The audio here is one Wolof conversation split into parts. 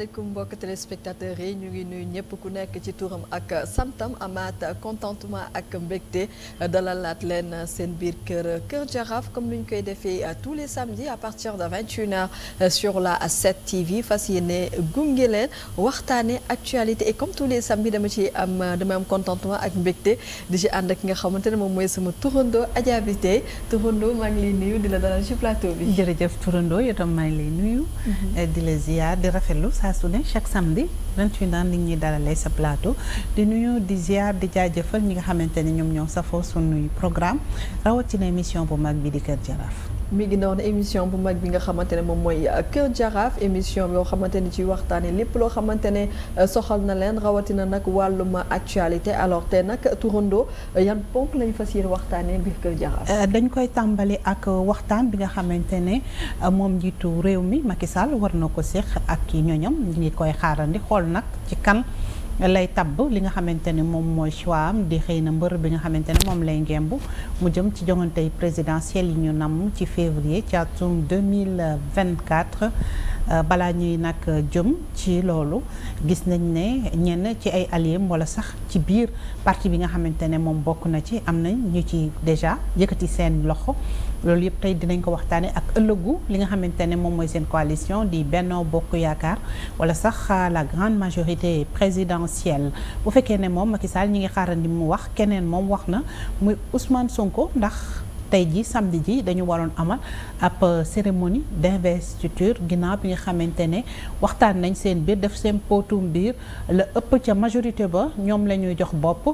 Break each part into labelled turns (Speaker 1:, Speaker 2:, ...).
Speaker 1: asalaamaaleykum mbokk téléspectateurs yi ñu ngi nuyu ñëpp ku nekk ci turam ak santam amaat contentement ak mbégte dalalaat leen seen biir kër Kër Jaraaf comme ni koy defee tous les samedis à partir de 21h sur la 7 TV fas yéene gunge leen waxtaane actualité et comme tous les samedis dama ci am dama am contentement ak mbégte di ci ànd ki nga xamante ne moom mooy sama turandoo Adja Bité turandoo maa ngi lay nuyu di la dalal ci plateau bi.
Speaker 2: jërëjëf turandoo yow tam maa ngi lay nuyu. Mm-hmm. Eh, di la ziar di rafetlu saa saa su ne chaque samedi 28 ans ni ñuy dalalee sa plateau di nuyu di ziar di jaajëfal ñi nga xamante ne ñoom ñoo safoo sunuy programme rawatina émission bu mag bi di Kër Jaraaf.
Speaker 1: mi ngi noonu émission bu mag bi nga xamante ne moom mooy euh, Kër Jaraaf émission yoo xamante ne ci waxtaanee lépp loo xamante ne euh, soxal na leen rawatina nag wàllum actualité alors te nag turando euh, yan ponk lañu fas yéene waxtaanee biir Kër Jaraaf.
Speaker 2: dañ koy tàmbali ak waxtaan bi nga xamante ne moom njiitu réew mi Macky Sall war na ko séq ak ki ñoñam ñu koy xaarandi xool nag ci kan. lay tabb li nga xamante ne moom mooy choix am di xëy na mbër bi nga xamante ni moom lay ngemb mu jëm ci joŋante présidentielle yi ñu nam ci février ci atum 2024 euh, balaa ñuy nag jëm ci loolu gis nañ ne ñenn ci ay alliés wala sax ci biir parti bi nga xamante ne moom bokk na ci am nañ ñu ci déjà yëkkati seen loxo loolu yëpp tey dinañ ko waxtaanee ak ëllëgu li nga xamante ne moom mooy seen coalition di Benno Bokk Yaakaar wala sax euh, la grande majorité présidentielle bu fekkee ne moom Macky Sall ñi ngi xaaral xaarandi mu wax keneen moom wax na muy Ousmane Sonko ndax. tey ji samedi ji dañu waroon amal ab euh, cérémonie d'investiture ginnaaw bi nga xamante ne waxtaan nañ seen biir def seen potum biir la ëpp ca majorité ba ñoom la ñuy jox bopp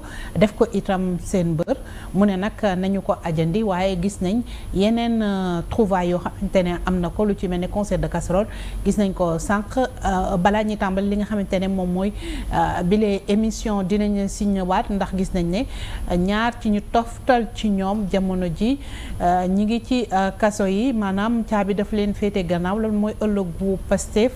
Speaker 2: def ko itam seen bër mu ne nag nañu ko ajandi waaye gis nañ yeneen euh, trouvailles yoo xamante ne am na ko lu ci mel ne concert de casserole gis nañ ko sànq euh, balaa ñuy tàmbali li nga xamante ne moom mooy bile émission dinañ signewaat ndax gis nañ ne ñaar ci ñu toftal ci ñoom jamono ji Euh, ñu ngi ci euh, kaso yi maanaam caabi daf leen féete gannaaw loolu mooy ëllëg bu Pastef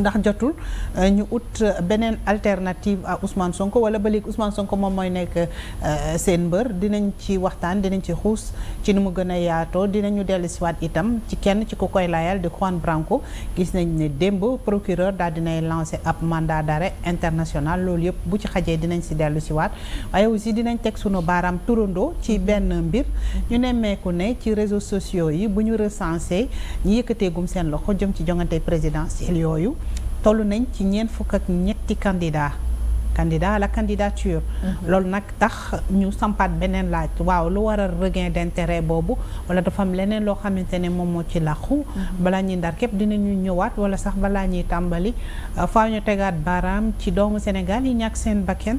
Speaker 2: ndax jotul euh, ñu ut euh, beneen alternative à Ousmane Sonko wala ba léegi Ousmane Sonko moom mooy nekk euh, seen mbër dinañ ci waxtaan dinañ ci xuus ci ni mu gën a yaatoo dinañu dellu siwaat itam ci kenn ci ku koy layal di Juan Branco gis nañ ne démb procureur daal dinay lancé ab mandat d'arrêt international loolu yëpp bu ci xajee dinañ si dellu siwaat waaye aussi dinañ teg suñu baaraam turandoo ci benn mbir ñu nemmeeku ne ci réseau sociaux yi bu ñu recensé ñi yëkkateegum seen loxo jëm ci jongante présidentielle yooyu toll nañ ci ñeent fukk ak ñetti candidat kandidaa à la candidature mhm. loolu nag tax ñu sampaat beneen laaj waaw lu waral regain d'intérêt boobu wala dafa am leneen loo xamante ne moom moo ci làqu mhm. balaa ñuy ndar képp dinañu ñëwaat wala sax balaa ñuy tàmbali euh, faa ñu tegaat baaraam ci doomu Sénégal yi ñàkk seen bakken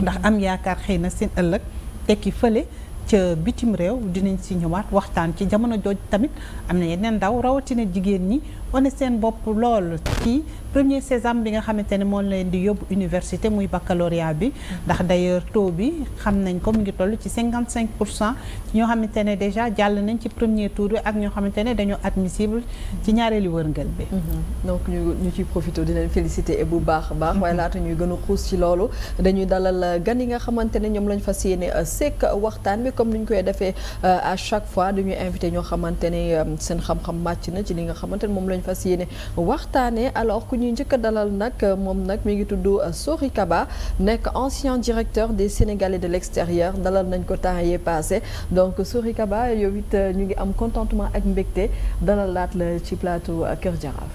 Speaker 2: ndax mhm. am yaakaar xëy na seen ëllëg tekki fële ca bitim réew dinañ si ñëwaat waxtaan ci jamono jooj tamit am na yeneen ndaw rawatina jigéen ñi wane seen bopp lool ci premier sésame bi nga xamante ne moo leen di yóbbu université muy baccalauréat bi ndax d'ailleurs taux bi xam nañ ko mu ngi toll ci 55 pour cent ñoo xamante ne déjà jàll nañ ci premier tour bi ak ñoo xamante ne dañoo admissible
Speaker 1: ci ñaareelu wërngël bi mhm. donc ñu ñu ciy profité dinañ félicité bu baax a baax waaye laata ñuy gën a xuus ci loolu dañuy dalal gan yi nga xamante ne ñoom lañ fas yéene euh, sekk waxtaan bi comme ni ñu koy defee euh, à chaque fois dañuy invité ñoo xamante ne euh, seen xam-xam màcc na ci li nga xamante ne moom lañ fas yéene waxtaanee alors ku ñuy njëkk a dalal nag euh, moom nag mi ngi tudd Sori Kaba nekk ancien directeur des Sénégalais de l'extérieur dalal nañ ko temps yee passé donc Sori Kaba yow it ñu ngi am contentement ak mbégte dalal laat la ci plateau Kër Jaraaf.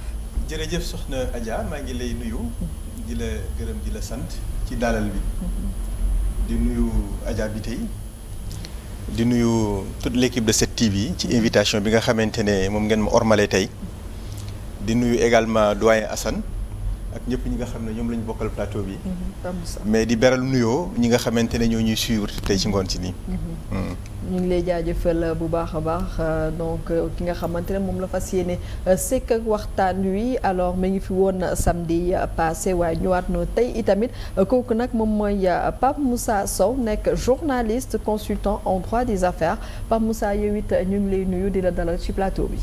Speaker 3: jërëjëf soxna Adja maa ngi lay nuyu. di la gërëm di la sant ci dalal bi. Mm-hmm. di nuyu di nuyu toute l'équipe de 7TV ci invitation bi nga xamante ne moom ngeen ma ormale tey di nuyu également doyen Assane ak ñëpp ñi nga xam ne ñoom lañu ñu bokkal plateau bi.
Speaker 1: Mhm,
Speaker 3: mais di beral nuyoo ñi nga xamante ne ñoo ñuy suivre tey ci ngoon si nii.
Speaker 1: Mhm. Hmm. ñu ngi lay jaajëfal euh, bu baax a baax euh, donc euh, ki nga xamante ne moom la fa yéene sekk ak waxtaan wi alors mi ngi fi woon samedi passé waaye ñëwaat na tey itamit kooku nag moom mooy Pape Moussa Sow nekk journaliste consultant en droit des affaires Pape Moussa yow it ñu ngi lay nuyu di la dalal ci plateau bi.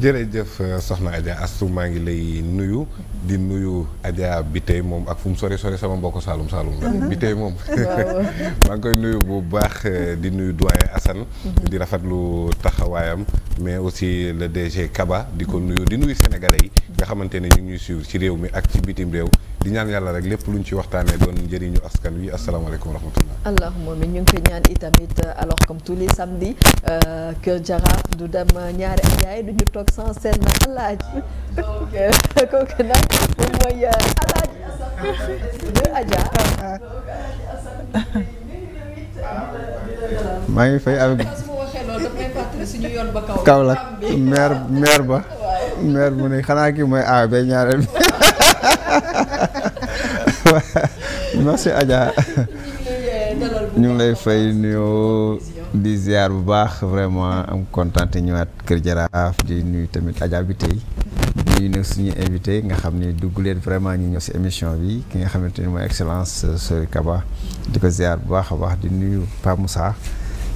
Speaker 4: jëf euh, soxna Adja Astou maa ngi lay nuyu di nuyu Adja bi tey moom ak fu mu sore sori sama mbokk Saalum Saalum la bi tey moom maa ngi koy nuyu bu baax euh, di nuyu doyen Assane mhm. di rafetlu taxawaayam mais aussi le DG Kaba di ko nuyu di nuyu sénégalais yi nga xamante ne ñu ngi ñuy suivre ci réew mi ak ci bitim réew di ñaan yàlla rek lépp lu luñ ci waxtaanee doon njëriñu askan wi asalaamaaleykum wa rahmatullah
Speaker 1: allahuma mi ñu ngi koy ñaan itamit euh, alors comme tous les samedis
Speaker 5: maa ngi fay avec Kaolack maire maire ba maire mu ne xanaa kii mooy a bay ñaareel bi merci Adja ñu ngi lay fay nuyoo di ziar bu baax vraiment am kontaan te ñëwaat Kër Jaraaf di nuyu tamit Adja bi tey ñuy nag suñu invité nga xam ne dugg leen vraiment ñu ñëw si émission bi ki nga xamante ni mooy excellence Sori Kaba di ko ziar bu baax a baax di nuyu Pa Moussa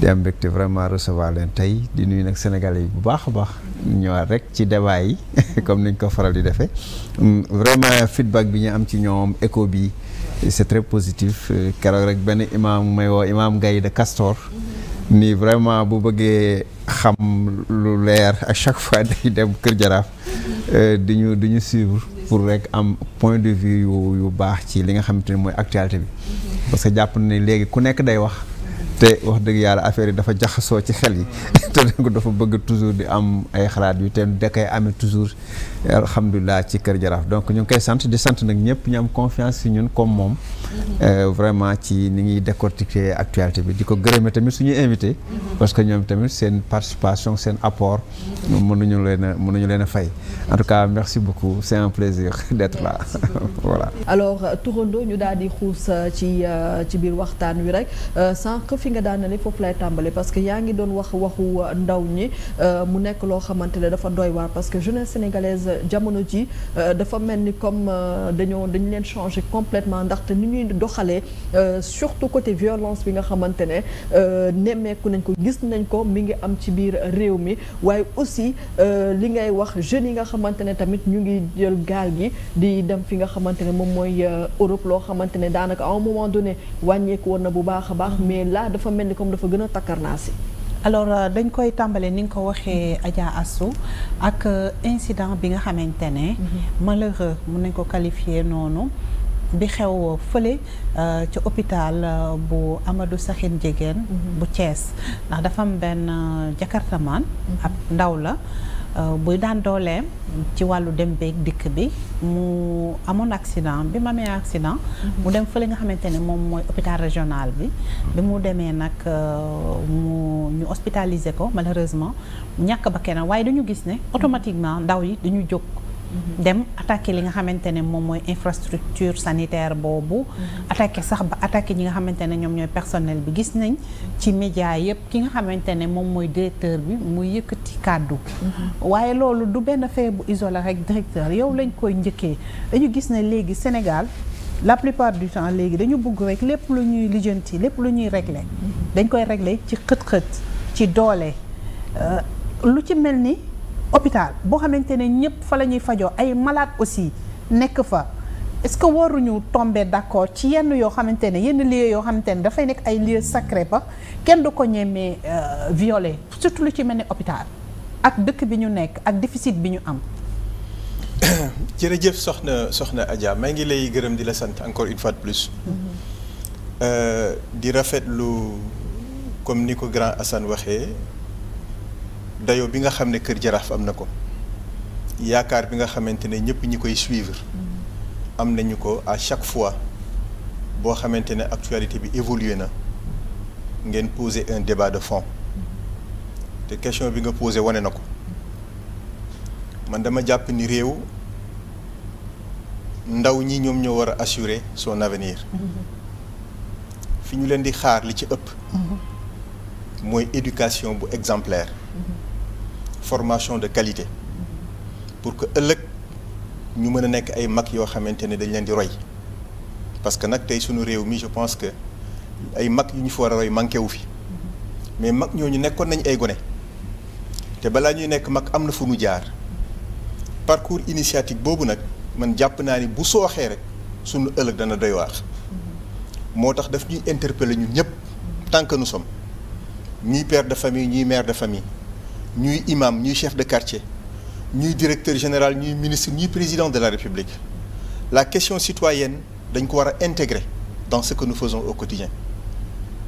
Speaker 5: di am mbégte vraiment recevoir leen tey di nuyu nag sénégalais yi bu baax a baax ñëwaat rek ci débat yi comme niñ ko faral di defee vraiment feedback bi ñu am ci ñoom écho bi c'est très positif euh, keroog rek benn imaam may woo imaam Gaye de nii vraiment bu bëggee xam lu leer ak chaque fois day dem Kër Jaraaf euh, di ñu di ñu suivre pour rek am point de vue yu yu baax ci li nga xamante ne mooy actualité bi parce que jàpp ni léegi ku nekk day wax te wax dëgg yàlla affaire yi dafa jaxasoo ci xel yi te ko dafa bëgg toujours di am ay xalaat yu te da koy amee toujours alhamdulilah ci Kër Jaraaf donc ñu ngi koy sant di sant nag ñëpp ñu am confiance si ñun comme moom. Mm-hmm. Euh, vraiment ci ni ñuy décortiquer actualité bi di ko gërëme tamit suñuy invité. Mm-hmm. parce que ñoom tamit seen participation seen apport. Mm-hmm. mënuñu leen a mënuñu leen a fay. en tout cas merci beaucoup c'est un plaisir d'être là voilà.
Speaker 1: alors euh, Tourando ñu daal di xuus euh, ci ci biir waxtaan wi rek sànq fi nga daanale foofu lay tàmbali parce que yaa ngi doon wax waxu ndaw ñi mu nekk loo xamante ne nga jamono ji euh, dafa mel ni comme euh, dañoo dañ leen changé complètement ndaxte ni ñuy doxalee euh, surtout côté violence bi nga xamante ne nemmeeku nañ ko gis nañ ko mi ngi am ci biir réew mi waaye aussi li ngay wax jeunes yi nga xamante ne tamit ñu ngi jël gaal gi di dem fi nga xamante ne moom mooy Europe loo xamante ne daanaka à un moment donné wàññeeku woon na bu baax a baax mais là dafa mel ni comme dafa gën a takkarnaasi alors euh, dañ koy tàmbale ni
Speaker 2: nga ko waxee Adja Assou ak euh, incident bi nga xamante ne. Mhm. malheureux mun nañ ko qualifier noonu. bi xew fële euh, ca hôpital bu Amadou Sakhine Ndiéguène mhm. bu cees ndax dafa am benn jakartamaan mhm. ab ndaw la. Euh, buy daan dooleem ci wàllu dem beeg dikk bi mu amoon accident bi ma amee accident. mu dem fële nga xamante ne moom mooy hôpital régional bi. bi mu demee nag euh, mu ñu hospitalisé ko malheureusement ñàkk ba kenn waaye dañu gis ne automatiquement ndaw yi dañu jóg. Mm-hmm. dem attaqué li nga xamante ne moom mooy infrastructure sanitaire boobu. Mm-hmm. attaqué sax ba attaqué ñi nga xamante ne ñoom ñooy personnel bi gis nañ ci média yëpp ki nga xamante ne moom mooy directeur bi muy yëkkati kàddu. Mm-hmm. waaye loolu du benn fee bu isolé rek directeur yow lañ koy njëkkee dañu gis ne léegi Sénégal. la plupart du temps léegi dañu bugg rek lépp lu ñuy lijjanti lépp lu ñuy régler dañ koy régler ci xët-xët ci doole euh, lu ci mel ni hôpital boo xamante ne ñëpp fa la ñuy fajoo ay malaat aussi nekk fa est-ce que waruñu tomber d'accord ci yenn yoo xamante ne yenn lieux yoo xamante ne dafay nekk ay lieux sacré ba kenn du ko ñemee euh, violer surtout lu ci mel ni hôpital ak dëkk bi ñu nekk ak déficit bi ñu am.
Speaker 3: jërëjëf soxna soxna Adja maa ngi lay gërëm di la sant encore une fois de plus.
Speaker 6: Mm-hmm.
Speaker 3: Euh, di rafetlu comme ni ko grand Assane waxee. dayo bi nga xam ne Kër Jaraaf am na ko yaakaar bi nga xamante ne ñëpp ñi koy suivre am nañu ko à chaque fois boo xamante ne actualité bi évolué na ngeen poser un débat de fonds te question bi nga posé wane na ko man dama jàpp ni réew ndaw ñi ñoom ñoo war a assurer son avenir fi ñu leen di xaar li ci ëpp mm-hmm. mooy éducation bu exemplaire formation de qualité pour que ëllëg ñu mën a nekk ay mag yoo xamante ne dañ leen di roy parce que nag tey suñu réew mi je pense que ay mag yu ñu fa war a roy manqué wu fi mais mag ñooñu nekkoon nañ ay gone te balaa ñuy nekk mag am na fu ñu jaar parcours initiative boobu nag man jàpp naa ni bu sooxee rek suñu ëllëg dana doy waax moo tax daf ñuy interpeller ñu ñëpp tant que nous sommes ñuy père de famille ñuy mère de famille ñuy imam ñuy chef de quartier ñuy directeur général ñuy ministre ñuy président de la république la question citoyenne dañ ko war a intégrer dans ce que nous faisons au quotidien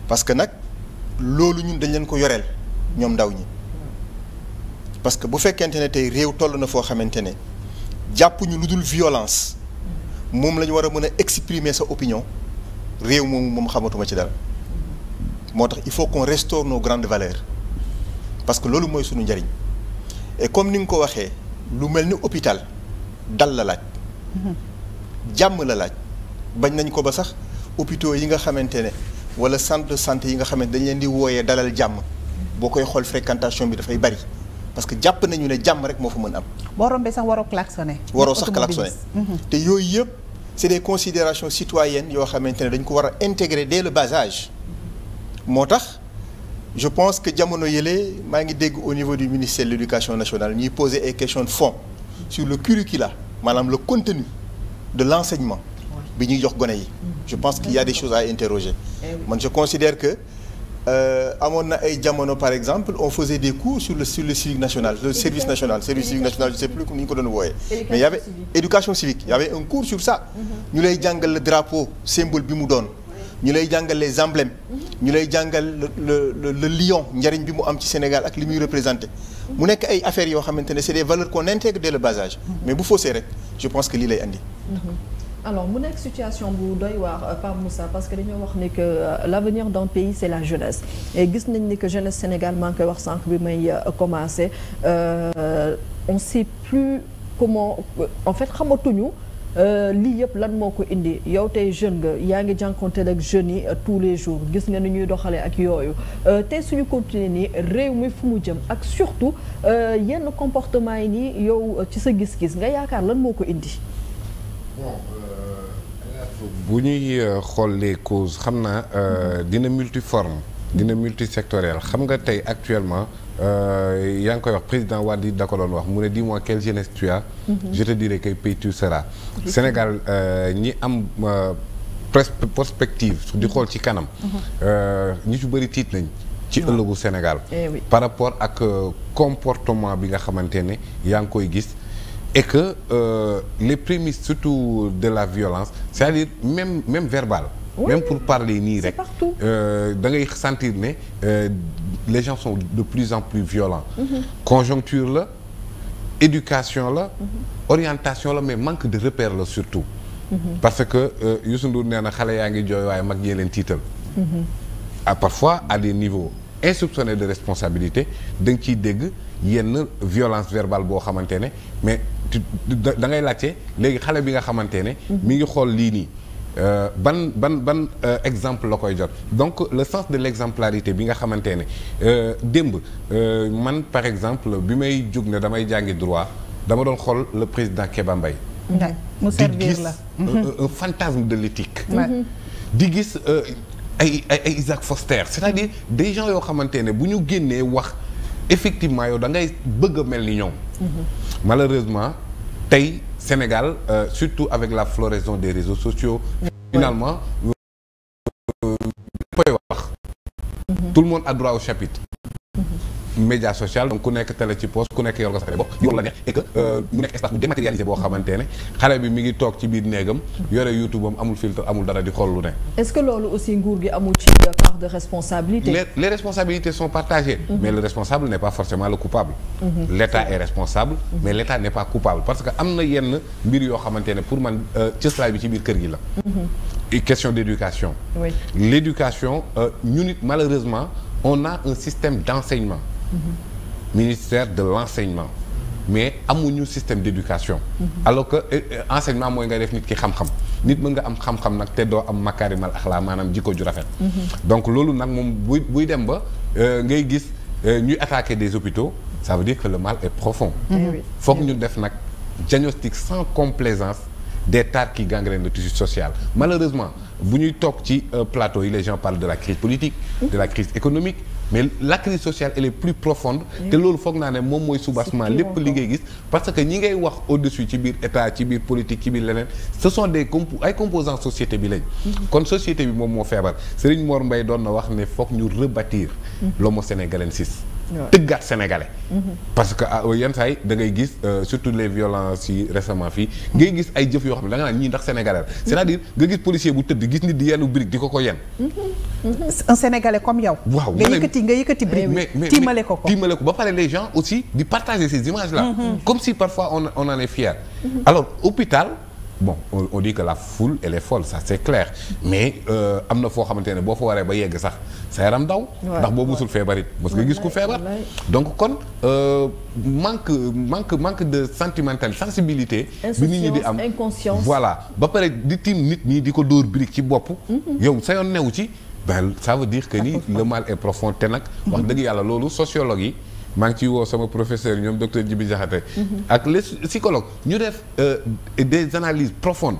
Speaker 3: parce que nag loolu ñun dañ leen ko yoreel ñoom ndaw ñi parce que bu fekkente ne tey réew toll na foo xamante ne jàppuñu lu dul violence moom la ñu war a mën a exprimer sa opinion réew moomu moom xamatuma ci dara moo tax il faut qu'on restaure nos grandes valeurs parce que loolu mooy suñu njariñ et comme ni nga ko waxee lu mel ni hôpital dal la laaj jàmm la laaj bañ nañ ko ba sax hôpitaux yi nga xamante ne wala centre de santé yi nga xamante dañ leen di wooyee dalal jàmm boo koy xool fréquentation bi dafay bari parce que jàpp nañu ne jàmm rek moo fa mën am.
Speaker 2: boo rombee sax waroo klaxonné. waroo sax klaxonné mhm.
Speaker 3: te yooyu yëpp c'est des considérations citoyennes yoo xamante ne dañ ko war a intégrer dès le bas moo tax. je pense que jamono yële maa ngi dégg au niveau du ministère de l'éducation nationale ñuy poser ay questions de fond sur le curricula maanaam le contenu de l'enseignement bi ñuy jox gone yi je pense qu'il y a des choses à interroger eh man je considère que euh, amoon na ay jamono par exemple on faisait des cours sur le sur le civique national le service national service civique national je sais plus ni ñu ko doon wooyee mais y avait éducation civique y avait un cours sur mm-hmm. ñu lay jàngal le drapeau symbole bi mu doon ñu lay jàngal les ñu lay jàngal le le le lion njariñ bi mu am ci Sénégal ak li muy représenté mu nekk ay affaires yoo xamante ne c'est des valeurs qu'on intègre dès le bas mais bu faussé rek je pense que lii lay andi
Speaker 1: mhm. alors mu nekk situation bu doy waar euh, par Moussa parce que dañoo wax ni que euh, l'avenir d'un pays c'est la jeunesse et gis nañ ni que jeunesse Sénégal maa ngi koy wax sànq bi may euh, commencer on sait plus comment en fait xamatuñu Euh, lii yëpp lan moo ko indi yow tey jeune nga yaa ngi jànkonteel ak jeunes yi euh, tous les jours gis nga ni ñuy doxalee ak yooyu euh, tey suñu continuer nii réew mi fu mu jëm ak surtout yenn comportement yi nii yow ci sa gis-gis nga yaakaar lan moo ko indi.
Speaker 4: bu ñuy xool les causes xam naa dina multiforme dina multisectoriel xam nga tey actuellement. Euh, yaa ngi koy wax président Wade da ko doon wax mu ne dis-moi quelle jeunesse tu as. Mhm. je te dirai quel pays sera seras. Sénégal euh, ñi am euh, pres prospective di xool ci kanam. Mhm. ñi su bëri tiit nañ. ci ëllëgu Sénégal. Eh par rapport ak comportement bi nga xamante ne yaa ngi koy gis. et que euh, les prémices surtout de la violence cest dire même même verbal oui, même pour parler nii rek da ngay sentir ne les gens sont de plus en plus violents mm -hmm. conjoncture la éducation la orientation la mais manque de repère la surtout parce que euh, Youssou Ndour nee na xale yaa ngi jooy waaye mag ñee leen tiital
Speaker 6: à
Speaker 4: ah, parfois à des niveau insoupçonnés de responsabilité da nga ciy dégg yenn violence verbale boo xamante ne mais da ngay laajte léegi xale bi nga xamante ne mi ngi xool lii nii Euh, ban ban ban euh, exemple la koy jot donc le sens de l'exemplarité bi nga xamante ne euh, démb man par exemple bi may jóg ne damay jàngi droit dama doon xool le président Kéba Mbaye
Speaker 6: mu servir mhm. mhm.
Speaker 4: di gis de l'éthique di gis ay ay ay Isaac Foster c'est-à-dire des gens yoo xamante ne bu ñu génnee wax effectivement yow dangay ngay bëgg a mel ni ñoom mhm. malheureusement tey Sénégal euh, surtout avec la floraison des réseaux sociaux finalement euh, koy wax mhm. tout le monde a droit au chapitre média social donc ku nekk télé ci poste ku nekk yor nga sa télé bopp yor la neex et que euh, mu nekk espace bu dématérialisé boo xamante ne xale bi mi ngi toog ci biir néegam yore youtube am amul filtre amul dara di xool lu ne
Speaker 1: est-ce que loolu aussi nguur gi amul ci euh, part de responsabilité les,
Speaker 4: les responsabilités sont partagées mm -hmm. mais le responsable n'est pas forcément le coupable mm -hmm. l'état est responsable mhm. mais l'état n'est pas coupable parce que am na yenn mbir yoo xamante ne pour man euh, cëslaay bi ci biir kër gi la
Speaker 6: mhm.
Speaker 4: question d'éducation oui. l'éducation ñu euh, nit malheureusement on a un système d'enseignement
Speaker 6: Mm-hmm.
Speaker 4: ministère de l'enseignement mais amuñu système d'éducation mm-hmm. alors que eh, eh, enseignement mooy nga def nit ki xam-xam nit mën nga am xam-xam nag te doo am mal axlaa maanaam jikko ju rafet mm-hmm. donc loolu nag moom buy buy dem ba euh, ngay gis euh, ñuy attaquer des hôpitaux ça veut dire que le mal est profond eh foog ñu def nag diagnostic sans complaisance des tares qui gangrènent le tissu social malheureusement bu ñuy toog ci euh, plateau yi les gens parlent de la crise politique la crise mais la crise sociale elle est plus profonde te loolu foog naa ne moom mooy soubassement lépp li ngay gis parce que ñi ngay wax au-dessus ci biir état ci biir politique ci biir leneen ce sont des compo ay composants société bi lañ mm-hmm. kon société bi moom moo feebar Serigne Mor Mbaye doon na wax ne foog ñu rebâtir mm-hmm. l'homo sénégalensis tëggaat sénégalais. parce que ah, yenn saa yi da ngay gis euh, surtout les violences yi récemment fii ngay gis ay jëf yoo xam ne da nga naan ñii ndax sénégalais la. c'est-à-dire nga gis policier bu tëdd gis nit di yellu brique di ko ko yenn.
Speaker 2: un sénégalais comme yow.
Speaker 4: waaw nga yëkkati
Speaker 2: nga yëkkati brique.
Speaker 4: tiimale ko ko tiimale ko ba pare les aussi di partager ces images là. Mm-hmm. comme si parfois on on en est fier. alors hôpital. bon on di que la foule elle est folle ça c'est clair mais euh, am na foo xamante ne boo fa waree ba yegg sax sa yaram daw. ndax boo musul feebar it parce que gis ku feebar. donc kon euh, manque manque manque de sentimentale sensibilité. bi nit ñi di am voilà ba pare di tiim nit ñi di ko dóor birig ci bopp. Mm-hmm. yow sa yoon newu ci. ben ça dire que ni le mal est profond te nag. wax dëgg yàlla loolu sociologue yi. maa ngi ciy woo sama professeur ñoom docteur Djibi Diakhaté ak le psychologues ñu def euh, des analyses profondes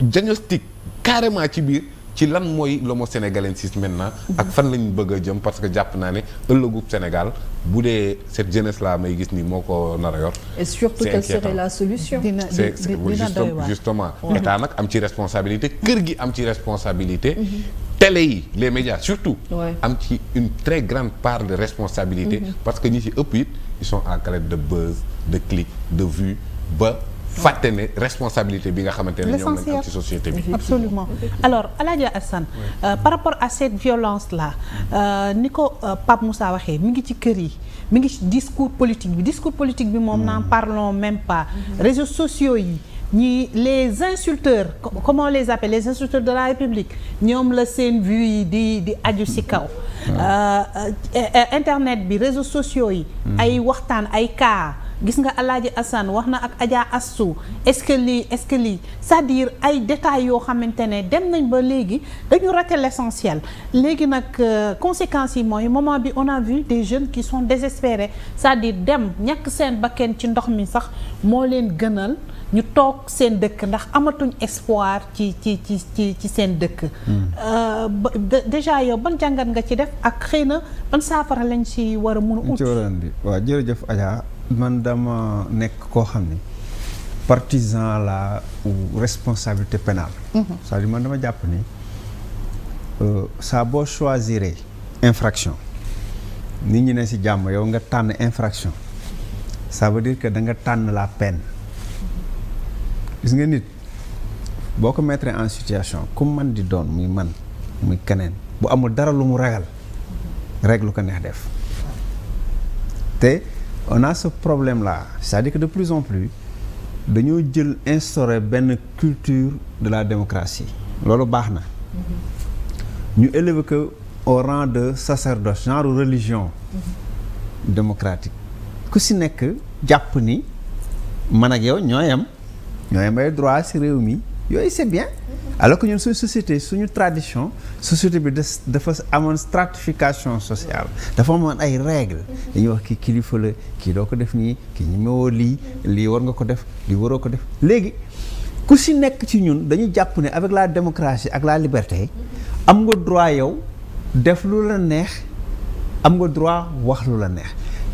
Speaker 4: diagnostic carrément ci biir ci lan mooy l'homo sénégalensis maintenant mhm. ak fan lañu bëgg a jëm parce que jàpp naa ne ëllëgub Sénégal bu dee cette jeunesse là may gis ni moo ko nar a yor
Speaker 1: et surtout quelle serait la solution c'est
Speaker 4: justement état nag am ci responsabilité kër gi am ci responsabilité mhm. télé yi les médias surtout am ci une très grande part de responsabilité mhm. parce que ñi ci ëpp it ils sont à la de buzz de clics de vues ba fàtte ne responsabilité bi nga xamante ne ñoom lañ am ci société bi.
Speaker 2: absolument alors Aladja Assane euh, par rapport à cette violence là euh, ni ko euh, Pape Moussa waxee mi ngi ci kër yi mi ngi ci discours politique bi discours politique bi moom mm. n'en parlons même pas réseaux sociaux yi. ñi les insulteurs comment les appelle les insulteurs de la République ñoom la seen vue yi di di aju ci kaw internet bi réseaux sociaux yi mm. ay waxtaan ay cas gis nga Alaaji Assane wax na ak Adja asso est-ce que lii est-ce que lii cest à ay détails yoo xamante ne dem nañ ba léegi dañu raté l'essentiel léegi nag euh, conséquences yi mooy moment bi on a vu des jeunes qui sont désespérés cest à dem ñàkk seen bakken ci ndox mi sax moo leen gënal ñu toog seen dëkk ndax amatuñ espoir ci ci ci ci ci seen dëkk. Hmm. Euh, déjà yow ban jàngat nga ci def ak xëy na ban saafara lañ ci war a mun a. ut
Speaker 5: waaw jërëjëf Adja. man dama nekk koo xam ni partisan la ou responsabilité pénale mhm. cest à man dama jàpp ni euh, saa boo choisiree infraction nit ñi ne si jàmm yow nga tànn infraction ça veut dire que da nga tànn la peine gis nga nit boo ko mettre en situation ku man di doon muy man muy keneen bu amul dara lu mu ragal rek lu ko neex def te on a ce problème là c'est-à-dire que de plus en plus dañoo jël instaurer benn culture de la démocratie loolu baax na
Speaker 6: mm-hmm.
Speaker 5: ñu élever que au rang de sacerdoce genre religion
Speaker 6: mm-hmm.
Speaker 5: démocratique ku si nekk jàpp ni man ak yow ñooy am ñooy am ay droit si réew mi yooyu c'est bien alors que ñun suñu société suñu tradition société bi des dafa amoon stratification sociale dafa amoon ay règles dañuy wax kii kilifa la kii doo ko def nii kii ñu mewoo lii lii war nga ko def lii waroo ko def léegi ku si nekk ci ñun dañu jàpp ne avec la démocratie ak la liberté am nga droit yow def lu la neex am nga droit wax lu la neex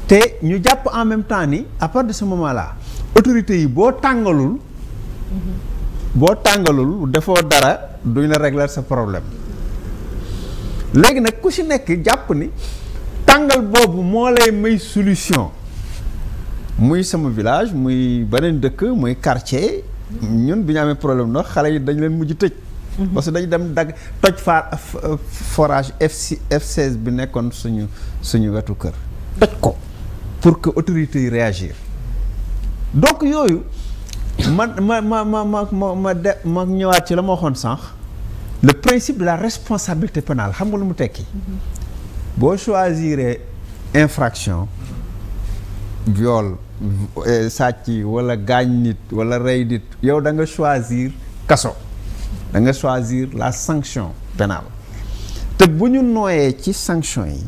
Speaker 5: te ñu jàpp en même temps ni à partir de ce moment autorités yi boo tàngalul boo tàngalul defoo dara duñ la régler sa problème léegi nag ku ci nekk jàpp ni tàngal boobu moo lay may solution muy sama village muy beneen dëkk muy quartier ñun bi ñu amee problème ndox xale yi dañ leen mujj tëj. Mhm. parce que dañu dem dagg toj fa forage F F16 bi nekkoon suñu suñu wetu kër. toj ko pour que autorité yi réagir donc yooyu. man ma ma ma ma ma ma de ma ñëwaat ci la ma waxoon sànq le principe de la responsabilité pénale xam nga lu mu tekki boo choisir infraction viol eh, sàcc wala gaañ nit wala rey nit yow da nga choisir kaso da nga choisir la sanction pénale te bu ñu nooyee ci sanction yi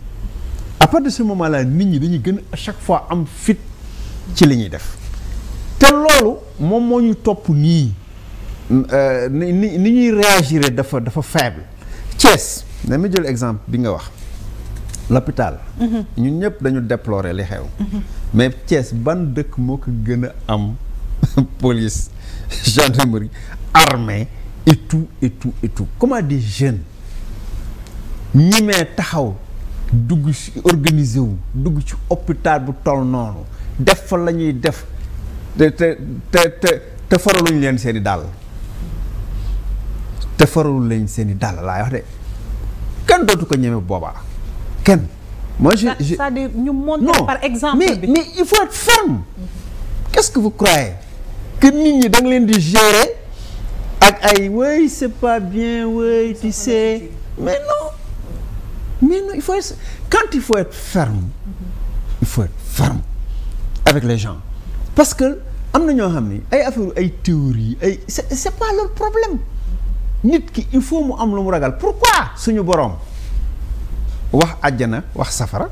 Speaker 5: à partir de ce moment là nit ñi dañuy gën a chaque fois am fit ci li ñuy def te loolu moom moo ñu topp nii euh, ni ni ñuy réagir dafa dafa faible Thiès dama jël exemple bi nga wax l'hôpital mm-hmm. ñun ñëpp dañu déplorer li xew mm-hmm. mais Thiès ban dëkk moo ko gën a am police gendarmerie armée et tout et tout et comment des jeunes ñi mee taxaw dugg ci organiser wu dugg ci hôpital bu toll noonu def fa la ñuy def te te te te te faraluñ leen seen i dàll te faraluñ leen seen i dàll laay wax de kenn dootu ko ñeme boobaa kenn. à dire ñu par exemple bi mais mais il faut être ferme. ce que vous croyez que nit ñi da leen di gérer ak ay oui c'est pas bien oui tu sais mais non mais non il faut être quand il faut être ferme il faut être ferme avec les gens. parce que am na ñoo xam ni ay affaire ay théorie ay c'est c'est pas leur problème nit ki il faut mu am lu mu ragal pourquoi suñu boroom wax àjjana wax safara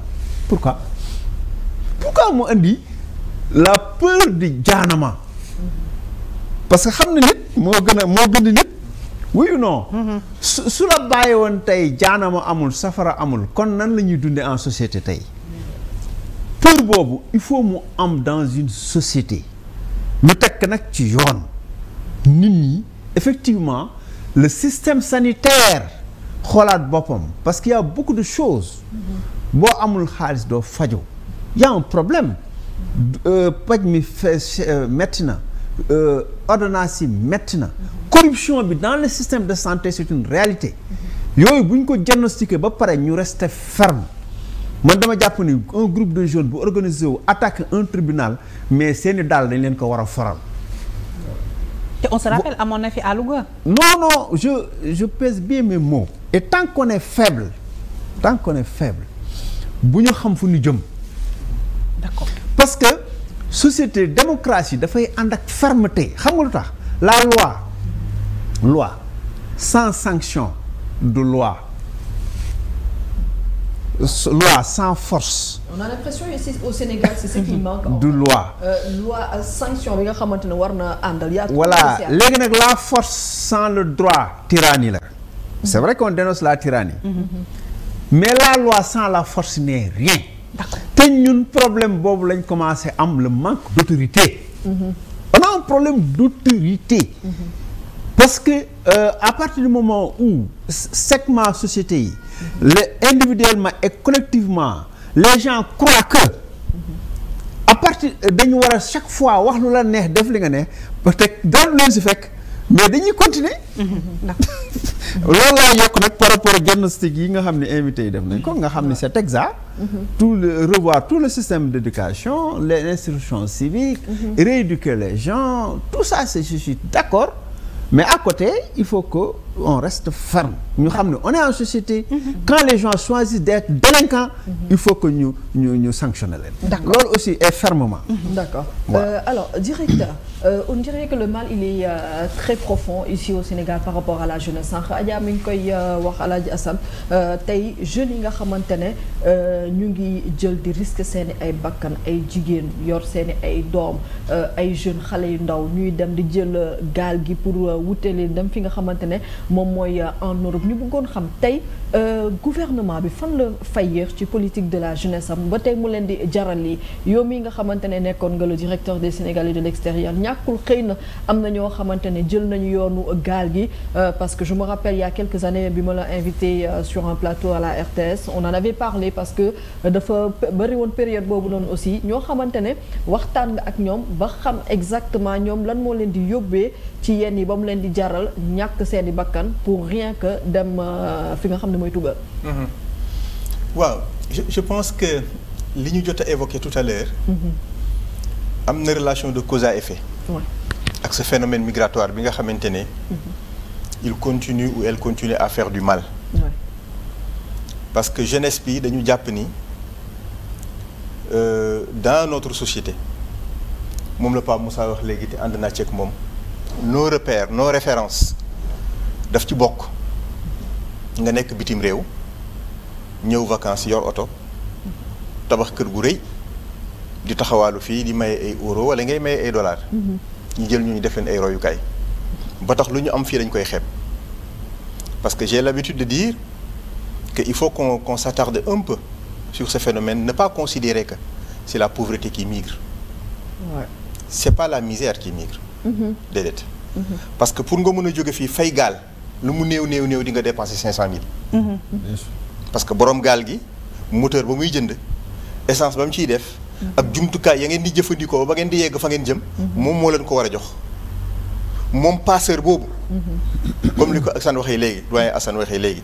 Speaker 5: pourquoi pourquoi mu indi la peur di jaanama parce que xam na nit moo gën a moo bind nit oui ou mm-hmm. su su la bàyyi woon tey jaanama amul safara amul kon nan la ñuy dundee en société tey cër boobu il faut mu am dans une société ñu tekk nag ci yoon nit ñi effectivement le système sanitaire xoolaat boppam parce que y a beaucoup de choses boo amul xaalis doo fajo y a un problème euh, paj mi f euh, metti na euh, ordonnance yi metti na corruption bi dans le système de santé c'est une réalité yooyu buñ ko diagnostiqué ba pare ñu reste ferme man dama jàpp ni un groupe de jeunes bu organisé wu attaque un tribunal mais seeni daal dañ leen ko war a foral.
Speaker 2: te on se amoon na fi à Louga.
Speaker 5: non non je je bien mes mots. et tant qu'on faible tant qu'on faible bu ñu xam fu ñu jëm. d'accord parce que société démocratie dafay ànd ak fermeté xamul nga tax la loi loi sans sanction de loi. loi sans force.
Speaker 1: on du loi. Euh, sanction bi nga xamante ne war na àndal. yaa voilà léegi
Speaker 5: nag la force sans le droit. tyrannie la. c'est vrai qu'on dénonce la tyrannie.
Speaker 1: Mm-hmm. Mm-hmm.
Speaker 5: mais la loi sans la force n'est rien. te ñun problème boobu lañ commencé am le manque d'autorité. Mm-hmm. on a problème d'autorité. parce que euh, à partir du moment où segment société yi. les individuellement et collectivement les gens croient que à partir euh, dañu war a chaque fois wax lu la neex def li nga ne peut-être daan leen si fekk mais dañuy continuer loolu laa yokk nag par rapport ak diagnostic yi nga xam ne invité yi def nañ ko nga xam ne c'est exact
Speaker 6: mm-hmm.
Speaker 5: tout le revoir tout le système d'éducation les institutions civiques mm-hmm. rééduquer les gens tout ça c'est je suis d'accord mais à côté il faut que on reste ferme ñu xam ne on est en société quand les gens choisissent d'être délinquants il faut que ñu ñu ñu sanctionner leen loolu aussi est fermement
Speaker 1: mhm. d'accord voilà. euh, alors directeur euh, on dirait que le mal il est euh, très profond ici au Sénégal par rapport à la jeunesse sànq Adja mi ngi koy euh, wax Alaaji Assane euh, tey jeunes yi nga xamante ne euh, ñu ngi jël di risque seeni ay bakkan ay jigéen yor seeni ay doom ay jeunes xale yu ndaw ñuy dem di jël gaal gi pour wutee dem fi nga xamante moom mooy euh, en Europe ñu bëggoon xam tey euh, gouvernement bi fan la yeex ci politique de la jeunesse am ba tey mu leen di jaral yi yow mii nga xamante ne nekkoon nga le directeur des Sénégalais de l'extérieur ñàkkul xëy na am na ñoo xamante ne jël nañu yoonu gaal gi euh, parce que je ma rappelle il y quelques années bi ma la invité sur un plateau à la RTS on en avait parlé parce que dafa bari woon période boobu noonu aussi ñoo xamante ne waxtaan nga ak ñoom ba xam exactement ñoom lan moo leen di yóbbee ci yenn yi ba mu leen di jaral ñàkk seeni bakkan pour rien que dem euh, fi nga xam ne mooy Tugal.
Speaker 3: Mhm. waaw je je pense que li ñu jot a évoqué tout à l'heure mhm. am na relation de cause à effet. Ouais. ak ce phénomène migratoire bi nga xamante ne.
Speaker 6: Mhm.
Speaker 3: il continue ou elle continue à faire du mal. parce que jeunesse bi dañu jàpp ni euh, dans notre société moom la Pape Moussa wax léegi te ànd na ceeg moom nos repères nos références daf ci bokk nga nekk bitim réew ñëw vacances yor oto tabax kër gu rëy di taxawaalu fii di maye ay euro wala ngay maye ay dollar mhm. ñu jël ñu ñu def leen ay royukaay ba tax lu ñu am fii dañ koy xeeb parce que j'ai l'habitude de dire que il faut qu'on qu'on s'attarde un peu sur ce phénomène ne pas considérer que la pauvreté qui migre ouais. c'est pas la misère qui migre mhm. déedéet mm que pour nga mën a jóge fii fay gaal lu mu néew néew néew di nga dépensé cinq cent mille. Mhm. parce que borom gaal gi moteur ba muy jënd essence ba mu ciy def. Mhm. ak jumtukaay ya ngeen di jëfandikoo ba ngeen di yegg fa ngeen jëm. Mhm. moom moo leen ko war a jox. moom passeur boobu. comme li ko Assane waxee léegi doyen Assane waxee léegi.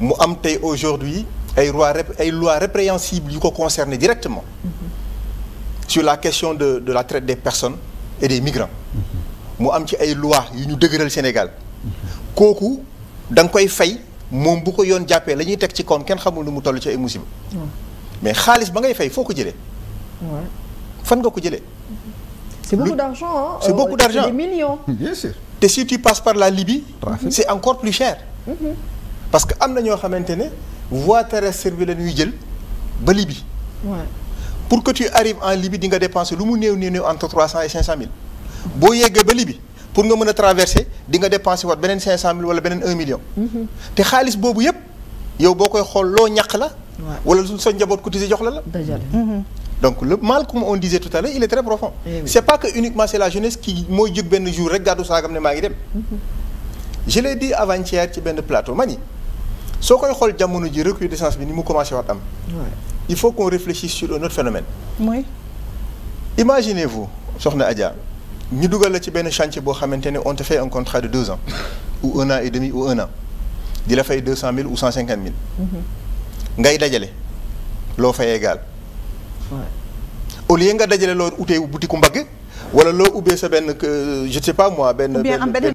Speaker 3: mu am tey aujourd'hui ay loi ay loi répréhensible yu ko concerné directement. sur la question de de la traite des personnes et des migrants. mu am ci ay loi yu ñu dëgëral Sénégal. kooku da nga koy fay moom bu ko yoon jàppee la ñuy teg ci koom kenn xamul lu mu toll ci ay musiba hmm. mais xaalis ba ngay fay foo ko jëlee. fan nga ko jëlee.
Speaker 1: c'est beaucoup d'argent c'est euh, beaucoup d'argent des millions.
Speaker 3: bien sûr te si tu passes par la Libye. c'est encore plus cher. Mm-hmm. parce que am na ñoo xamante ne voie terrestre bi la jël ba libi pour que tu arrives en Libye di nga dépenser lu mu néew néew néew entre trois cent et cinq cent mille. boo yeggee ba Libye. pour nga mën a traverser di nga dépenser waat beneen 500000 wala beneen 1 million. Mhm. te xaalis boobu yëpp yow boo koy xool loo ñaq la. wala su sa njaboot cotisé jox la la. Mhm. donc le mal comme on disait tout à l'heure il est très profond. Eh oui. c'est pas que uniquement c'est la jeunesse qui mooy jóg benn jour rek gàddu saagam ne maa ngi dem. Mhm. je di dit ci benn plateau ma yi soo koy xool jamono ji recrudescence bi ni mu commencé waat am. il faut qu'on réfléchisse sur un autre soxna Adja. ñu dugal la ci benn chantier boo xamante ne on te fait un contrat de deux ans ou un an et demi ou un an di la fay deux cent mille ou cent cinquante mille.
Speaker 6: Mm-hmm.
Speaker 3: ngay dajale loo fayee gaal. au nga dajale loo utee butiku mbagg. wala loo ubbee sa benn euh, je ne sais pas moi benn. benn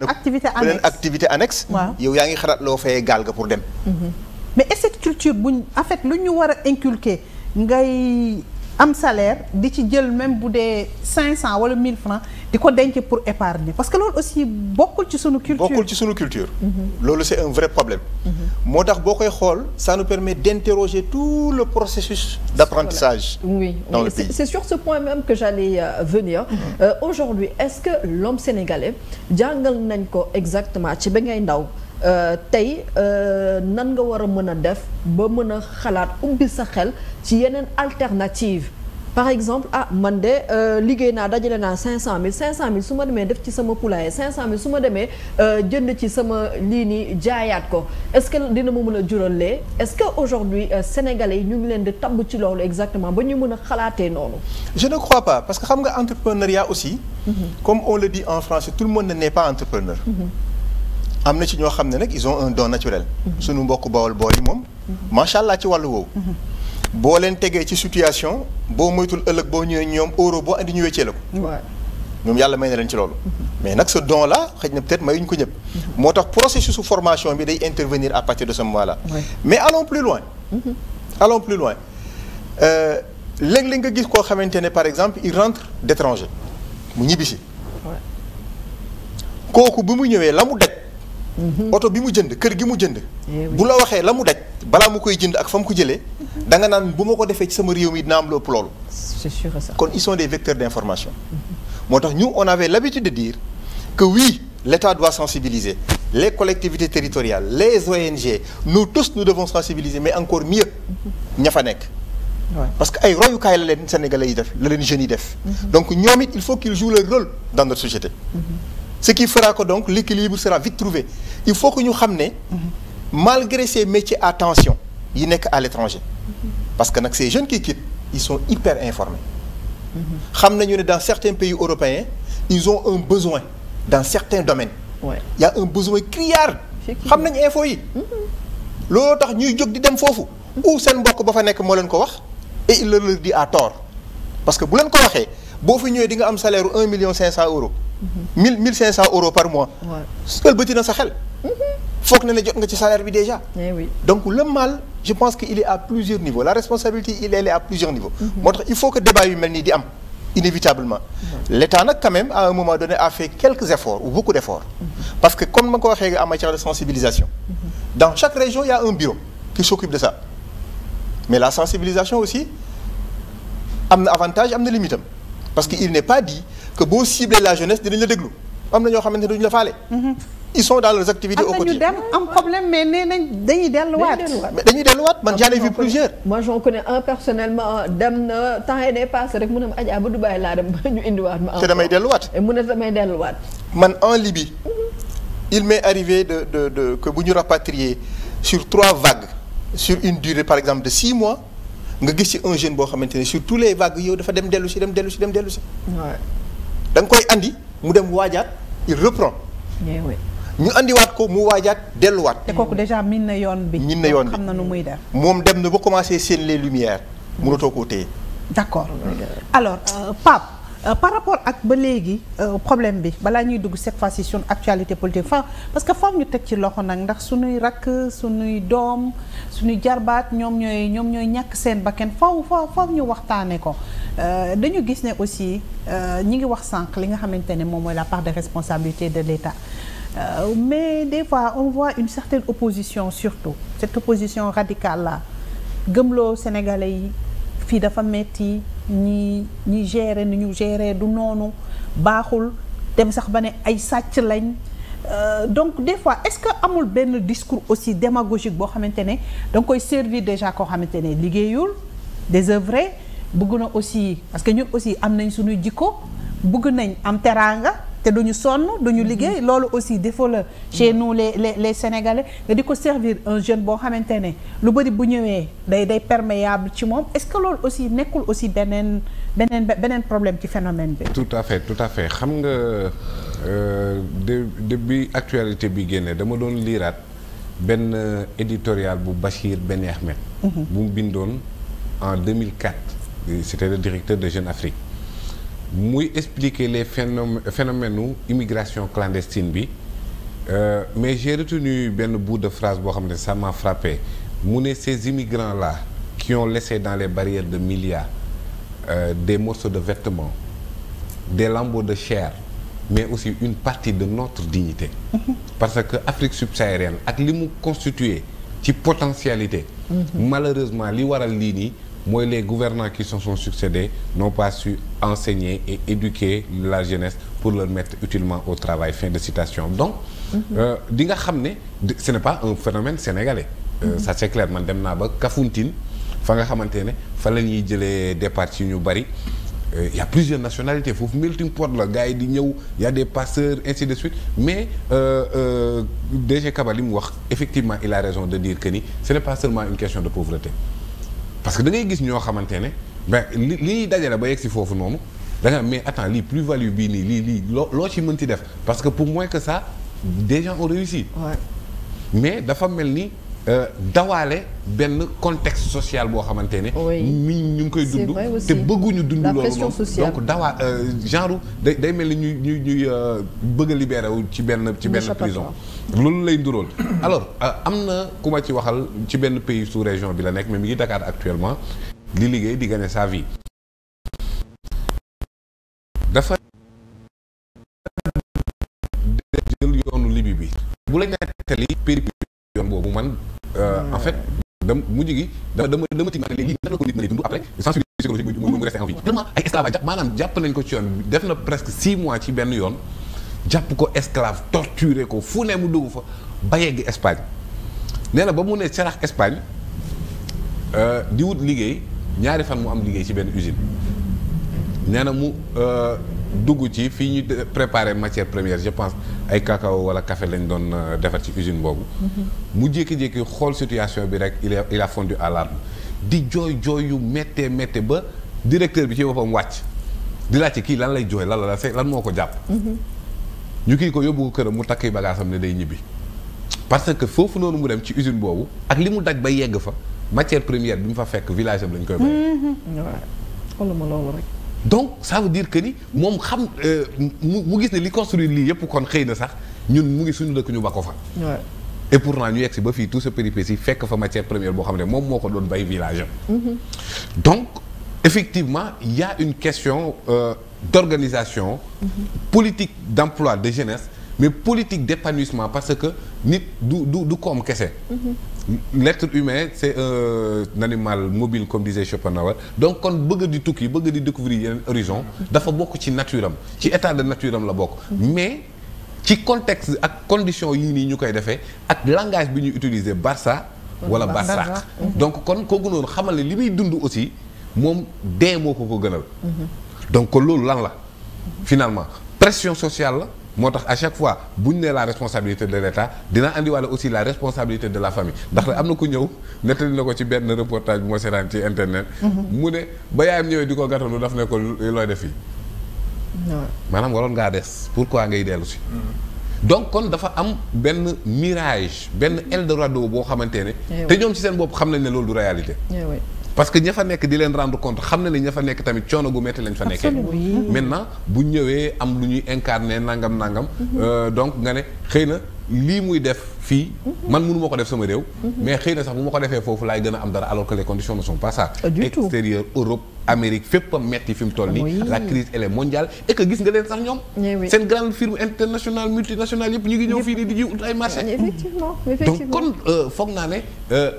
Speaker 3: activité annexe yow yaa ngi xalaat loo fayee gaal ga pour dem.
Speaker 2: Mm-hmm. mais est-ce que culture buñ en lu ñu war a inculquer ngay. am salaire di ci jël même bu dee 500 wala mille francs
Speaker 3: di ko denc pour épargner parce que loolu aussi bokkul ci sunu culture bokkul ci sunu culture. Mhm. loolu c'est un vrai problème. Mhm. moo tax boo koy xool ça nous permet d'interroger tout le processus d'apprentissage.
Speaker 1: oui dans le pays c'est sur ce point même que j'allais euh, venir. Mhm. Euh, aujourd'hui est-ce que l'homme sénégalais jàngal nañ ko exactement ci ba ngay ndaw. Euh, tey euh, nan nga war a mën a def ba mën a xalaat ubbi sa xel ci yeneen alternative par exemple ah man de euh, liggéey naa dajale naa 500000 500000 su ma demee def ci sama poulailler 500000 su ma demee jënd ci sama lii nii jaayaat ko est-ce que dina ma mën a juralee est-ce que aujourd'hui sénégalais yi ñu ngi leen di tabb ci loolu exactement ba ñu mën a xalaatee noonu.
Speaker 3: je ne crois pas parce que xam nga entrepreneuriat aussi. Mm-hmm. comme on le dit en français tout le monde n'est pas entrepreneur. Mm-hmm. am na ci ñoo xam ne nag ils ont un don naturel. suñu mbokk bawol bool yi moom. macha allah ci wàll woowu. boo leen tegee ci situation boo moytul ëllëg boo ñëwee ñoom euro boo andi ñëwee wéccee la ko. ñoom yàlla may na leen ci loolu. mais nag ce don la xëy na peut-être mayuñ ko ñëpp. moo tax processus formation bi day intervenir à partir de ce moment là. mais allons plus loin. allons plus loin euh, léeg-léeg nga gis koo xamante ne par exemple il rentre d'étranger mu ñibbisi. kooku bi ñëwee la mu Mm-hmm. oto bi mu jënd kër gi mu jënd
Speaker 6: eh bu
Speaker 3: la waxee la mu daj balaa mu koy jënd ak fa mu ko jëlee mm-hmm. danga naan bu ma ko defee ci sama réew mi dina am lu ëpp loolu
Speaker 1: c'est sûr ça
Speaker 3: kon ils sont vecteurs d'information
Speaker 1: mm-hmm.
Speaker 3: moo tax ñu on la l'habitude de dire que oui l'État doit sensibiliser les collectivités territoriales les ONG nous tous nous devons sensibiliser mais encore mieux ña fa nekk parce que ay royukaay la leen sénégalais yi def la leen jeunes yi def donc ñoom it il faut qu'ils jouent leur rôle ce qui fera que donc l'équilibre sera vite trouvé il faut que ñu xam ne malgré ces métiers à tension yi nekk à l'étranger parce que nag ces jeunes qui quittent ils sont hyper informés xam nañu ne dans certains pays européens ils ont un besoin dans certains domaines ouais. il y a un besoin criard xam nañu info yi looloo tax ñuy jóg di dem foofu ou seen mbokk ba fa nekk moo leen ko wax et il le leur dit à tort parce que bu leen ko waxee boo fi ñëwee di nga am salaire u un million cinq mille mille cinq cent euros par mois. waaw na sa xel. Mhm. foog na ne jot nga ci salaire bi déjà. Eh oui donc le mal je pense que il est à plusieurs niveaux la responsabilité il est à plusieurs niveaux. Mhm. moo tax il faut que débat yu mel nii di am inévitablement. l'État nag quand même à un moment donné a fait quelques efforts ou beaucoup d'efforts. Mhm. parce que comme ma ko waxee en matière de sensibilisation. dans chaque région il y a un bureau qui s'occupe de ça mais la sensibilisation aussi am na avantage am na limite am que il n'est pas que boo ciblé la jeunesse dinañ la déglu am na ñoo xamante ne duñu la faale. Mhm. ils sont dans leurs activités am
Speaker 1: na mais nee nañ delluwaat. dañuy delluwaat man ah, j'en ai vu plusieurs. moi j'en connais un personnellement dem temps yii day passé rek mu ne ma Adja ba Dubaï laa dem ñu indiwaat ma. am te damay
Speaker 3: delluwaat mu ne damay delluwaat. man en Libye il m'est arrivé de de de que bu ñu rapatrier sur trois vagues sur une durée par exemple de six mois nga gis ci un jeune boo xamante ne sur les vagues yow dafa dem si dem dellu si dem dellu si. da nga koy andi mu dem waajaat il reprend. Eh ñu andiwaat ko mu waajaat delluwaat. te kooku déjà min na yoon bi. min na yoon bi na nu muy def. moom dem na ba commencé seen les lumières mënatoo koo téye. d'accord
Speaker 2: alors euh, Pape. Euh, par rapport ak ba léegi euh, problème bi balaa ñuy dugg cette fois actualité politique fa parce que faaw ñu teg ci loxo nag ndax suñuy rakk suñuy doom suñuy jarbaat ñoom ñooy ñoom ñooy ñàkk seen bakken faaw faaw faaw ñu waxtaanee ko euh, dañu gis ne aussi ñi ngi wax sànq li nga xamante ne moom mooy la part de responsabilité de l'État Euh, mais des fois on voit une certaine opposition surtout cette opposition radicale là gëmloo sénégalais yi fii dafa metti ñi ñi gérer ni ñu gérer du noonu baaxul dem sax ba ne ay sàcc lañ euh, donc des fois est-ce que amul benn discours aussi démagogique boo xamante ne da nga koy servir déjà koo xamante ne liggéeyul des désœuvré bëgg na aussi parce que ñun aussi am nañ suñuy jikko bugg nañ am teraanga te duñu sonn duñu mhm. liggéey loolu aussi défaut la chez mhm. nous les les les nga di ko servir un jeune boo xamante ne lu bari bu ñëwee day day perméable ci moom est-ce que loolu aussi nekkul aussi beneen beneen beneen problème ci phénomène bi.
Speaker 4: tout à fait tout à fait xam nga euh, de depuis actualité bi génne dama doon liiraat benn éditorial bu Bachir Ben Ahmed. Mhm. bu mu bindoon en 2004. c'était le directeur de Jeune Afrique. muy expliquer les phénomènes phénomènes immigration clandestine bi euh, mais j'ai retenu benn bout de phrase boo xam ne ça m'a mu ne ces immigrants la qui ont laissé dans les barrières de milliards euh, des morceaux de vêtements des lambeaux de chair mais aussi une partie de notre dignité parce que Afrique subsaharienne ak li mu constitué ci potentialité mm-hmm. malheureusement li waral lii nii mooy les gouvernants qui se sont succédés n'ont pas su enseigner et éduquer la jeunesse pour leur mettre utilement au travail fin de citation donc mhm. euh, di nga xam ne ce n'est pas un phénomène sénégalais sa euh, mhm. ça c'est clair man dem naa ba Kafountine fa nga xamante ne fa la ñuy jëlee départ ci ñu bari Euh, y a plusieurs nationalités foofu melting pot la gars yi di ñëw y a des passeurs ainsi de suite mais euh, euh, DG li mu wax effectivement il a raison de dire que ni ce n'est pas seulement parce que dangay gis ñoo xamante ne mais li li dajale ba yegg si foofu noonu da mais attends lii plus value bii nii lii lii loo loo ci mën ci def parce que pour moins que ça des gens ont réussi. mais dafa mel ni. Euh, dawaale benn contexte social boo xamante ne. mi ñu ngi koy dund. te bëgguñu dund loolu moom donc dawaa euh, genre day day mel ni ñuy ñuy ñuy euh, bëgg a ci benn ci benn prison. loolu lay ndurool alors am na ku ma ci waxal ci benn pays sous région bi la nekk mais mi ngi Dakar actuellement di liggéey di gagner sa vie. dafa jël yoonu libi bi bu la nettali yoon boobu man. Euh, en fait dam mu gi dama dama dama tiit léegi nan a dund après sensibilité psychologique mu mu resté en vie tellement ay esclave jàpp maanaam jàpp nañ ko ci yoon def na presque six mois ci benn yoon jàpp ko esclave torturé ko fu ne mu dugg fa ba yegg Espagne nee na ba mu ne sarax Espagne euh, di wut liggéey ñaari fan mu am liggéey ci benn usine nee na mu euh, dugg ci fii ñu préparer matière première je pense ay cacao wala kafe lañ doon euh, defar ci usine boobu. Mm-hmm. mu jékki-jékki xool situation bi rek il a il a fondu à l'arme di jooy jooy yu méttee méttee ba directeur bi ci mu wàcc di laajte kii lan lay jooy lan la lan moo ko jàpp. Mm-hmm. ñu kii ko yóbbu ko këram mu takki bagaasam ne day ñibbi. parce que foofu noonu mu dem ci usine boobu ak li mu daj ba yegg fa matière première bi mu fa fekk village am lañ koy bay.
Speaker 6: waaw mm-hmm. xooluma
Speaker 4: donc ça veut dire que ni moom xam euh, mu mu gis ne li construire lii yëpp kon xëy na sax ñun mu ngi suñu dëkk ñu ba ko fa. et pourtant ñu yegg si ba fii tout ce péripétie fekk fa matière première boo xam ne moom moo ko doon bay village mm-hmm. donc effectivement il une question euh, d'organisation. Mm-hmm. politique d'emploi de jeunesse mais politique d'épanouissement parce que nit du du du koom kese. Mm-hmm. l'être humain c'est un euh, animal mobile comme disait Schopenhauer donc kon bëgg di tukki bëgg di découvrir yeneen horizon dafa bokk ci nature am ci état de nature am la bokk mais ci contexte ak condition yii nii ñu koy defee ak langage bi ñuy utiliser Barça wala Barsaq mm-hmm. donc kon kooku noonu xamal ne li muy dund aussi moom dee moo ko ko gënal mm-hmm. donc kon loolu lan la finalement pression sociale la moo tax a chaque fois bu ñu nee la responsabilité de l'État dina andiwaale aussi la responsabilité de la famille ndax am na ku ñëw nettali na ko ci benn reportage bu ma seetaan ci internet. Mhm. mu ne ba yaayam ñëwee di ko gàttalu daf ne ko looy def fii. maanaam waroon ngaa des pour pourquoi ngay dellu si.
Speaker 6: Mhm.
Speaker 4: donc kon dafa am benn mirage benn mhm. Eldorado boo xamante ne. Eh te ñoom ci seen bopp xam nañ ne loolu du réalité. Eh parce que ña fa nekk di leen rendre compte xam na ne ña fa nekk tamit coono gu metti lañ fa nekkee mm-hmm. maintenant bu ñëwee am lu ñuy incarné nangam nangam mm-hmm. euh, donc nga ne xëy na lii muy def fii man mënu ma ko def sama réew mais xëy na sax bu ma ko defee foofu laay gën a am dara alors que les conditions ne sont pas ça ah, extérieur Europe Amérique fépp a metti fi mu toll nii la crise elle est mondiale et gis nga leen sax ñoom eh seen grande firme internationale multinationale yëpp ñu ngi ñëw fii nii di ji ut ay marché eh, donc kon euh, foog naa ne euh,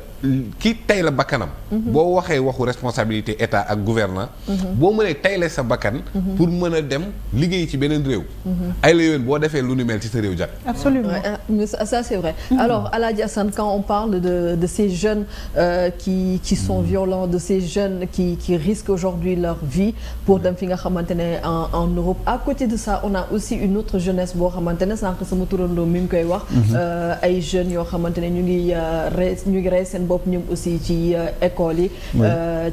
Speaker 4: kii tay la bakkanam mhm. boo waxee waxu responsabilité état ak gouvernant mhm. boo mënee tay sa bakkan mhm. pour mën a dem liggéey boo defee lu ni mel ci
Speaker 1: Mhm. alors Aladji Assane quand on parle de de ces jeunes euh, qui qui sont mhm. violents de ces jeunes qui qui risquent aujourd'hui leur vie pour dem fi nga xamante ne en en Europe à côté de ça on a aussi une autre jeunesse boo xamante ne sànq sama turandoo mi ngi koy wax mhm. euh, ay jeunes yoo xamante ne ñu ngi euh, rey ñu ngi seen bopp ñoom aussi ci euh, école yi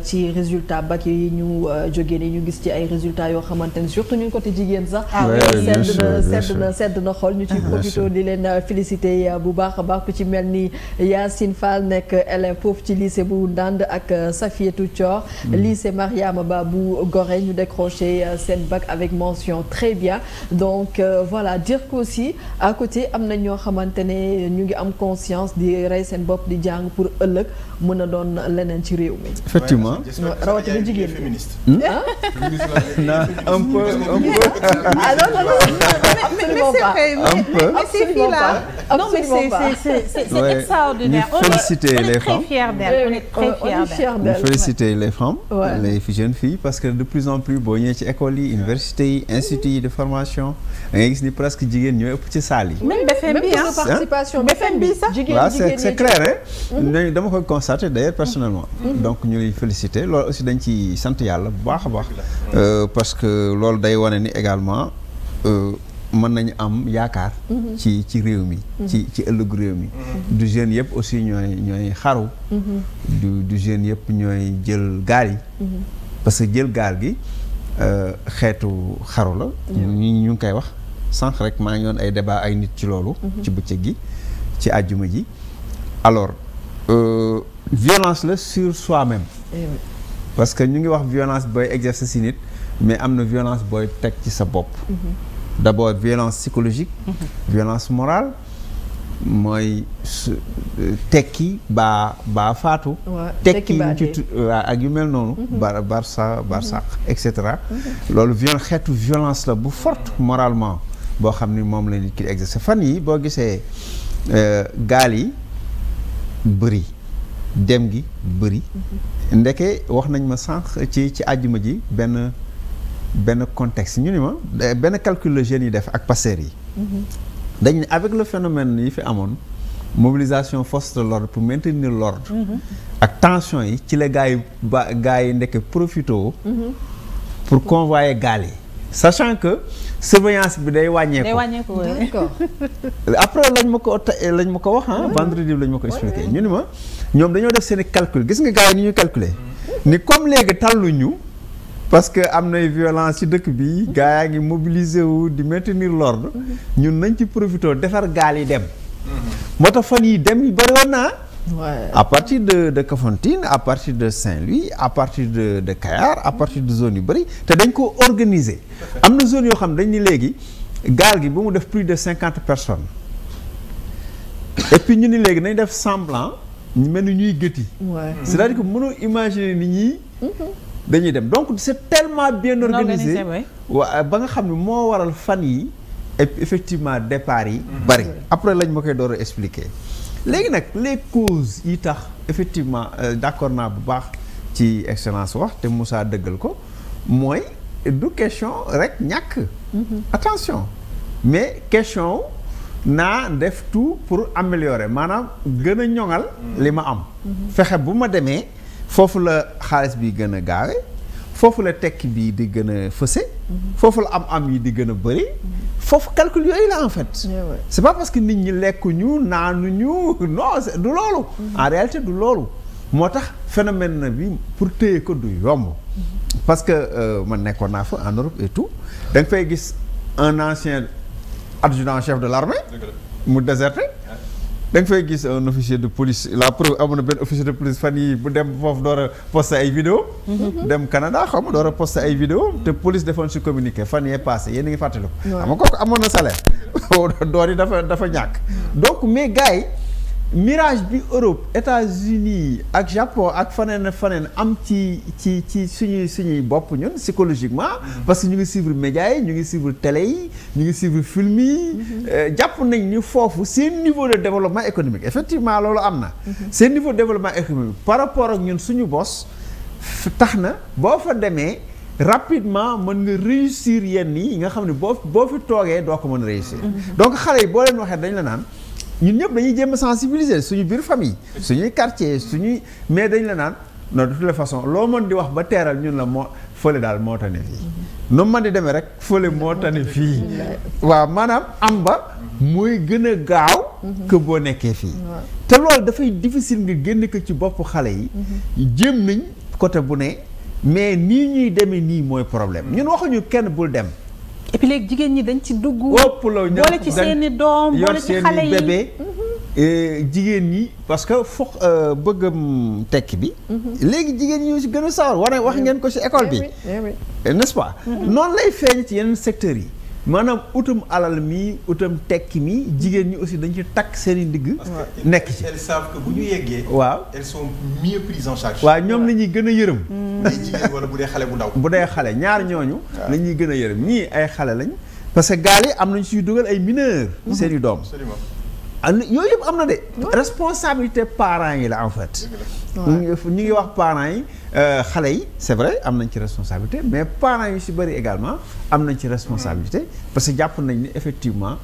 Speaker 1: ci résultat bac yi ñu jógee ni ñu gis ci ay résultats yoo xamante ne surtout ñu ngi côté jigéen sax ah sedd na sedd na sedd na xool ñu ci ah, profité di leen félicité bu baax a baax ku ci mel ni Yacine Fall nekk élève foofu ci lycée bu Ndande ak euh, Safietou Thior mm. lycée Mariama Ba bu Gorée ñu décroché euh, seen bac avec mention très bien donc euh, voilà dire si à côté am na ñoo xamante ne ñu ngi am conscience di rey seen bopp di jàng pour ëllëg mën a doon leneen ci réew mi. effectivement rawatina
Speaker 3: jigéen féministe.
Speaker 6: absolument pas un c'est
Speaker 3: ouais.
Speaker 5: extraordinaire. Nous euh, féliciter les femmes.
Speaker 2: On est très fiers
Speaker 5: d'elles. les femmes, les jeunes parce que de plus en plus boo ñëwee ci école yi université yi institut yi de formation da gis ni presque jigéen ñoo ëpp ci salle yi.
Speaker 1: même BFM bi ah participation BFM bi sax. jigéen jigéen c'est clair hein.
Speaker 5: Mhm. dama ko constaté d'ailleurs personnellement. Mhm. Mhm. donc ñu ngi féliciter loolu aussi dañ ci sant yàlla bu baax a baax. Euh, parce que loolu day wane ni également. Euh, mën nañu am yaakaar. Mhm. ci ci réew mi. Mhm. ci ci ëllëgu réew mi. Mhm. du jeunes yëpp aussi ñooy ñooy xaru. du du jeunes yëpp ñooy jël gaal yi. parce que jël gaal gi euh, xeetu xaru la. ñu ñu ngi koy wax sànq rek maa ngi woon ay débat ay nit ci loolu. ci bëccëg gi ci àjjuma ji alors euh, violence la sur soi-même. Eh parce que ñu ngi wax violence booy exercer si nit mais am na violence booy teg ci sa bopp. d'abord violence psychologique mhm. violence morale mooy euh, tekki baa baa faatu
Speaker 6: tekki ci
Speaker 5: euh, ak yu mel noonu mhm. bar barsa barsaq mhm. et cetera loolu viol xeetu violence la bu forte moralement boo xam ni moom la nit ki fan yi boo gisee euh, gaal yi bëri dem gi bëri ndeke wax nañ ma sànq ci ci àjjuma ji benn benn contexte ñu ni ma eh, benn calcul la yi def ak passeurs yi. Mm-hmm. dañu ne avec le phénomène yi fi amoon mobilisation force de pour maintenir l'ordre mm-hmm. ak tension yi ci la gars yi ba gars yi ndekk profito mm-hmm. pour convoyer gaal yi sa que surveillance bi day wàññeeku. day
Speaker 2: wàññeeku d'accord
Speaker 5: après lañ ma ko lañ ma ko wax ah vendredi bi lañ ma ko expliqué ñu ni ma ñoom dañoo def seen i calcul gis nga gars yi ni ñuy calculer ni comme léegi tàlluñu parce que am na violence ci dëkk bi gaa yaa ngi mobiliser wu di maintenir l'ordre ñun nañ ci profité defar gaal yi dem. moo tax fan yi dem yi bëri woon naa. à partir de de Kafountine à partir de Saint-Louis à partir de de Kayar à partir de zone yu bëri te dañ ko organiser. am na zone yoo xam dañ ni léegi gaal gi ba mu def plus de cinquante personne et puis ñu ni léegi nañ def semblant ñu mel ni ñuy gëti. c'est-à-dire que mënoo imaginer ni ñi mm-hmm. dañuy dem donc c'est tellement bien organisé waa euh, ba nga xam ne moo waral fan yi effectivement départ yi mm-hmm. bari après lañ ma koy door a expliquer léegi nag les causes yi tax effectivement euh, d'accord naa bu baax ci excellence wax te Moussa dëggal ko mooy du question rek ñàkk mm-hmm. attention mais question naa def tout pour améliorer maanaam gën a ñoŋal mm. li ma am mm-hmm. fexe bu ma demee foofu la xaalis bi gën a gaawe foofu la tekki bi di gën a fëse mhm. foofu la am-am yi di gën a bëri mhm. foofu calcul yooyu la en fait c'est pas parce que nit ñi ñu naanuñu non du loolu mhm. en réalité du loolu moo tax phénomène na bi pour téye ko du yomb parce que euh, man nekkoon naa fa en Europe et tout da nga fay gis un ancien adjudant chef de l'armée mu déserté da nga fay gis un officier de police la preuve amoon na benn officier de police fan yi bu dem foofu door a posté ay vidéo mhm. dem Canada xaw ma door a posté ay vidéo mhm. te police defoon si communiqué fan yee passé yéen ngi fàttaliku. xam nga kooku amoon na salaire door yi dafa dafa ñàkk mhm. donc mais gars yi mirage bi Europe États-Unis ak Japon ak faneen faneen am ci ci ci suñuy suñuy bopp ñun psychologiquement mm-hmm. parce que ñu ngi suivre média yi ñu ngi suivre télé yi ñu ngi suivre film yi mm-hmm. euh, jàpp nañ ni foofu seen niveau de développement économique effectivement loolu am na mm-hmm. seen niveau de développement économique par rapport ak ñun suñu bos tax na boo fa demee rapidement mën nga réussir yenn yi nga xam ne boo boo fi toogee doo ko mën réussir donc xale yi boo leen waxee dañ la naan ñun ñëpp dañuy jéem a sensibiliser suñu biir famille suñuy quartier suñu mais dañ la naan non de toutes les façons loo mën di wax ba teeral ñun la moo fële daal moo tane fii noonu man di demee rek fële moo tane fii waaw maanaam am ba mooy gën a gaaw que boo nekkee fii te loolu dafay difficile nga génn ko ci bopp xale yi jëm nañ côté bu ne mais nii ñuy demee nii mooy problème ñun waxuñu kenn bul dem
Speaker 2: et léegi jigéen ñi dañ ci dugg. boole ci seen i doom boole ci xale yi yor
Speaker 5: mm-hmm. jigéen ñi parce que foog euh, bëggam tekki bi. Mm-hmm. léegi jigéen ñi ñu si gën a sawar war wax eh ngeen ko si école bi. Eh eh n'est-ce pas. Mm-hmm. lay feeñ ci yenn secteurs yi. maanaam utum alal mi utum tekki mi jigéen ñi aussi dañ ci takk seeni i ndigg. nekk ci elles savent ñu yeggee. waaw elles sont mieux prises en charge. waaw ñoom la ñuy gën a yërëm. wala bu dee xale bu ndaw. bu dee xale ñaar ñooñu. la ñuy gën a yërëm ñii ay xale lañ. parce que gaal yi am nañ suy dugal ay mineurs. Mhm. seen i doom. yooyu yëpp am na de. responsabilité parents ngi la en fait. ñu ngi wax parents yi. Euh, xale yi c'est vrai am nañ ci responsabilité mais parents yu si bëri également am nañ ci responsabilité parce que jàpp nañ ni effectivement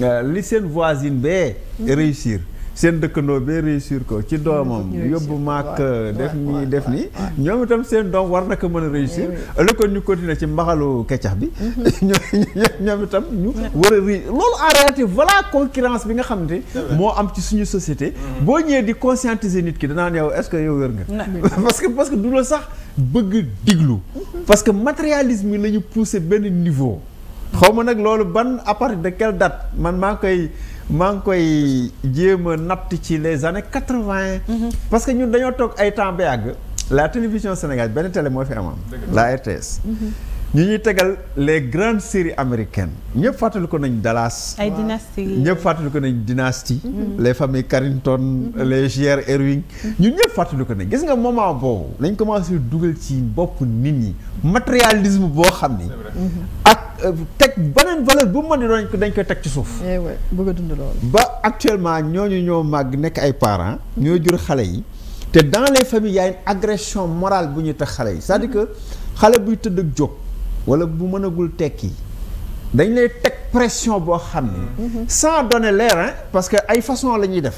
Speaker 5: euh, li seen voisine bee mm-hmm. réussir seen dëkkandoo bee réussir ko ci doomam yóbbu maak euh, def nii def nii ñoom itam seen doom war na mën a réussir ëllëg ko ñu continuer ci mbaxalu keccax bi mhm. ñoom itam ñu war a réussir loolu en réalité voilà concurrence bi nga xam ne moo am ci suñu société mhm. boo ñëwee di conscientiser nit ki danaan yow est-ce que yow wér nga parce que parce que du la sax bëgg diglu mhm. parce que matérialisme yi la ñu poussé benn niveau xaw ma nag loolu ban à partir de quelle date man maa koy maa ngi koy jéem a natt ci les années quatre vingt. Mhm. parce que ñun dañoo toog ay temps àgg la télévision Sénégal benn télé moo fi amoon. la RTS. Mm ñu ñuy tegal les grandes séries américaines ñëpp fàttali ko nañ Dallas. ay
Speaker 2: dynasties ñëpp
Speaker 5: fàttali ko nañ dynastie mm-hmm. les familles Carrington mm-hmm. les G.R. Ewing mm-hmm. ñun ñëpp fàttali ko nañ gis nga moment boobu lañ commencé dugal ci bopp nit ñi matérialisme boo xam ni ak euh, teg beneen valeur bu mu mën di doon dañ koy teg ci
Speaker 1: suuf eh bëgg a dund loolu
Speaker 5: ba actuellement ñooñu ñoo màgg nekk ay parents ñoo jur xale yi te dans les familles y a une morale bu ñuy tax xale yi cest di que xale buy tëdd ak jóg wala bu mënagul tekki dañ lay teg pression boo xam ne. Mhm. sans donner l'air parce que ay façon la ñuy def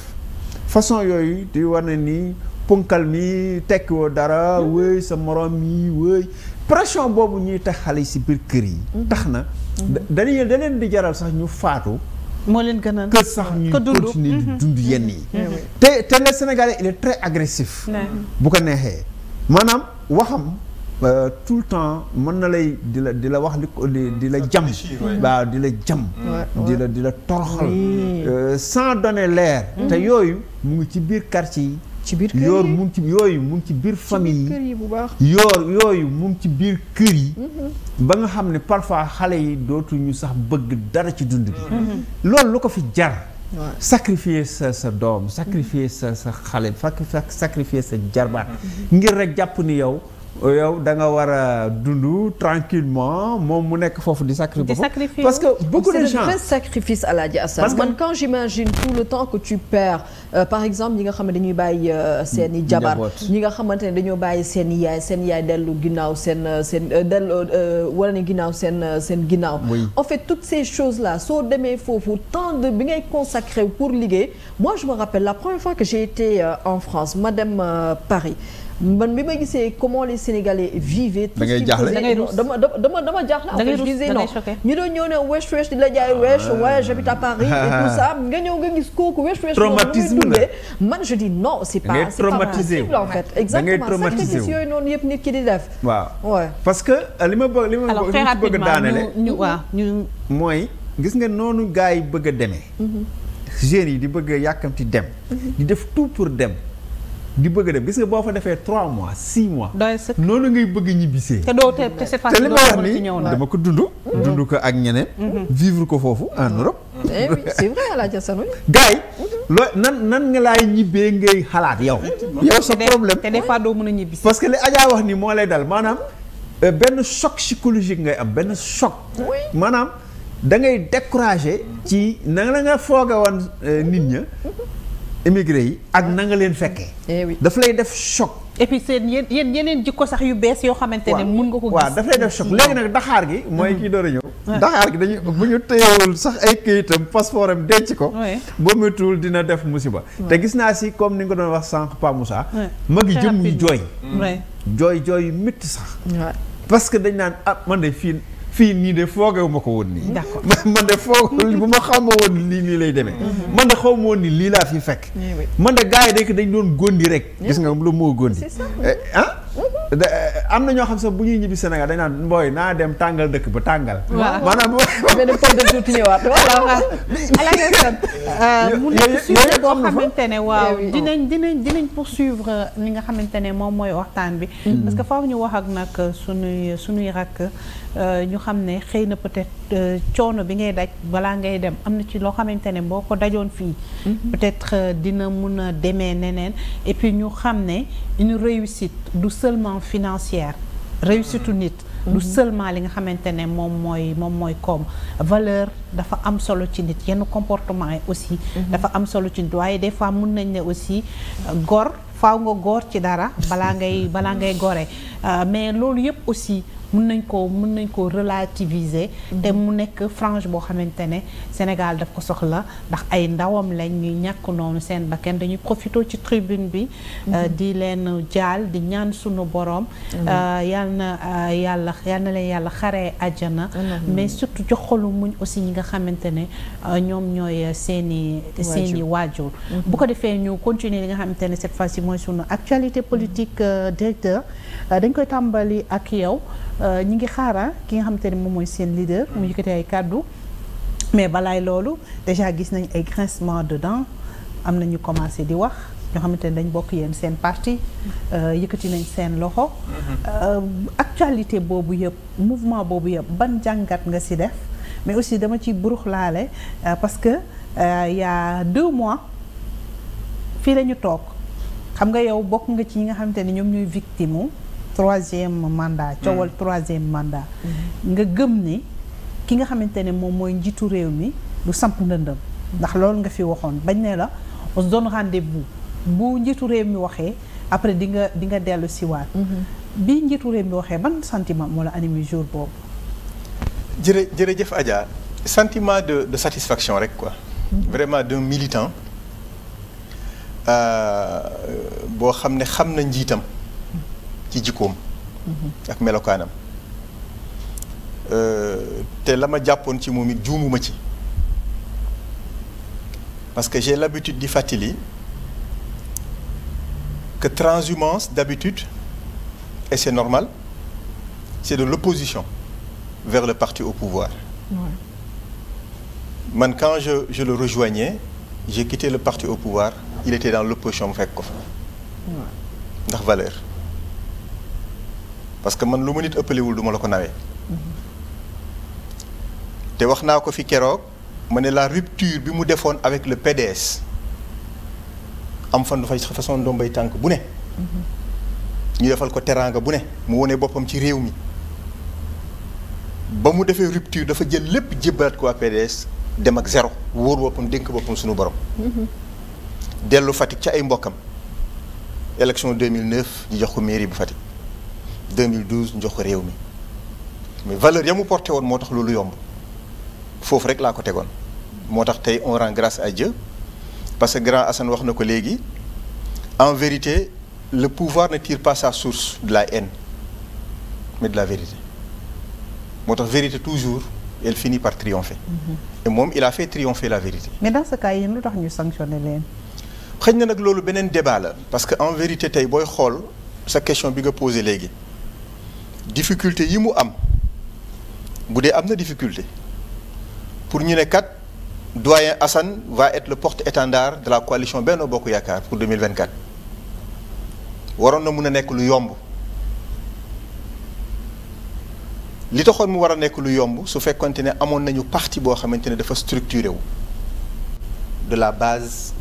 Speaker 5: façon yooyu di war ne nii punkal mi tekki woo dara mhm. wéy sa morom mi wéy pression boobu ñuy tax xale yi si biir kër yi. Mhm. tax na dañuy da leen di jaral sax ñu faatu. moo leen gën a que sax ñu continuer di dund yenn yi. Eh te te le Sénégalais il très agressif. bu ko neexee maanaam waxam. Euh, tout le temps mën na lay di la di la wax li di la jam waaw di la jam di la di la toroxal euh, sans donner l'air mm-hmm. te yooyu mu ngi ci biir quartier yi ci biir kër yoor mu ngi ci yooyu mu ngi ci biir famille yi bu baax yoor yooyu mu ngi ci biir kër yi
Speaker 6: mm-hmm.
Speaker 5: ba nga xam ne parfois xale yi dootuñu sax bëgg dara ci dund bi mm-hmm. loolu lu ko fi jar sacrifier sa sa doom sacrifier sa sa xale sacrifier sa jarbaat ngir rek jàpp ni yow yow da nga war a dund tranquillement moom mu nekk foofu di sacrifice parce que beaucoup de gens c'est un vrai
Speaker 1: sacrifice Alaaji Assane parce man quand j'imagine tout le temps que tu perds euh, par exemple ñi nga xam ne dañuy bàyyi euh, seen i jabar ñi nga xamante ne dañoo bàyyi seen yaay seen yaay dellu ginnaaw seen euh, seen dellu wala ne ginnaaw seen seen ginnaaw en fait toutes ces choses là soo demee foofu temps bi ngay consacré pour liggéey moi je me rappelle la première fois que j'ai été euh, en France ma dem euh, man bi ma gisee comment les Sénégalais vivaient. da ngay jaaxle da ngay ruus dama dama dama jaaxle. da ngay ruus da ngay choqué ñu doon ñëw ne wesh wesh di la jaay wesh waaye ah. j'habite Paris et tout ça nga ñëw nga gis kooku wesh wesh. traumatisme la man je dis non c'est pas c'est pas possible en fait. yooyu noonu yëpp nit ki di def. waaw waaw
Speaker 5: parce que euh, li ma bëgg li ma bëgg daanele. ñu waaw ñu. mooy gis nga noonu gars yi bëgg a demee. Mhm. yi di bëgg yàkkamti dem. Mhm. di def tout pour dem. di bëgg a dem gis nga boo fa defee 3 mois 6 mois.
Speaker 2: doy sëkk noonu ngay bëgg a ñibbisee. te doo te c'est facile doo mën ci ñëw na
Speaker 5: ko dund. Mhm. dund mhm. ko foofu en Europe. eh oui c'est
Speaker 1: vrai El
Speaker 5: loo nan nan nga laay ñibbee ngay xalaat yow. yow sa problème te des fois doo mën a ñibbisee. que li Adja wax nii moo lay dal maanaam euh, benn choc psychologique ngay am benn choc. maanaam da ngay découragé. ci na la nga fooge woon euh, nit ña. Mhm. immigré yi ak ah.
Speaker 2: na nga leen fekke eh daf lay def choc. et puis seen yéen yeneen jikko sax yu bees yoo xamante ne. mun nga ko gis waaw daf lay def choc léegi
Speaker 5: nag daxaar gi. mooy kii door a ñëw. Ah. daxaar gi dañuy bu ñu téyewul sax ay këyitam passeport am denc ko. boo méttuwul dina def musiba. te gis naa si comme ni nga ko doon wax sànq Pa Moussa. mag yi jëm ñu jooy. jooy jooy yu métti sax. parce que dañ naan ah man de fii. fii nii de foogewu ma ko woon nii. d'accord man de foogewul bu ma xam ma woon nii nii lay demee. Mhm. man de xaw ma woon ni lii laa fi fekk. man de gars yi dañ dañ doon gondi rek. gis nga lu moo gondi eh, ah. Eh, am na ñoo xam sax bu ñuy ñibbi Sénégal dañ naan mbooy naa dem tàngal dëkk ba tàngal. waaw maanaam. benn po de tuuti ñëwaat
Speaker 2: euh, boo xamante ne waaw eh dinañ dinañ dinañ poursuivre li nga xamante ne moom mooy waxtaan bi. Mm. parce que faaw ñu wax ak nag sunuy sunuy rakk euh, ñu xam ne xëy na peut-être. Euh, coono bi ngay daj balaa ngay dem am na ci loo xamante ne boo ko dajoon fii mhm. peut-être euh, dina mun a demee neneen et puis ñu xam ne une réussite du seulement financière réussite nit du mhm. seulement li nga xamante ne moom mooy moom mooy koom valeur dafa am solo ci nit yenn comportement yi aussi mhm. dafa am solo ci nit waaye des fois mun nañ ne aussi euh, gor faaw nga góor ci dara balaa ngay balaa ngay gore mais loolu yëpp aussi mun nañ koo mun nañ koo relativiser. Mm-hmm. te mu nekk frange boo xamante ne Sénégal daf ko soxla ndax ay ndawam lañ ñuy ñàkk noonu seen bakkan dañuy profité ci tribune bi. Mm-hmm. Euh, di leen jaal di ñaan sunu borom. Euh, yal na euh, yàlla yal na leen yàlla xaree àjjana. mais surtout jox xolu muñ aussi ñi nga xamante ne ñoom ñooy seeni seeni waajur. Mm-hmm. bu ko defee ñu continuer li nga xamante ne cette fois-ci mooy sunu actualité politique directeur dañ koy tàmbali ak yow. Euh, ñi ngi xaara ah, ki nga xamante ne moom mooy seen leader mu yëkkati ay kàddu mais balaay loolu déjà gis nañ ay grincement de dents am na ñu commencé di wax ñoo xamante ne dañ bokk yéen seen parti euh, yëkkati nañ seen loxo euh, actualité boobu yëpp mouvement boobu yëpp ban jàngat nga ci def mais aussi dama ciy ci laale parce que il y a deux mois fii la ñu toog xam nga yow bokk nga ci ñi nga xamante ni ñoom ñooy victime troisième mandat coowal mm. troisième mandat
Speaker 6: mm-hmm.
Speaker 2: nga gëm ni ki nga xamante ne moom mooy njiitu réew mi du samp ndëndëm ndax lool nga fi waxoon bañ ne la on se donne rendez-vous bu njiitu réew mi waxee après di nga di nga dellu siwaat mm-hmm. bi njiitu réew mi waxee ban sentiment moo la animé jour boobu
Speaker 3: jërë jërëjëf Adja sentiment de de satisfaction rek quoi mm-hmm. vraiment d'un militant euh, boo xam ne xam na njiitam ci jikkoom ak melokaanam euh, te la ma jàppoon ci moom it juumuma ci parce que j'ai l'habitude di fàttali que transhumance d'habitude et c'est normal c'est de l'opposition vers le parti au pouvoir man ouais. quand je, je le rejoignais j'ai quitté le parti au pouvoir il était dans l'opposition fekk ko ndax valeur parce que man lu ma nit ëppalewul du ma la ko nawee te wax naa ko fi keroog ma ne la rupture bi mu defoon avec le PDS am fan du fay façon ndombay tànk bu ne ñu defal ko teraanga bu ne mu wone boppam ci réew mi ba mu defee rupture dafa jël lépp jébbalaat ko waa PDS dem ak zéro wóor boppam dénk boppam suñu borom mm-hmm. dellu Fatick ci ay mbokkam élection 2009 ñu jox ko mairie bu Fatick 2012 njox ko réew mi mais valeur ya mu porté woon moo tax loolu yomb foofu rek laa ko tegoon moo tax tey on rend grâce jë Dieu parce que grand Assane wax na ko léegi en vérité le pouvoir ne tire pas sa source de la haine mais de la vérité moo tax vérité toujours elle finit par triompher
Speaker 6: mm-hmm.
Speaker 3: et moom il a fait triompher la vérité
Speaker 2: mais dans ce cas yéen lu tax ñu sanctionné leen
Speaker 3: xëy na nag loolu beneen débat la parce que en vérité tey booy xool sa question bi nga posé léegi difficulté yi mu am bu dee am na difficulté pour ñu ne kat doyen assan va être le porte-étendard de la coalition Benno Bokk Yaakaar pour 2024 waroon na mun a nekk lu yomb li taxoon mu war a nekk lu yomb su fekkonte ne amoon nañu parti boo xamante ne dafa structuré wu de la base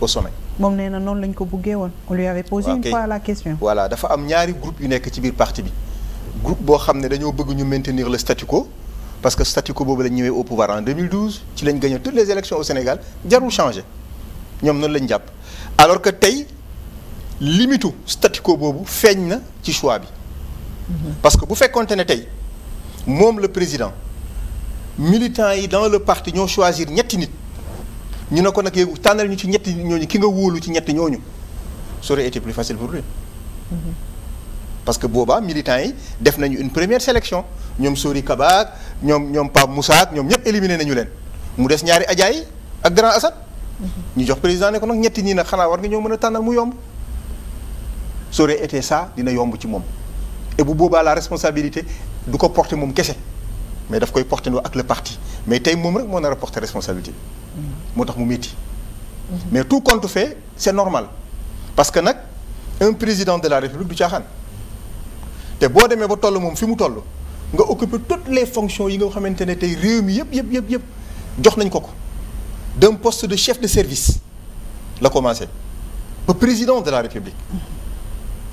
Speaker 3: au sommet.
Speaker 2: moom nee na noonu lañ ko buggee woon. on lui avait posé une fois la question.
Speaker 3: voilà dafa am ñaari groupe yu nekk ci biir parti bi. groupe boo xam ne dañoo bëgg ñu maintenir le statu quo parce que statu quo boobu la ñëwee au pouvoir en 2012 ci lañ gagné toutes les élections au Sénégal jarul changé ñoom noonu lañ jàpp alors que tey limitu statu quo boobu feeñ na ci choix bi parce que bu fekkonte ne tey moom le président militants yi dans le parti ñoo choisir ñetti nit ñu ne ko nag tànnal ñu ci ñetti ñooñu ki nga wóolu ci ñetti ñooñu ça aurait été plus facile pour lui. parce que boobaa militants yi def nañu une première sélection ñoom Sori Kabaak ñoom ñoom Pape Moussa ñoom ñëpp éliminé nañu leen mu des ñaari ajaay ak grand Assad ñu jox président ne ko nag ñetti ñii nag xanaa war nga ñoo mën a tànnal mu yomb ça aurait été ça dina yomb ci moom et bu boobaa la responsabilité du ko porter moom kese mais daf koy porte porter ak le parti mais tey moom rek moo nar a porter responsabilité moo tax mu métti
Speaker 6: mhm.
Speaker 1: mais
Speaker 3: tout compte fait c'est normal parce que nag un président de la république du caaxaan te boo demee ba toll moom fi mu toll nga occuper toutes les fonctions yi nga xamante ne tey réew mi yëpp yëpp yëpp jox nañ ko ko d'un poste de chef de service la commencé ba président de la république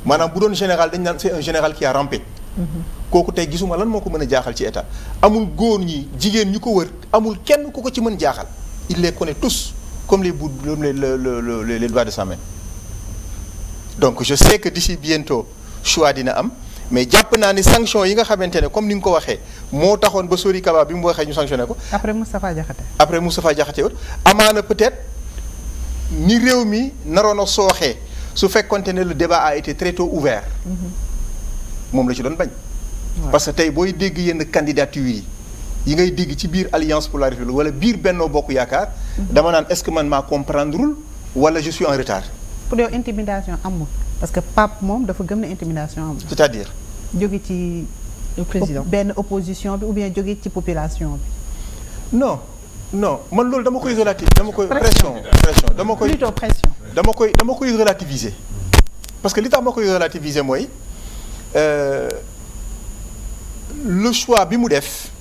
Speaker 3: maanaam bu doon général dañ naan c'est un général qui a rampé. Mm-hmm. kooku tey gisuma lan moo ko mën a jaaxal ci état amul góor ñi jigéen ñi ko wër amul kenn ku ko ci mën jaaxal il les connaît tous comme les bouts les les les doigts de sa donc je sais que d'ici bientôt choix dina am. mais jàpp naa ne sanction yi nga xamante ne comme ni nga ko waxee moo taxoon ba Sori Kaba bi mu waxee ñu sanctionné ko. après Moustapha Diakhaté. après Moustapha Diakhaté amaana peut-être ni réew mi naroon a sooxee su fekkonte ne le débat a été très ouvert mm-hmm. moom la ci doon bañ. parce que tey booy dégg yenn candidature yi. yi ngay dégg ci biir alliance pour wala biir bennoo bokk yaakaar. Mm-hmm. dama naan est-ce que man maa comprendrewul wala je suis en retard.
Speaker 2: pour yow intimidation amul. parce que Pape moom dafa gëm ne intimidation am. c'est-à-dire. jóge ci. président benn opposition bi ou bien jóge ci population
Speaker 3: bi. non no man loolu dama koy relative dama koy. pression pression dama koy plutôt dama koy dama koy relativiser. parce que li tax ma koy relativiser mooy euh, le choix bi mu def.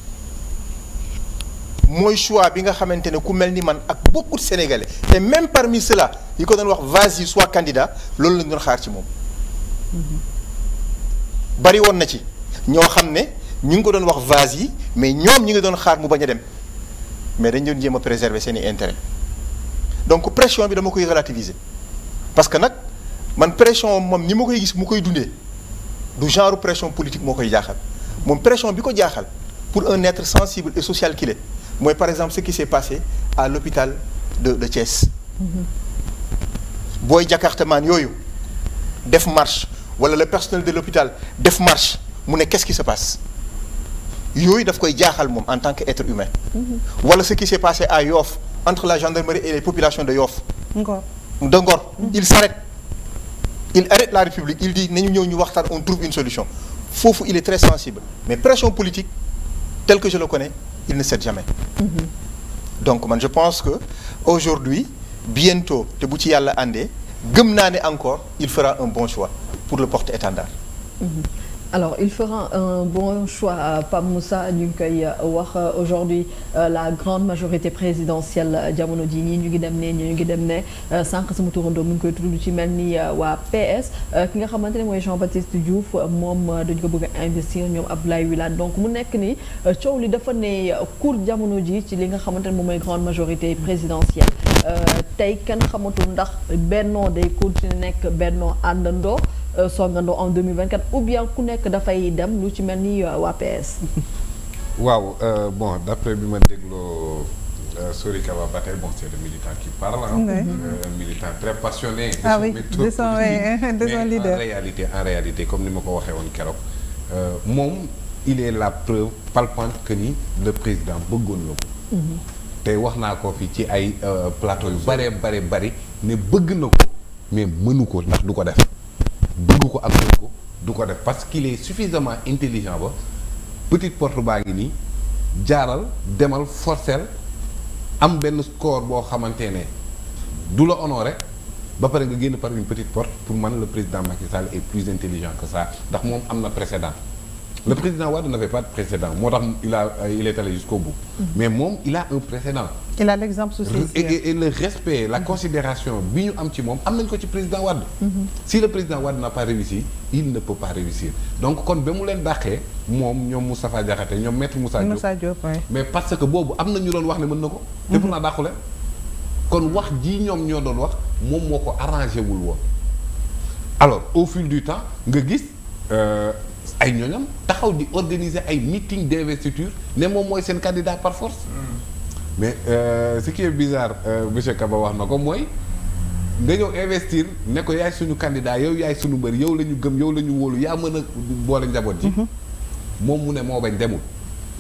Speaker 3: mooy choix bi nga xamante ne ku mel ni man ak beaucoup de sénégalais te même parmi ceux-là yi ko doon wax vas yi soit candidat loolu lañ doon xaar ci moom. Mhm. bari woon na ci ñoo xam ne ñu ngi ko doon wax vas yi mais ñoom ñu ngi doon xaar mu bañ a dem mais dañ doon jéem a préserver seen i intérêt donc pression bi dama koy relativiser parce que nag man pression moom ni ma koy gis mu koy dundee du genre pression politique moo koy jaaxal moom pression bi ko jaaxal pour un être sensible et social qu'il mooy par exemple ce qui s'est passé à l'hôpital de de mhm. booy jakartamaan yooyu def marche wala le personnel de l'hôpital def marche mu ne qu'est-ce qui se passe yooyu daf koy jaaxal moom en tant que qu'être humain. Mhm. wala ce qui s'est passé à Yoff entre la gendarmerie et les populations de Yoff. Ngor de Ngor mhm. il s'arrête il arrête la République il dit nañu ñëw ñu waxtaan on trouve une solution foofu il est très sensible mais pression politique tel que je le il ne cède jamais. Mm donc man je pense que aujourd'hui bientôt te bu ci yàlla àndee gëm naa ne encore il fera un bon choix pour le porte-étendard.
Speaker 1: Mm alors il fera un bon choix pam mussa ñu ngi koy euh, wax euh, aujourd'hui euh, la grande majorité présidentielle jamono ji ñii ñu ngi dem ne ñu ngi dem ne sànq sama turandoo mu ngi koy tudd ci mel ni waa PS ki nga xamante ne mooy Jean-Baptiste Diouf moom dañu ko bëgg a investir ñoom Abdoulaye Wilane donc mu nekk nii coow li dafa ne cour jamono ji ci li nga xamante ne moom mooy grande majorité présidentielle tey kenn xamatul ndax bennoo day continuer nekk bennoo àndandoo Euh, songandoo en 2024 ou bien ku nekk dafay dem lu ci mel nii euh, waa PS.
Speaker 4: waaw euh, bon d'après bi ma dégloo Sori Kaba ba tey bon c'est le militant qui parle militant très passionné. Ah
Speaker 6: de ah leader en
Speaker 4: réalité en réalité comme ni ma ko waxee woon keroog moom il est la preuve palpante que nii le président bëggoon na ko. Mhm. tey wax naa ko fi ci ay plateau yu bare bare bari ne bëgg na ko mais mënu ko ndax du ko def. bëgg ko ak bëgg ko du ko def parce qu'il est suffisamment intelligent ba petite porte baa ngi nii jaaral demal forcel am benn score boo xamante ne du la honoré ba pare nga génn par une petite porte pour man le président Macky Sall est plus intelligent que ça ndax moom am na précédent le président Wade n'avait pas de précédent moo tax il a euh, il est allé jusqu'au bout mm-hmm. mais moom il a un précédent
Speaker 2: il a l'exemple le
Speaker 4: respect la mm-hmm. considération bi ñu am ci moom am nañ ko ci président Wade mm-hmm. si le président Wade n'a pas réussi il ne peut pas réussir donc kon ba mu leen dàqee moom ñoom Moustapha Diakhaté ñoom maître Moussa Diop mais parce que boobu am na ñu doon wax ne mën na ko te pour naa dàqu kon wax jii ñoom ñoo doon wax moom moo ko arrangé wul woon alors au fil temps nga gis euh, ay ñooñam taxaw di organiser ay meeting d'investiture ne moom mooy seen candidat par force. Hmm. mais euh, ce qui est bizarre euh, monsieur wax na ko mooy nga ñëw investir ne ko yaay suñu candidat yow yaay suñu mbër yow la ñu gëm yow la ñu wóolu yaa mën a boole njaboot ji. Hmm. moom mu ne moo bañ demul.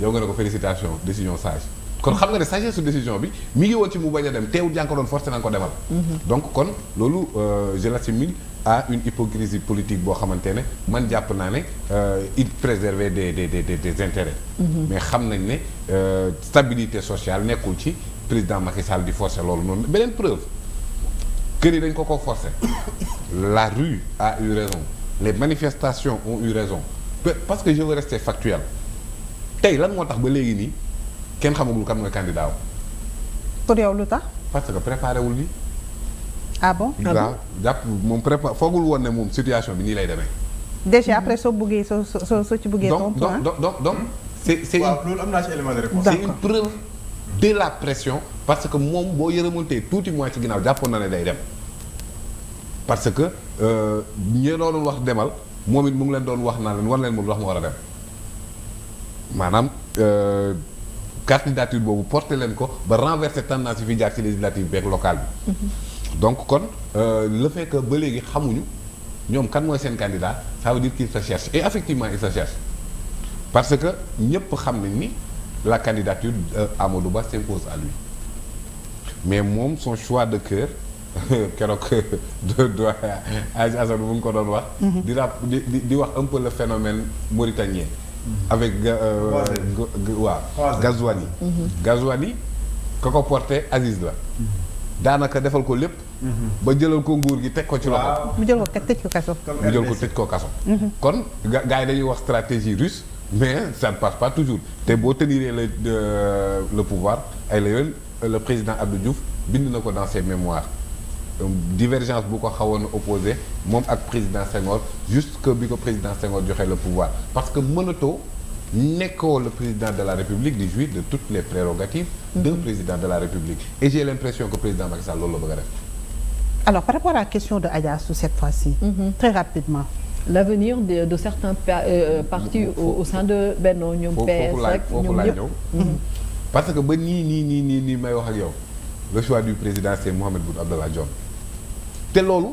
Speaker 4: yow nga ne ko félicitation décision sage. kon xam nga ne sagesse su décision bi mi ngi woon ci mu bañ a dem teewul yaa ngi ko doon forcé na nga ko demal. Mhm. donc kon loolu euh, je l'assimile à une hypocrisie politique boo xamante ne man jàpp naa ne euh, il préserver des des des des intérêts. Mhm. mais xam nañ ne euh, stabilité sociale nekkul ci président Macky Sall di forcer loolu noonu beneen preuve kër yi dañ ko ko forcer la rue a eu raison les manifestations ont eu raison parce que je veux rester factuel tey lan moo tax ba léegi nii. kenn xamagul kan mooy candidat pour yow lu tax. parce que préparé wul lii.
Speaker 2: ah bon waaw
Speaker 4: jàpp moom prépa foogul woon ne moom situation bi nii lay demee.
Speaker 2: déjà après soo buggee soo soo soo ci buggee. tontu
Speaker 4: donc donc donc donc c'est c'est waaw loolu am naa ci élément de réponse. c'est une preuve de la pression. parce que moom boo yërëmantee tuuti mois ci ginnaaw jàppoon na ne day dem parce que euh, ñi doon wax demal moom it mu ngi leen doon wax naa leen war leen mu wax ma war a dem maanaam. Euh, candidature boobu porté leen ko ba renverser tendance yi fi jaar ci législative beeg local bi.
Speaker 6: Mm-hmm.
Speaker 4: donc kon euh, le fait que ba léegi xamuñu ñoom kan mooy seen candidat ça veut dire qu'il cherche et effectivement il se cherche parce que ñëpp xam nañ ni la candidature euh, Amadou Ba s'impose à lui mais moom son choix de cœur keroog doy Asan bu mu ko doon wax. Mm-hmm. di rap di di wax un peu phénomène mauritanien. avec euh, waaw Gazouani mhm. Gazouani ka ko porté Aziz la mhm. daanaka defal ko lépp mhm. ba jëlal ko nguur gi teg ko ci loxo
Speaker 2: mu jël ko tëj ko kaso mu jël ko
Speaker 4: tëj ko kaso kon gars yi dañuy wax stratégie russe mais ça ne passe pas toujours te boo teniree le euh, la pouvoir ay la yoon le président Abdou Diouf bind na ko dans ses Euh, divergence bu ko xawoon opposé moom ak président Senghor jusque bi ko président Senghor joxe le pouvoir parce que mënatoo nekkoo le président de la république di jouir de toutes les prérogatives d'un mm-hmm. président de la république et j'ai l'impression que président Macky loolu la bëgg a def
Speaker 2: alors par rapport à la question de Adja Assou
Speaker 1: cette fois-ci mm-hmm. très rapidement l'avenir de, de certains euh, partis au, sein de Benno ñoom PS ak ñoom mm-hmm.
Speaker 4: parce que ba nii nii nii nii nii may wax yow le choix du président te loolu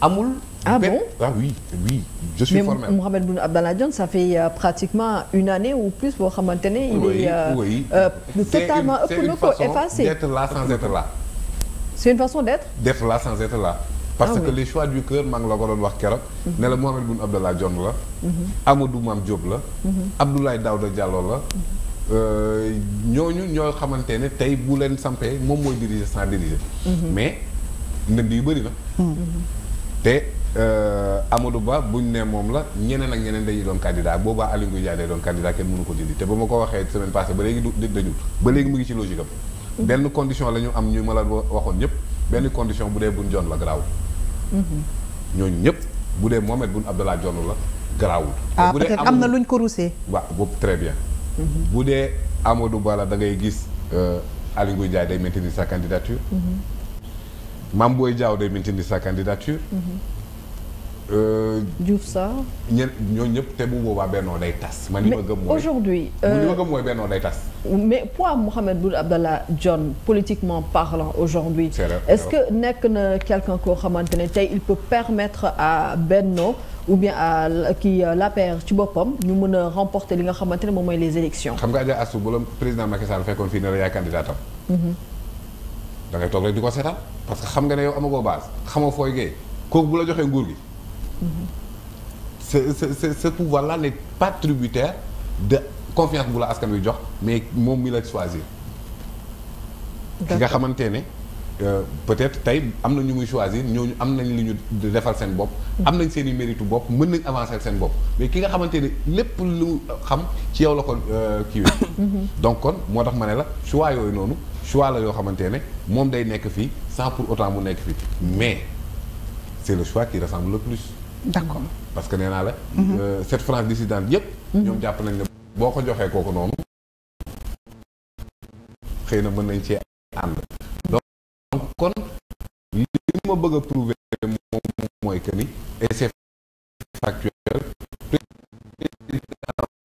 Speaker 4: amul. ah bon ah oui oui je suis formel. mais
Speaker 1: Mohamed Boun Abdallah Dionne ça fait euh, pratiquement une année ou plus boo xamante ne. est euh,
Speaker 4: oui. euh, totalement ëpp na ko effacé. d'être là sans parce ah que les choix du cœur maa la ko doon wax keroog. Mhm. ne la Mohamed Boun Abdallah Dionne la. Mhm. Amadou Mame Diop la. Mhm. Abdoulaye Daouda Diallo la. Euh, ñooñu ñoo xamante ne tey bu leen sampee moom mooy diriger sans diriger. ndënd yu bëri na te euh, Amadou Ba buñ ne moom la ñeneen ak ñeneen dañuy doon candidat boobaa Aly Ngouille Ndiaye day doon candidat kenn mënu ko dindi te ba ma ko waxee semaine passée ba léegi du dañu ba léegi mu ngi ci logique benn condition la ñu am ñu ma la waxoon ñëpp benn condition bu dee buñ joon la garaaw. ñooñu ñëpp bu dee Mohamed Boun Abdallah Dionne la garaawul. ah peut-être am na luñ ko rusee. waaw boobu mhm. bu dee Amadou Ba la da ngay gis euh, Aly Ngouille Ndiaye day maintenir sa candidature. Mhm. Mame Boye Diao day maintenir sa candidature. Mm-hmm. Euh, Diouf sa ñenn ñooñu ñëpp te bu boobaa Benno day tas. man li ma gëm mooy aujourd'hui li euh, ma gëm mooy Benno day tas.
Speaker 1: mais poids Mahammed Boun Abdallah Dionne politiquement parlant aujourd'hui est-ce que nekk na quelqu'un koo xamante ne tey il peut permettre à Benno ou bien à kii euh, l'APR ci boppam ñu mën a remporter li nga xamante ne moom mooy les élections
Speaker 4: xam nga Adja Assou bu la président Macky Sall fekkoon fii ne la candidat mm-hmm. da ngay toog rek di ko seetaan parce que xam nga ne yow amagoo base xamoo fooy géey kooku bu la joxee nguur gi. ce ce ce pouvoir là n'est pas tributaire de confiance bu la askan wi jox mais moom mi la choisir. ki nga xamante ne euh, peut-être tey am na ñu muy choisir ñooñu am nañ li ñu defal seen bopp. am nañ seen i mérite bopp mën nañ avancer seen bopp mais ki nga xamante ne lépp lu xam ci yow la ko euh, kiiwee. Mhm. donc kon moo tax ma ne la choix yooyu noonu. choix la yoo xamante ne moom day nekk fii sans pour autant mu nekk fii mais c'est le choix qui ressemble le plus. d'accord parce que nee naa la. cette France dissidente yëpp. ñoom jàpp nañ ne boo ko joxee kooku noonu. xëy na mën nañ cee ànd. donc kon li ma bëgg a prouver moom mooy que ni et c'est factuel. président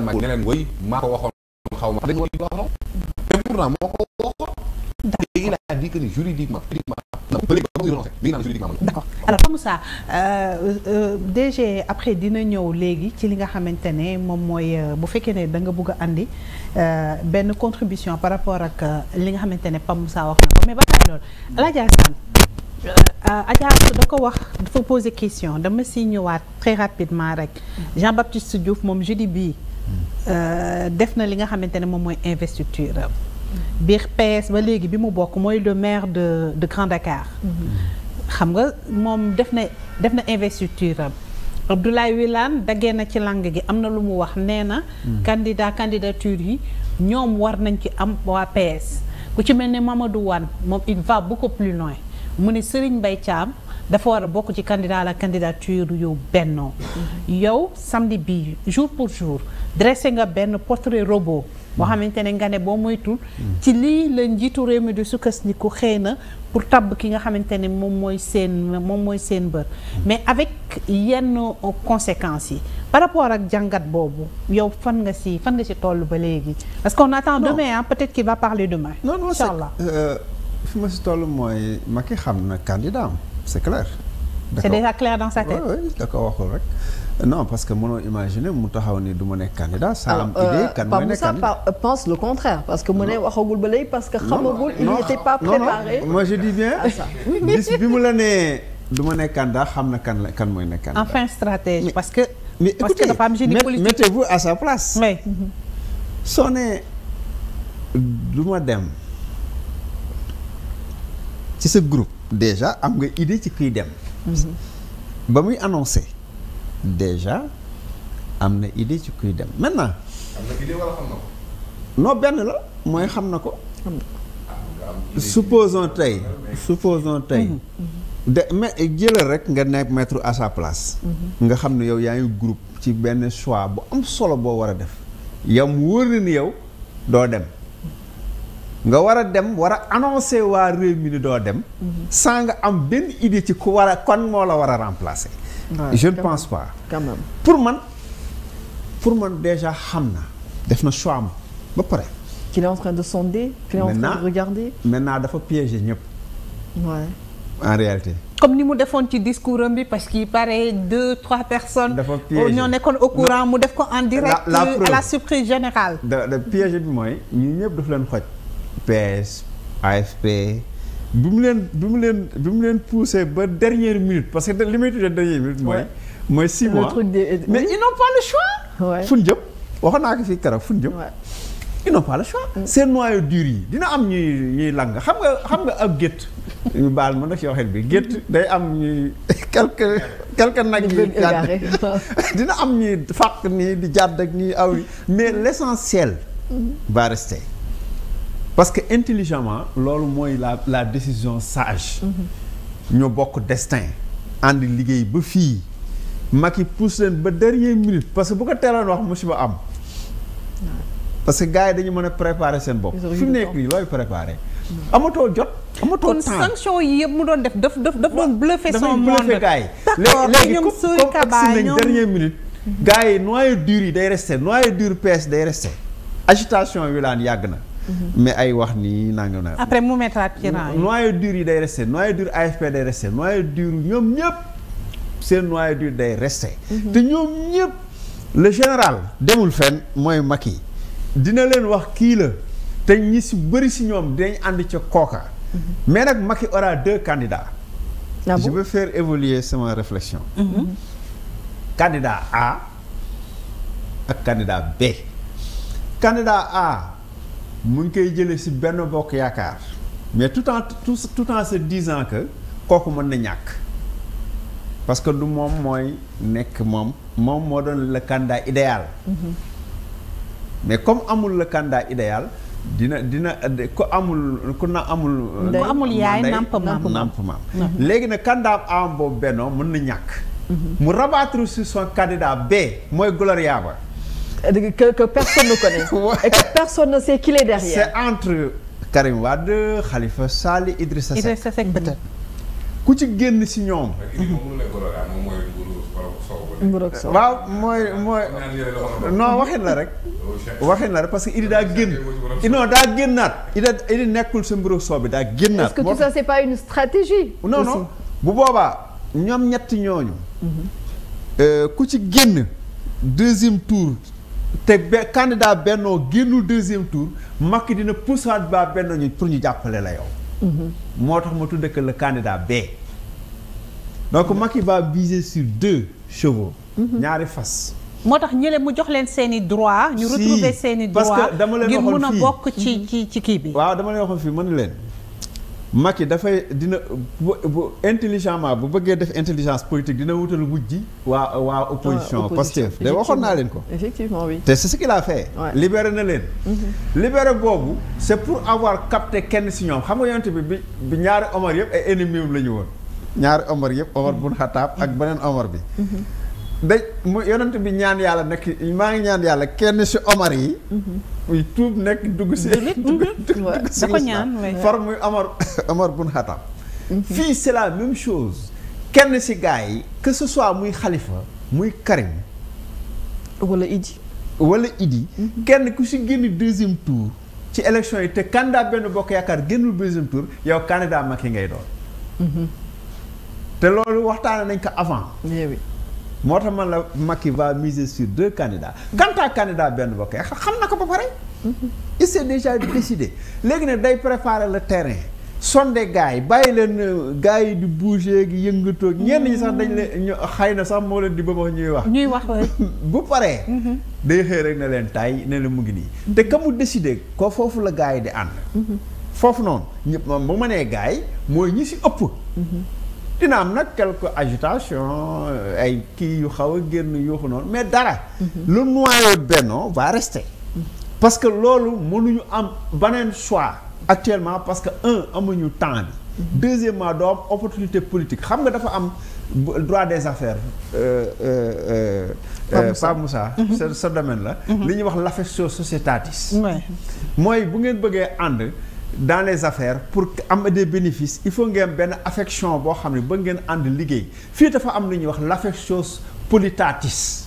Speaker 4: Macky woy maa ko waxoon xaw ma dañu war a te pourtant moo ko léegi laa di que ni juridiquement juridiquement
Speaker 2: euh, euh, après dina ñëw léegi ci li nga xamante ne moom mooy euh, bu fekkee ne da nga bëgg a andi benn contribution par rapport ak li nga xamante ne Pape Moussa wax na ko mais ba tey loolu Alaaji Assane da ko wax dafa poser question dama si ñëwaat très rapidement rek Jean-Baptiste Diouf moom jeudi bi def na li nga xamante ne moom mooy investiture biir PS ba léegi bi mu bokk mooy le maire de de Grand
Speaker 6: mm-hmm.
Speaker 2: xam nga moom def na def na investiture am Abdoulaye dagge na ci lang gi am na lu mu wax nee na. Mm-hmm. candidat candidature yi ñoom war nañ ci am waa PS. ku ci mel ne Mamadou Wane moom il va beaucoup plus loin mu ne sëriñ bay caam dafa war a bokk ci candidat la candidature yu bennoo. Mm-hmm. yow samedi bi jour pour jour dressé nga benn portrait robot. boo xamante ne nga ne boo moytu ci lii la njiitu réew mi di sukkandiku xëy na pour tabb ki nga xamante ne moom mooy seen moom mooy seen bër mais avec yenn conséquences yi par rapport ak jàngat boobu yow fan nga si fan nga si toll ba léegi parce qu'on attend demain ah peut-être qu'il va parler demain non non incha allah
Speaker 5: euh, fi ma si toll mooy Macky xam na candidat am c'est clair c'est déjà
Speaker 1: clair dans sa tête
Speaker 5: da ko waxul rek non parce que mënoo imaginer mu taxaw ni duma ma nekk candidat. ça am idée euh, kan mooy nekk
Speaker 1: candidat parce que mu ne waxagul ba léegi parce que. xamagul il n'était pas préparé. non
Speaker 5: mu la du ma nekk candidat xam na kan la kan mooy nekk candidat. enfin parce que. mais écoutez, parce que dafa am génie politique mettez-vous à sa place. soo nee du dem ci sa groupe déjà am nga idée ci kuy dem. Mhm. ba muy annoncé. déjà am na idée ci kuy dem maintenant.
Speaker 4: am
Speaker 5: na benn la mooy xam na ko. Ah, supposons tey supposons tey. Mhm, mhm. de mais jëlal rek nga nekk mettre à sa place. Mhm. nga xam ne yow yaa ngi groupe ci benn choix bu am solo boo war a def. yow mu wóor na ni yow doo dem. nga war a dem war a annoncer waa réew mi ni doo dem. saa nga am benn idée ci ku war a kon moo la war a remplacer. je ne pense pas. quand pour man pour man déjà xam na def na choix am ba pare. qu'il est de sonder. qu'il est en train maintenant dafa piéger ñëpp.
Speaker 2: en réalité. comme ni mu defoon ci discours am bi parce que paraît deux trois personnes. dafa piégé ñoo nekkoon au mu def ko en direct. la à la surprise générale.
Speaker 5: da da piège bi mooy ñu ñëpp daf leen xoj. PS AFP. bi mu leen bi mu leen bi mu leen poussé ba dernière minute parce que li may tuddee dernière minute. mooy mooy simon mois
Speaker 1: mais ils n'ont pas le choix. fu
Speaker 5: ñu jëm waxoon naa ko fii keroog fu ñu jëm. ils n'ont le choix. Mm. seen noyau dur yi dina am ñuy ñuy lang xam nga xam nga ak gétt. ñu baal ma nag si waxet bi gétt day am ñuy quelque quelque nag yi jàdd
Speaker 6: dina
Speaker 5: am ñuy fàq nii di jàdd ak ñuy aw mais l'essentiel mm. va rester. parce que intelligemment loolu mooy la la décision sage. ñoo bokk destin. ànd liggéey ba fii. yi pousse leen ba dernier minute parce que bu ko teeloon wax musiba am. parce que gars yi dañu mën a préparer seen bopp. fi mu nekk nii looy préparer. amatoo jot. amatoo temps kon
Speaker 2: sanction yi yëpp mu doon def daf daf daf doon bluffer son monde dafay bluffer gars yi. léegi comme agsi nañ dernière
Speaker 5: minute. gars yi noyau dur yi day reste noyau dur PS day reste agitation wi laan yàgg na. Mm-hmm. mais ay wax nii nangam na. après mu
Speaker 2: mettre la pierre noyau
Speaker 5: yi day resté noyau dur AFP day resté noyau dur ñoom ñëpp seen noyau dur day resté. Mm-hmm. te ñoom ñëpp le général demul fenn mooy yi dina leen wax kii la te ñi si bëri si ñoom dinañ ànd ca kooka. Mm-hmm. mais nag Macky aura deux candidats. Ah je veux faire évoluer sama réflexion. Mm A ak candidat B. candidat A. mu ngi koy jëlee si benn bokk yaakaar mais tout en tout tout en se disant que kooku mën na ñàkk parce que du moom mooy nekk moom moom moo doon la candidat idéal mhm. mais comme amul la candidat idéal dina dina ku amul ku na amul mu amul yaay nàmp maam nàmp maam mhm. léegi nag candidat am boobu bennoo mën na ñàkk mhm. mu rabattre sur son candidat B mooy Gloria ba Euh, que,
Speaker 1: que personne ne connaît. Ouais. qui est derrière. C'est
Speaker 5: entre Karim Wade Khalifa Sall Idrissa Seck. Idrissa Seck ku ci génn si ñoom.
Speaker 4: waaw mooy ah, mooy. non waxin la rek. Oh,
Speaker 5: waxin la rek parce que Idi daa génn. non daa génnaat. Idi Idi nekkul sa mbiru soow bi daa génnaat. est-ce que tout ça
Speaker 1: c'est pas une stratégie. non non
Speaker 5: bu boobaa ñoom ñetti ñooñu. Mhm. Euh, ku ci génn deuxième tour. te be candidat bennoo génnul deuxième tour Macky dina poussaat ba benn ñu pour ñu jàppale la yow. Mhm. moo tax ma tuddee que le candidat B. donc Macky va viser sur deux chevaux. Mhm. ñaari fas.
Speaker 2: moo tax ñële mu jox leen seen i droit ñu retrouver seen i droit parce dama leen waxoon fii ngir mun ci
Speaker 5: mhm. ci ci kii bi. waaw dama leen waxoon fii mën leen. yi dafay dina bu intelligemment bu bëggee def intelligence politique dina wutal wujji waa waa opposition Pastef de waxoon naa leen ko
Speaker 1: effectivement oui te c'est ce qu'il
Speaker 5: a fait libéré na leen mhm. libéré boobu c'est pour avoir capté kenn si ñoom xam nga yonte bi bi ñaari Omar yëpp ay ennemis la ñu woon ñaari Omar yëpp Omar bun Xataab ak beneen Omar bi mhm. da mu yonent bi ñaan yàlla nekk maa ngi ñaan yàlla kenn si Omar yi. Mm-hmm. muy tuub nekk dugg si. da ko ñaan far muy mm-hmm. chose. kenn si gars yi que muy Khalifa muy Karim. wala Idi. Mm-hmm. kenn ku si génn deuxième tour. ci élection yi te candidat benn bokk yaakaar génnul deuxième tour yow candidat Macky ngay
Speaker 6: doon.
Speaker 5: te loolu waxtaanee nañ ko avant. Eh moo tax man la Macky va miser sur deux candidats quant à candidat benn bokk xam na ko ba pare il s'est déjà décidé léegi nag day préparer le terrain sonde gars yi bàyyi leen gars yi di bouger gi yëngatoog ñenn ñi sax dañ leen xay na sax moo leen di ba wax ñuy wax ñuy wax bu paree mhm. day xëy rek na leen tay ne la mu ngi nii te ka mu décidé ko foofu la gars yi di ànd mhm. foofu noonu ñëpp bu ma nee gars yi mooy ñi si ëpp mhm. dina am nag quelque agitation ay kii yu xaw a génn yuuxu noonu mais dara mhm. le noyau Benno va rester mhm. parce que loolu mënuñu am beneen choix actuellement parce que un amuñu temps bi mhm. deuxièmement doo am opportunité politique xam nga dafa am droit des affaires euh, euh, euh, Pape Moussa sa sa domaine la li ñuy wax l'affectio societatis mooy bu ngeen bëggee ànd dans les affaires pour am des bénéfices il faut ngeen benn affection boo xam ne ba ngeen ànd liggéey fii dafa am lu ñuy wax l'affection politatis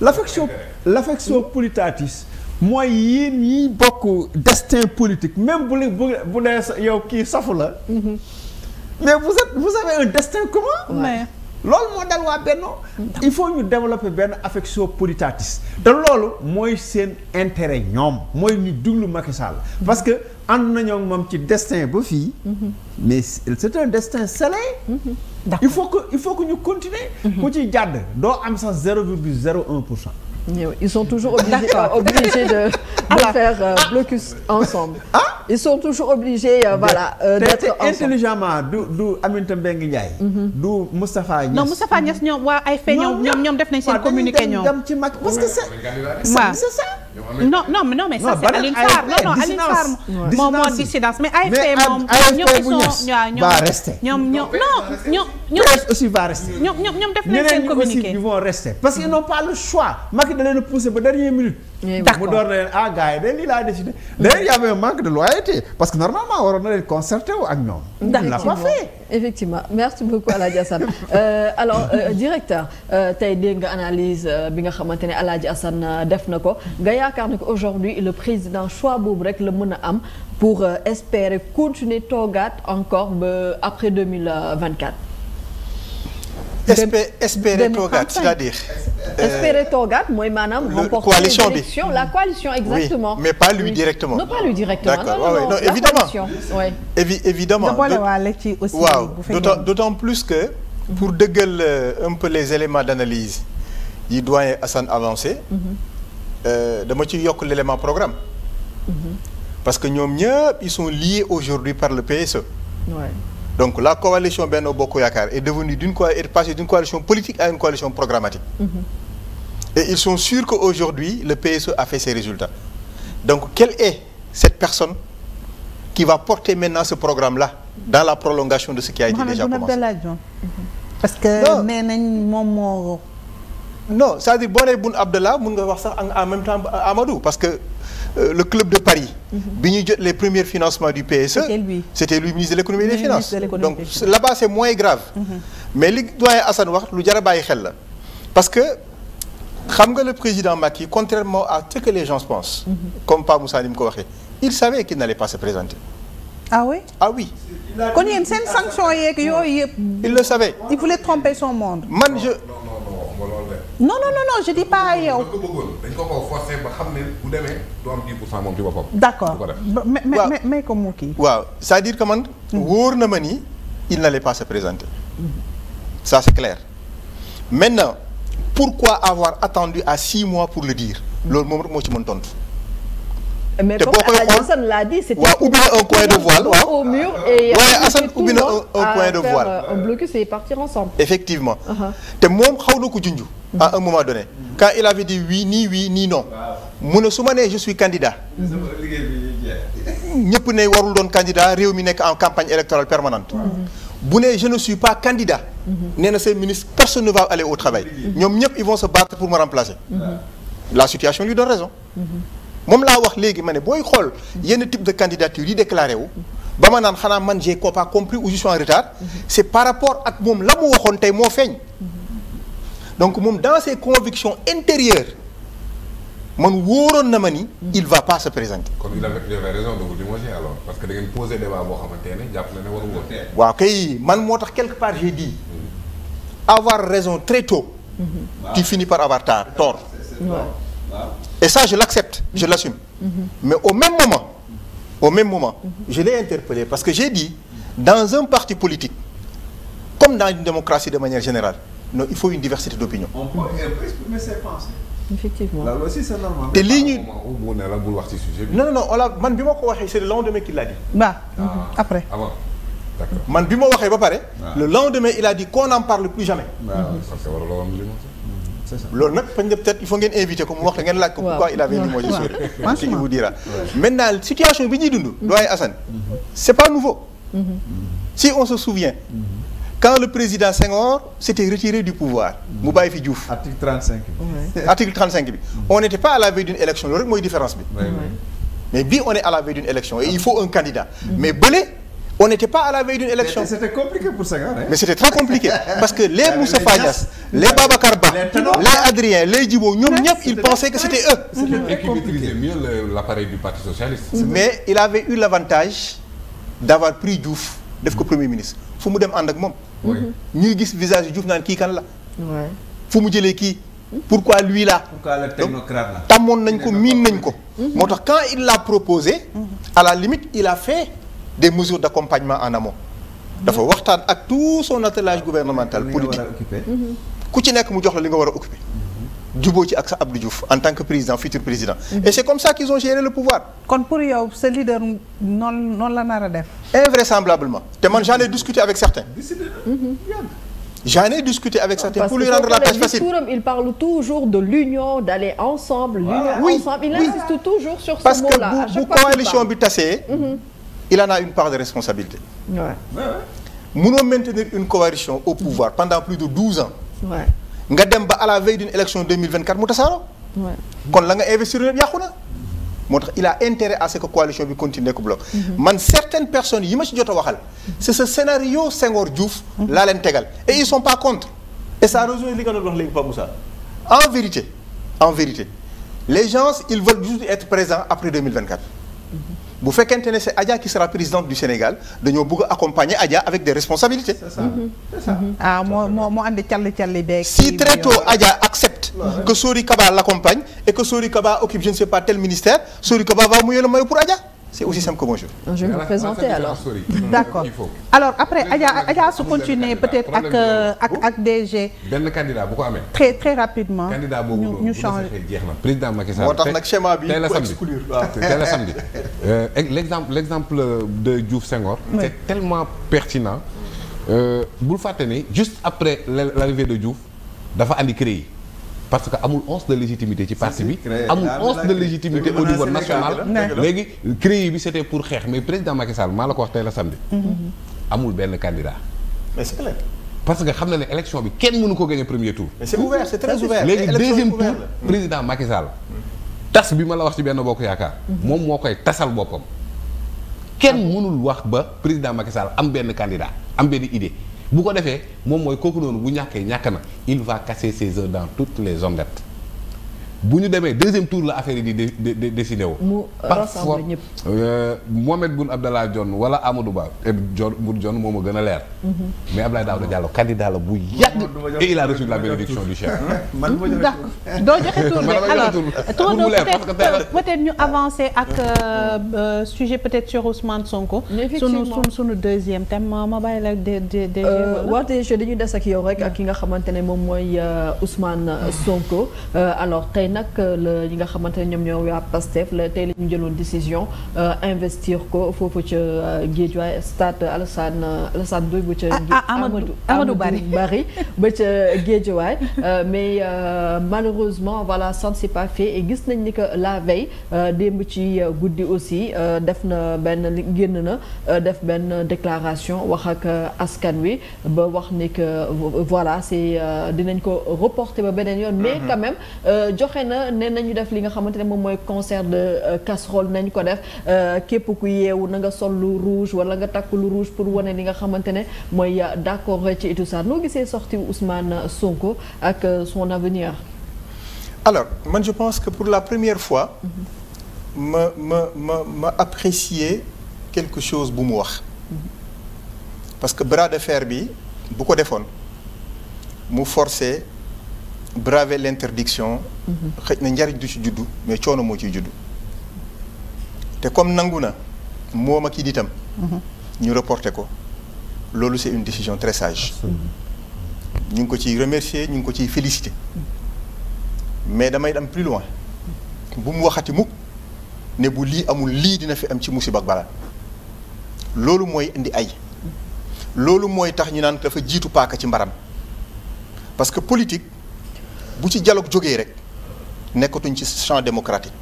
Speaker 5: l'affection l'affection politatis mooy yéen yi bokk destin politique même bu bu bu dee yow kii safu la mais vous êtes vous avez un destin commun ouais. loolu moo dal waa benno il faut ñu développer benn affection politatis te loolu mooy seen intérêt ñoom mooy ñu déglu Macky Sall na nañoo moom ci destin bu fii. Mhm. mais c'est un destin scellé. Mhm. il faut que il faut que ñu
Speaker 1: continuer. Mhm. ku ci jàdd doo am sax zéro virgule zéro un pour cent. ils sont toujours obligés euh, de. de faire euh, blocus ensemble. ah ils sont toujours obligés euh, voilà. Euh, d'être ensemble
Speaker 5: intelligemment du du Aminata Mbengue Ndiaye. du Moustapha Niass. non Moustapha Niass
Speaker 2: ñoom waa ay fee ñoom ñoom def nañ seen. communiqué ñoom dem ci mag parce que c'est ça. non non non mais ça c'est Alioune Sarr non non Alioune Sarr moom moo dissidence mais AFP moom ñoom ñoom va rester ñoom ñoom non ñoom ñoom aussi va rester ñoom ñoom ñoom def nañ seen communiqué ñeneen ñi aussi
Speaker 5: ils vont rester parce qu'ils n'ont pas le choix Macky da leen a poussé ba dernière minute d'accord mu door na leen ah gars yi de lii laa décidé. d'ailleurs y avait un manque de loyauté parce que normalement waroon na leen concerté wu ak ñoom. il l'a
Speaker 1: effectivement merci beaucoup El Hadj Assane euh, alors euh, directeur euh, tey dégg nga analyse euh, bi nga xamante ne El Hadj Assane def na ko nga yaakaar ne que aujourd'hui le président choix boobu rek la mën a am pour euh, espérer continuer toogaat encore ba après 2024
Speaker 3: espérer toogaat c'est-à-dire. Euh, espérer
Speaker 1: toogaat mooy maanaam. coalition bi mais pas lui directement. non pas ah évidemment
Speaker 3: évidemment d'autant plus que. pour dëggal euh, un les éléments d'analyse yi doyen Assane avancé. Mhm. Euh, dama ci yokk l'élément programme. Mhm. parce que ñoom ñëpp ils sont liés aujourd'hui par le PSE. donc la coalition Benno Bokk Yaakaar est devenue d'une est passée d'une coalition politique à une coalition programmatique
Speaker 6: mm-hmm.
Speaker 3: et ils sont sûrs qu'aujourd'hui le PSE a fait ses résultats donc quelle est cette personne qui va porter maintenant ce programme-là dans la prolongation de ce qui a été déjà commencé mm-hmm. parce que nee nañ moom moo non cest dire boo nee Boun Abdallah mun nga wax sax en même temps Amadou parce que Euh, le club de Paris. Mhm. bi ñuy jot les premiers financements du PSE. c'était lui c'était lui ministre de l'économie et des finances donc là-bas c'est moins grave. Mhm. mais li doyen Assane wax lu jar a bàyyi xel la parce que. xam nga le président Macky contrairement à ce que les gens pensent. Mm -hmm. comme Pa Moussa ni mu ko waxee il savait qu'il n'allait pas se présenter.
Speaker 2: ah oui ah oui. kon yéen seen sanction yeeg yooyu yëpp. il le savait. il voulait tromper son monde. man je. Non, non, non. non non non je dis pas yow. dañ ko bëggoon dañ ko
Speaker 4: ko forcé ba xam ne bu demee du am 10
Speaker 3: pour cent moom ci boppam. d' accord
Speaker 2: mais mais mais ko mu kii. waaw
Speaker 3: sa est dire que man. Hmm. wóor na ma ni il n'allait pas se présenter. sa c' est clair maintenant pourquoi avoir attendu à six mois pour le dire. Hmm. loolu moom rek moo ci mën tontu. mais comme
Speaker 1: Assane l'a dit c'était waaw ubbi na un
Speaker 3: coin de voile waaw au
Speaker 1: mur et Assane ubbi na un coin de voile euh, un blocus et effectivement
Speaker 3: uh-huh. te moom xaw na ko junj à un moment donné quand il avait dit oui ni oui ni non mu ne su ma nee je suis candidat ñëpp ne warul doon candidat réew mi nekk en campagne électorale permanente mm-hmm. bu ne je ne suis pas candidat mm-hmm. nee na ses ministre personne ne va aller au travail mm-hmm. ñoom ñëpp ils vont se pour me remplacer la situation lui donne raison moom laa wax léegi ma ne booy xool yenn type de candidature yi déclaré wu ba ma naan xanaa man j'ai pas compris ou je en retard c'est par rapport ak moom la mu waxoon tey moo feeñ donc moom dans ses convictions intérieures man wóoroon na ma ni il va pas se présenter.
Speaker 4: parce que da ngeen posé ne jàpp na
Speaker 3: waaw kay man moo tax quelque part j'ai dit avoir raison très tôt. Mhm. tu finis par avoir tard tort. Et ça, je l'accepte, mmh. je l'assume. Mhm. Mais au même moment, au même moment, mmh. je l'ai interpellé parce que j'ai dit, dans un parti politique, comme dans une démocratie de manière générale, non, il faut une diversité d'opinions. On peut exprimer ses pensées. Effectivement. La loi aussi, c'est normal. te lii ñu non non non Ola man bi ma ko waxee c'est le lendemain qu'il l'a dit. waaw ah. mhm, après. avant ah d'accord man bi ma waxee ba pare. Ah. le lendemain il a dit qu'on n'en parle plus jamais. waaw loolu nag peut être il faut ngeen invité ko mu wax ngeen laaj ko pourquoi il avait limogé Sory qui vous dira maintenant situation bi ñuy dund mm-hmm. doyen Assane mm-hmm. c'est pas nouveau mm-hmm. si on se souvient quand le président Senghor s'était retiré du pouvoir mu bàyyi fi Diouf article 35 article 35 bi on n'était pas à d'une élection loolu rek mooy différence bi mais bi on est à la veille d'une élection il faut un candidat mais bële on n'était pas à la veille d'une élection. mais c'était compliqué pour Senghor. mais c'était très compliqué parce que les Moustapha Niasse les Babacar Ba les Adrien les Djibo ñoom ñëpp ils pensaient que c'était eux. Mhm. mais il avait eu l'avantage d'avoir pris Diouf def ko premier ministre fu mu dem ànd ak moom. ñuy gis visage Diouf naan kii kan la. fu mu jëlee kii. pourquoi lui là. pourquoi
Speaker 5: le technocrate
Speaker 3: nañ ko miin nañ ko. moo tax quand il l'a proposé. Mhm. à la limite il a fait. des mesures d'accompagnement en amont dafa waxtaan ak tout son attelage gouvernemental politique mm-hmm. ku ci nekk mu jox la li nga war a occuper mm-hmm. juboo ci ak sa Abdou Diouf en tant que président futur président mm-hmm. et c'est comme ça qu'ils ont géré le pouvoir kon pour yow sa leader noonu la nar a def invraisemblablement te man j'en ai discuté avec certains J'en ai
Speaker 1: avec certains Parce pour lui rendre la tâche facile. il parle toujours de l'union, d'aller ensemble, que bu bu coalition bi
Speaker 3: il en a une part de responsabilité. waaw waaw. mënoo maintenir une coalition au pouvoir pendant plus de douze ans. nga dem ba à la veille d'une élection deux mille vingt quatre la nga investir lépp yàqu na. moo tax il a intérêt à ce que coalition bi continue nekk bloc. Mhm. man certaines personnes yi ma ci jot a waxal. c'est ce scénario Senghor Diouf. Mhm. laa leen tegal et ils sont pas contre. et ça rejoint li nga doon wax léegi Pape Moussa. en vérité en vérité les gens ils veulent juste bu fekkente ne c'est Adja qui sera présidente du Sénégal dañoo bugg accompagner Adja avec des responsabilités. c'est ça mhm.
Speaker 2: c'est ça. Mhm. ah moo moo moo andi càll càll beeg. si très tôt
Speaker 3: Adja accepte. que Sori Kaba l'accompagne et que Sori Kaba occupe je ne sais pas tel ministère Sori Kaba va mouiller le maillot pour Adja. c'est aussi simple que bonjour. je vais vous présenter ah,
Speaker 2: alors après Adja su continuer peut-être ak DG. Euh,
Speaker 4: benn candidat bu ko amee.
Speaker 2: très très rapidement.
Speaker 4: ñu ñu changé jeex na président Macky Sall. moo tax nag schéma bi pour exclure tey la samedi euh, l'exemple l'exemple de Diouf Senghor. c'est tellement pertinent. Euh, bul fàtte ne juste après l'arrivée de Diouf dafa andi CREI. parce que amul once de légitimité ci parti bi amul once de légitimité au niveau national léegi créé bi c'était pour xeex mais président Macky Sall maa la ko wax tey la samedi
Speaker 6: mm-hmm.
Speaker 4: amul benn candidat parce que xam na ne élection bi kenn mënu ko gagner premier tour mais c'est ouvert c'est très léegi deuxième tour président Macky Sall tas bi ma la wax ci benn bokk yaakaar mm-hmm. moom moo koy tasal boppam kenn ah. mënul wax ba président Macky am benn candidat am benn idée bu ko defee moom mooy kooku noonu bu ñàkkee ñàkk na il va casser ses œufs dans toutes les omelettes bu ñu demee deuxième tour la affaire yi di di décidé wu. mu rassemble ñëpp euh, Mohamed Boun Abdallah Dionne wala Amadou Ba et eh, John Boun Dionne moom a gën a leer. Mhm. mais Abdoulaye Daouda Diallo candidat la bu
Speaker 6: yàgg.
Speaker 2: et il a reçu la bénédiction du chef. man ma joxe tur doo joxe tur de
Speaker 4: alors Tonton peut-être
Speaker 2: euh, peut-être ñu avancer ak euh, sujet peut-être sur Ousmane Sonko. effectivement sunu sunu
Speaker 1: sunu deuxième thème ma bàyyi la de de de. waaw dañuy des ak yow rek ak ki nga xamante ne moom mooy Ousmane Sonko alors tey. tey nag euh, la ñi nga xamante ne ñoom ñoo waa PASTEF la tey la ñu jëloon décision euh, investir ko foofu ca euh, Guédiawaye stade Alassane Alassane bu ba ca. Ah, ah, Amadou Amadou Barry Barry ba ca Guédiawaye mais malheureusement voilà ça ne s'est pas fait et gis nañ ni que la veille démb ci guddi aussi def na benn génn na def benn déclaration wax ak askan wi ba wax ni que voilà c'est dinañ ko reporter ba beneen yoon mais mhm. quand même joxe après na ne nañu def li nga xamante ne moom mooy concert de euh, casserole nañ ko def euh, képp ku yeewu na nga sol lu rouge wala nga takk lu rouge pour wane li nga xamante ne mooy euh, d'accord ci tout ça noo gisee sorti Ousmane Sonko ak son avenir
Speaker 3: alors man je pense que pour la première fois mm-hmm. ma ma ma ma apprécier quelque chose bu mu wax mm-hmm. parce que bras de fer bi bu ko defoon mu forcer braver l'interdiction mhm. xëj na njariñ du ci juddu mais coono moo ciy juddu te comme nangu na moom ak i ditam mhm. ñu reporté ko loolu c'est une décision très sage ñu ngi ko ciy remercier ñu ngi ko ciy féliciter mais damay dem plus loin bu mu waxati mukk ne bu lii amul lii dina fi am ci musiba ak balaa loolu mooy indi ay mhm. loolu mooy tax ñu naan dafa jiitu paaka ci mbaram parce que bu ci dialogue jógee rek nekkatuñ ci chant démocratique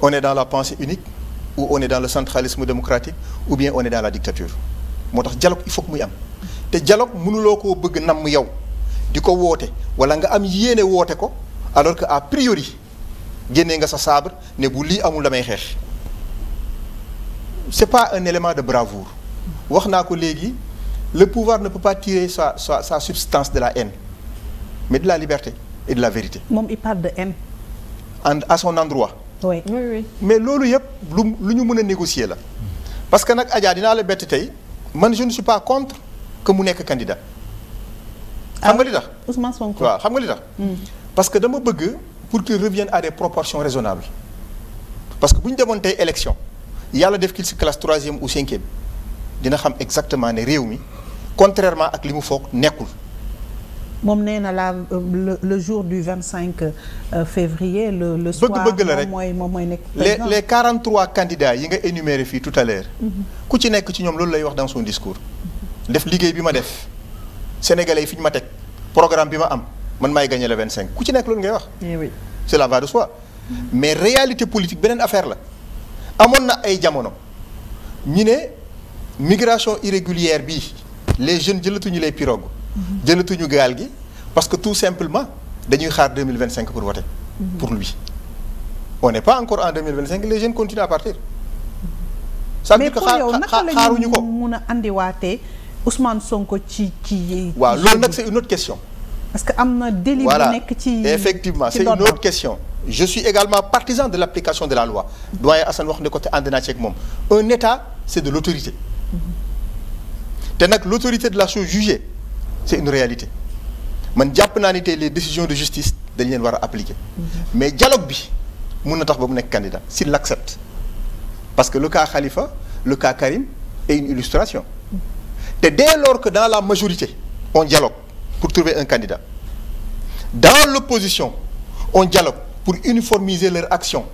Speaker 3: on est dans la pensée unique ou on est dans le centralisme démocratique ou bien on est dans la dictature moo tax dialogue il faut muy am te dialogue mënuloo koo bëgg namm yow di ko woote wala nga am yéene woote ko alors que à priori génnee nga sa sabre ne bu lii amul damay xeex c'est pas un élément de bravoure wax naa ko léegi le pouvoir ne peut pas tirer sa sa sa substance de la haine mais de la liberté et de la vérité.
Speaker 2: moom il parle de haine.
Speaker 3: en à son endroit. mais loolu yëpp lu lu ñu mën a négocier la parce que nag Adja dinaa la bett tey man je ne suis pas contre que mu nekk candidat. xam nga li tax ah, Ousmane Sonko waaw xam nga li tax. Hmm. parce que dama bëgg pour qu'il revienne à des proportions raisonnables parce que bu ñu demoon tey élection yàlla def ki se classe troisième ou cinquième dina xam exactement ne réew mi contrairement ak li mu foog nekkul. moom
Speaker 2: nee na la le jour du 25 euh, février le le soir
Speaker 6: bëgg la rek
Speaker 3: mooy moom mooy nekk les les 43 candidats yi nga énuméré fii tout à l'heure mhm. ku ci nekk ci ñoom loolu lay wax dans son discours mhm. def liggéey bi ma def sénégalais fi ñu ma teg programme bi ma am man maay gagné le cinq ku ci nekk loolu ngay wax eh oui cela va de soi mhm. mais réalité politique beneen affaire la amoon na ay jamono ñu ne migration irrégulière bi les jeunes jëlatuñu les pirogues jëlatuñu gaal gi parce que tout simplement dañuy xaar 2025 pour voter mhm. pour lui on ne pas encore en 2025 les jeunes continuent à partir ça veut dire que xaaruñu
Speaker 2: ko mun a andiwaatee Ousmane Sonko ci ci waaw loolu nag c'est une
Speaker 3: autre parce que
Speaker 2: am na délit bu nekk ci effectivement c'est une autre
Speaker 3: question je suis également partisan de l'application de la loi mhm. doyen Assane wax ne ko te ànd naa ci ak moom un état c'est de l'autorité mhm. te nag l'autorité de la chose jugée c'est une réalité man jàpp naa ni tey les décisions de justice dañ leen war a appliquer mhm. mais dialogue bi mun na tax ba mu nekk candidat s'il l'accepte parce que le cas Khalifa le cas Karim est une illustration mhm. te dès lors que dans la majorité on dialogue pour trouver un candidat dans l'opposition on dialogue pour uniformiser leur action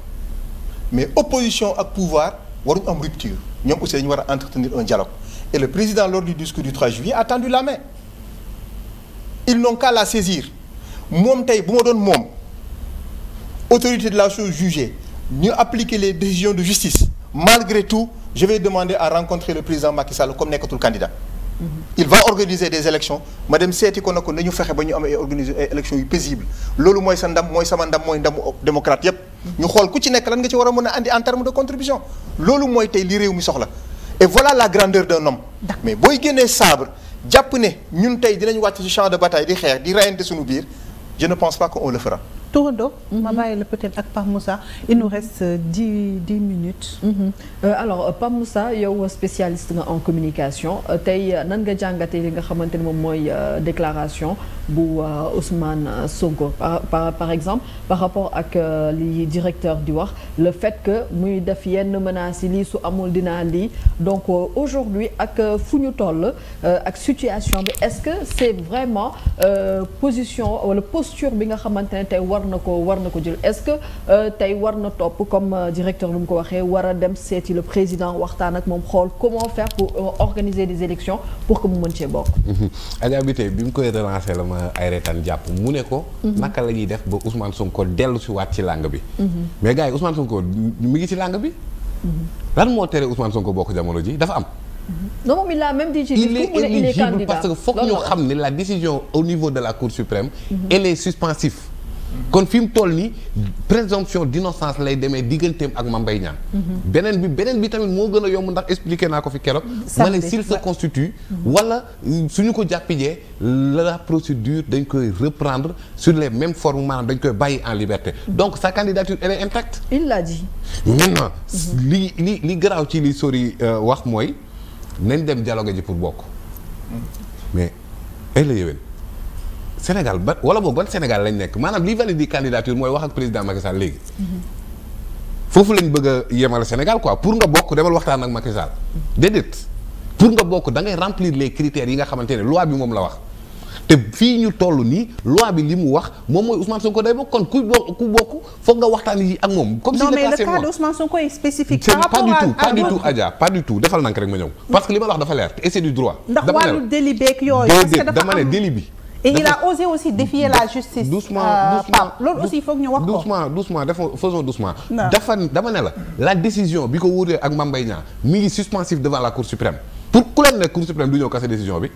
Speaker 3: mais opposition ak pouvoir waruñu am rupture ñoom aussi dañu war a entretenir un dialogue et le président lors du discours du 3 la main n'ont qu'à la saisir moom tey bu ma doon moom autorité de la chose jugée ñu appliquer les décisions de justice malgré tout je vais demander à rencontrer le président Macky Sall comme nekkatul candidat mhm. il va organiser des élections ma dem seeti ko na ko ñu fexe ba ñu am ay organiser ay élections yu paisible loolu mooy sa ndam mooy sama ndam mooy ndamu démocrate yépp mhm. ñu xool ku ci nekk lan nga ci war a mën a andi en terme de contribution loolu mooy tey li réew mi soxla et voilà la grandeur d'un homme mais booy génnee sabre jàpp ne ñun tey dinañu wàcc ci champ de bataille di xeex di reyante suñu biir je ne pense pas qu'on le fera
Speaker 2: Turando. Mhm. ma bàyyi la peut-être ak Pape
Speaker 1: Moussa il nous reste euh, dix dix minutes. Mhm. Euh, alors euh, Pape Moussa yow spécialiste nga en communication tey nan nga jàngate li nga xamante ne moom mooy déclaration bu Ousmane Sonko par par exemple par rapport ak li directeur di wax le fait que muy def yenn menaces yi lii su amul dinaa lii donc aujourd'hui ak fu ñu toll ak situation bi est-ce que c'est vraiment position wala posture bi nga xamante tey war war na ko war na ko jël est-ce que euh, tey war na topp comme euh, directeur lu mu ko waxee war a dem seeti le président waxtaan ak moom xool comment faire pour euh, organiser des élections pour que mu mën cee bokk.
Speaker 4: Mhm. Adja Biteye bi mu koy relancé la ma ay reetaan jàpp mu ne ko. Mhm. naka la def ba Ousmane Sonko dellu si waat ci làng bi. Mhm. mais gars yi Ousmane Sonko ngi ci làng bi. lan moo tere Ousmane Sonko bokk jamono ji dafa am.
Speaker 1: il a il est éligible parce ñu
Speaker 4: xam ne la décision kon fi mu toll nii présomption d'innocence lay demee digganteem ak ma Mbaye Niang mhm. beneen bi beneen bi tamit moo gën a yomb ndax expliqué naa ko fi keroog ma ne s'il se constitue mhm. wala euh, suñu ko jàppijee la procédure dañ koy reprendre sur les mêmes formes maanaam dañ koy bàyyi en liberté mhm. donc sa candidature elle
Speaker 1: est intacte il
Speaker 4: li li li garaaw ci li sori euh, wax mooy nañ dem dialogue ji pour bokk mais ay la yéwén Sénégal ba wala boog ban Sénégal lañ nekk maanaam li valider candidature mooy wax ak président Macky Sall léegi. foofu lañ bëgg a yemal Sénégal quoi pour nga bokk demal waxtaan ak Macky Sall. déedéet pour nga bokk da ngay remplir les critères yi nga xamante ne loi bi moom la wax. te fii ñu toll nii loi bi li mu wax moom mooy Ousmane Sonko day bokk kon ku bokk foog nga waxtaan yi ak moom. comme si non mais le
Speaker 2: par rapport à du tout pas du tout Adja
Speaker 4: pas du tout defal nank rek ma ñëw. Mm. parce que li ma wax dafa leer et c'est dama bi.
Speaker 2: et il a osé aussi défier la justice. doucement euh, doucement loolu aussi il faut que ñu wax ko. doucement doucement dafa
Speaker 4: faisons la la décision bi ko wóoree ak Mame Mbaye Niang mi ngi suspensif devant la cour suprême pour ku leen ne cour suprême du ñëw casser décision bi.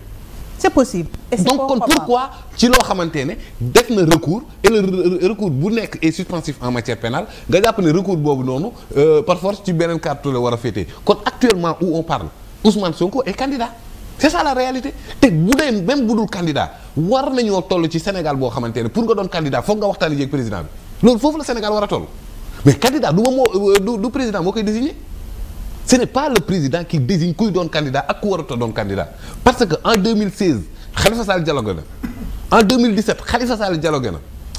Speaker 2: c'est possible donc kon pourquoi
Speaker 4: ci loo xamante ne def na recours et le recours bu nekk est suspensif en matière pénale nga jàpp ne recours boobu noonu euh, par force ci beneen carte la war a féetee kon actuellement où on parle Ousmane Sonko c'est ça la réalité te bu dee même bu dul candidat war nañoo toll ci Sénégal boo xamante ne pour nga doon candidat foog nga waxtaan ak président bi loolu foofu la Sénégal war a toll mais candidat du ma moo euh, du président moo koy désigner ce n'est pas le président qui désigne kuy doon candidat ak ku warata doon candidat parce que en 2016 Khalifa Sall na en 2017 Khalifa Sall na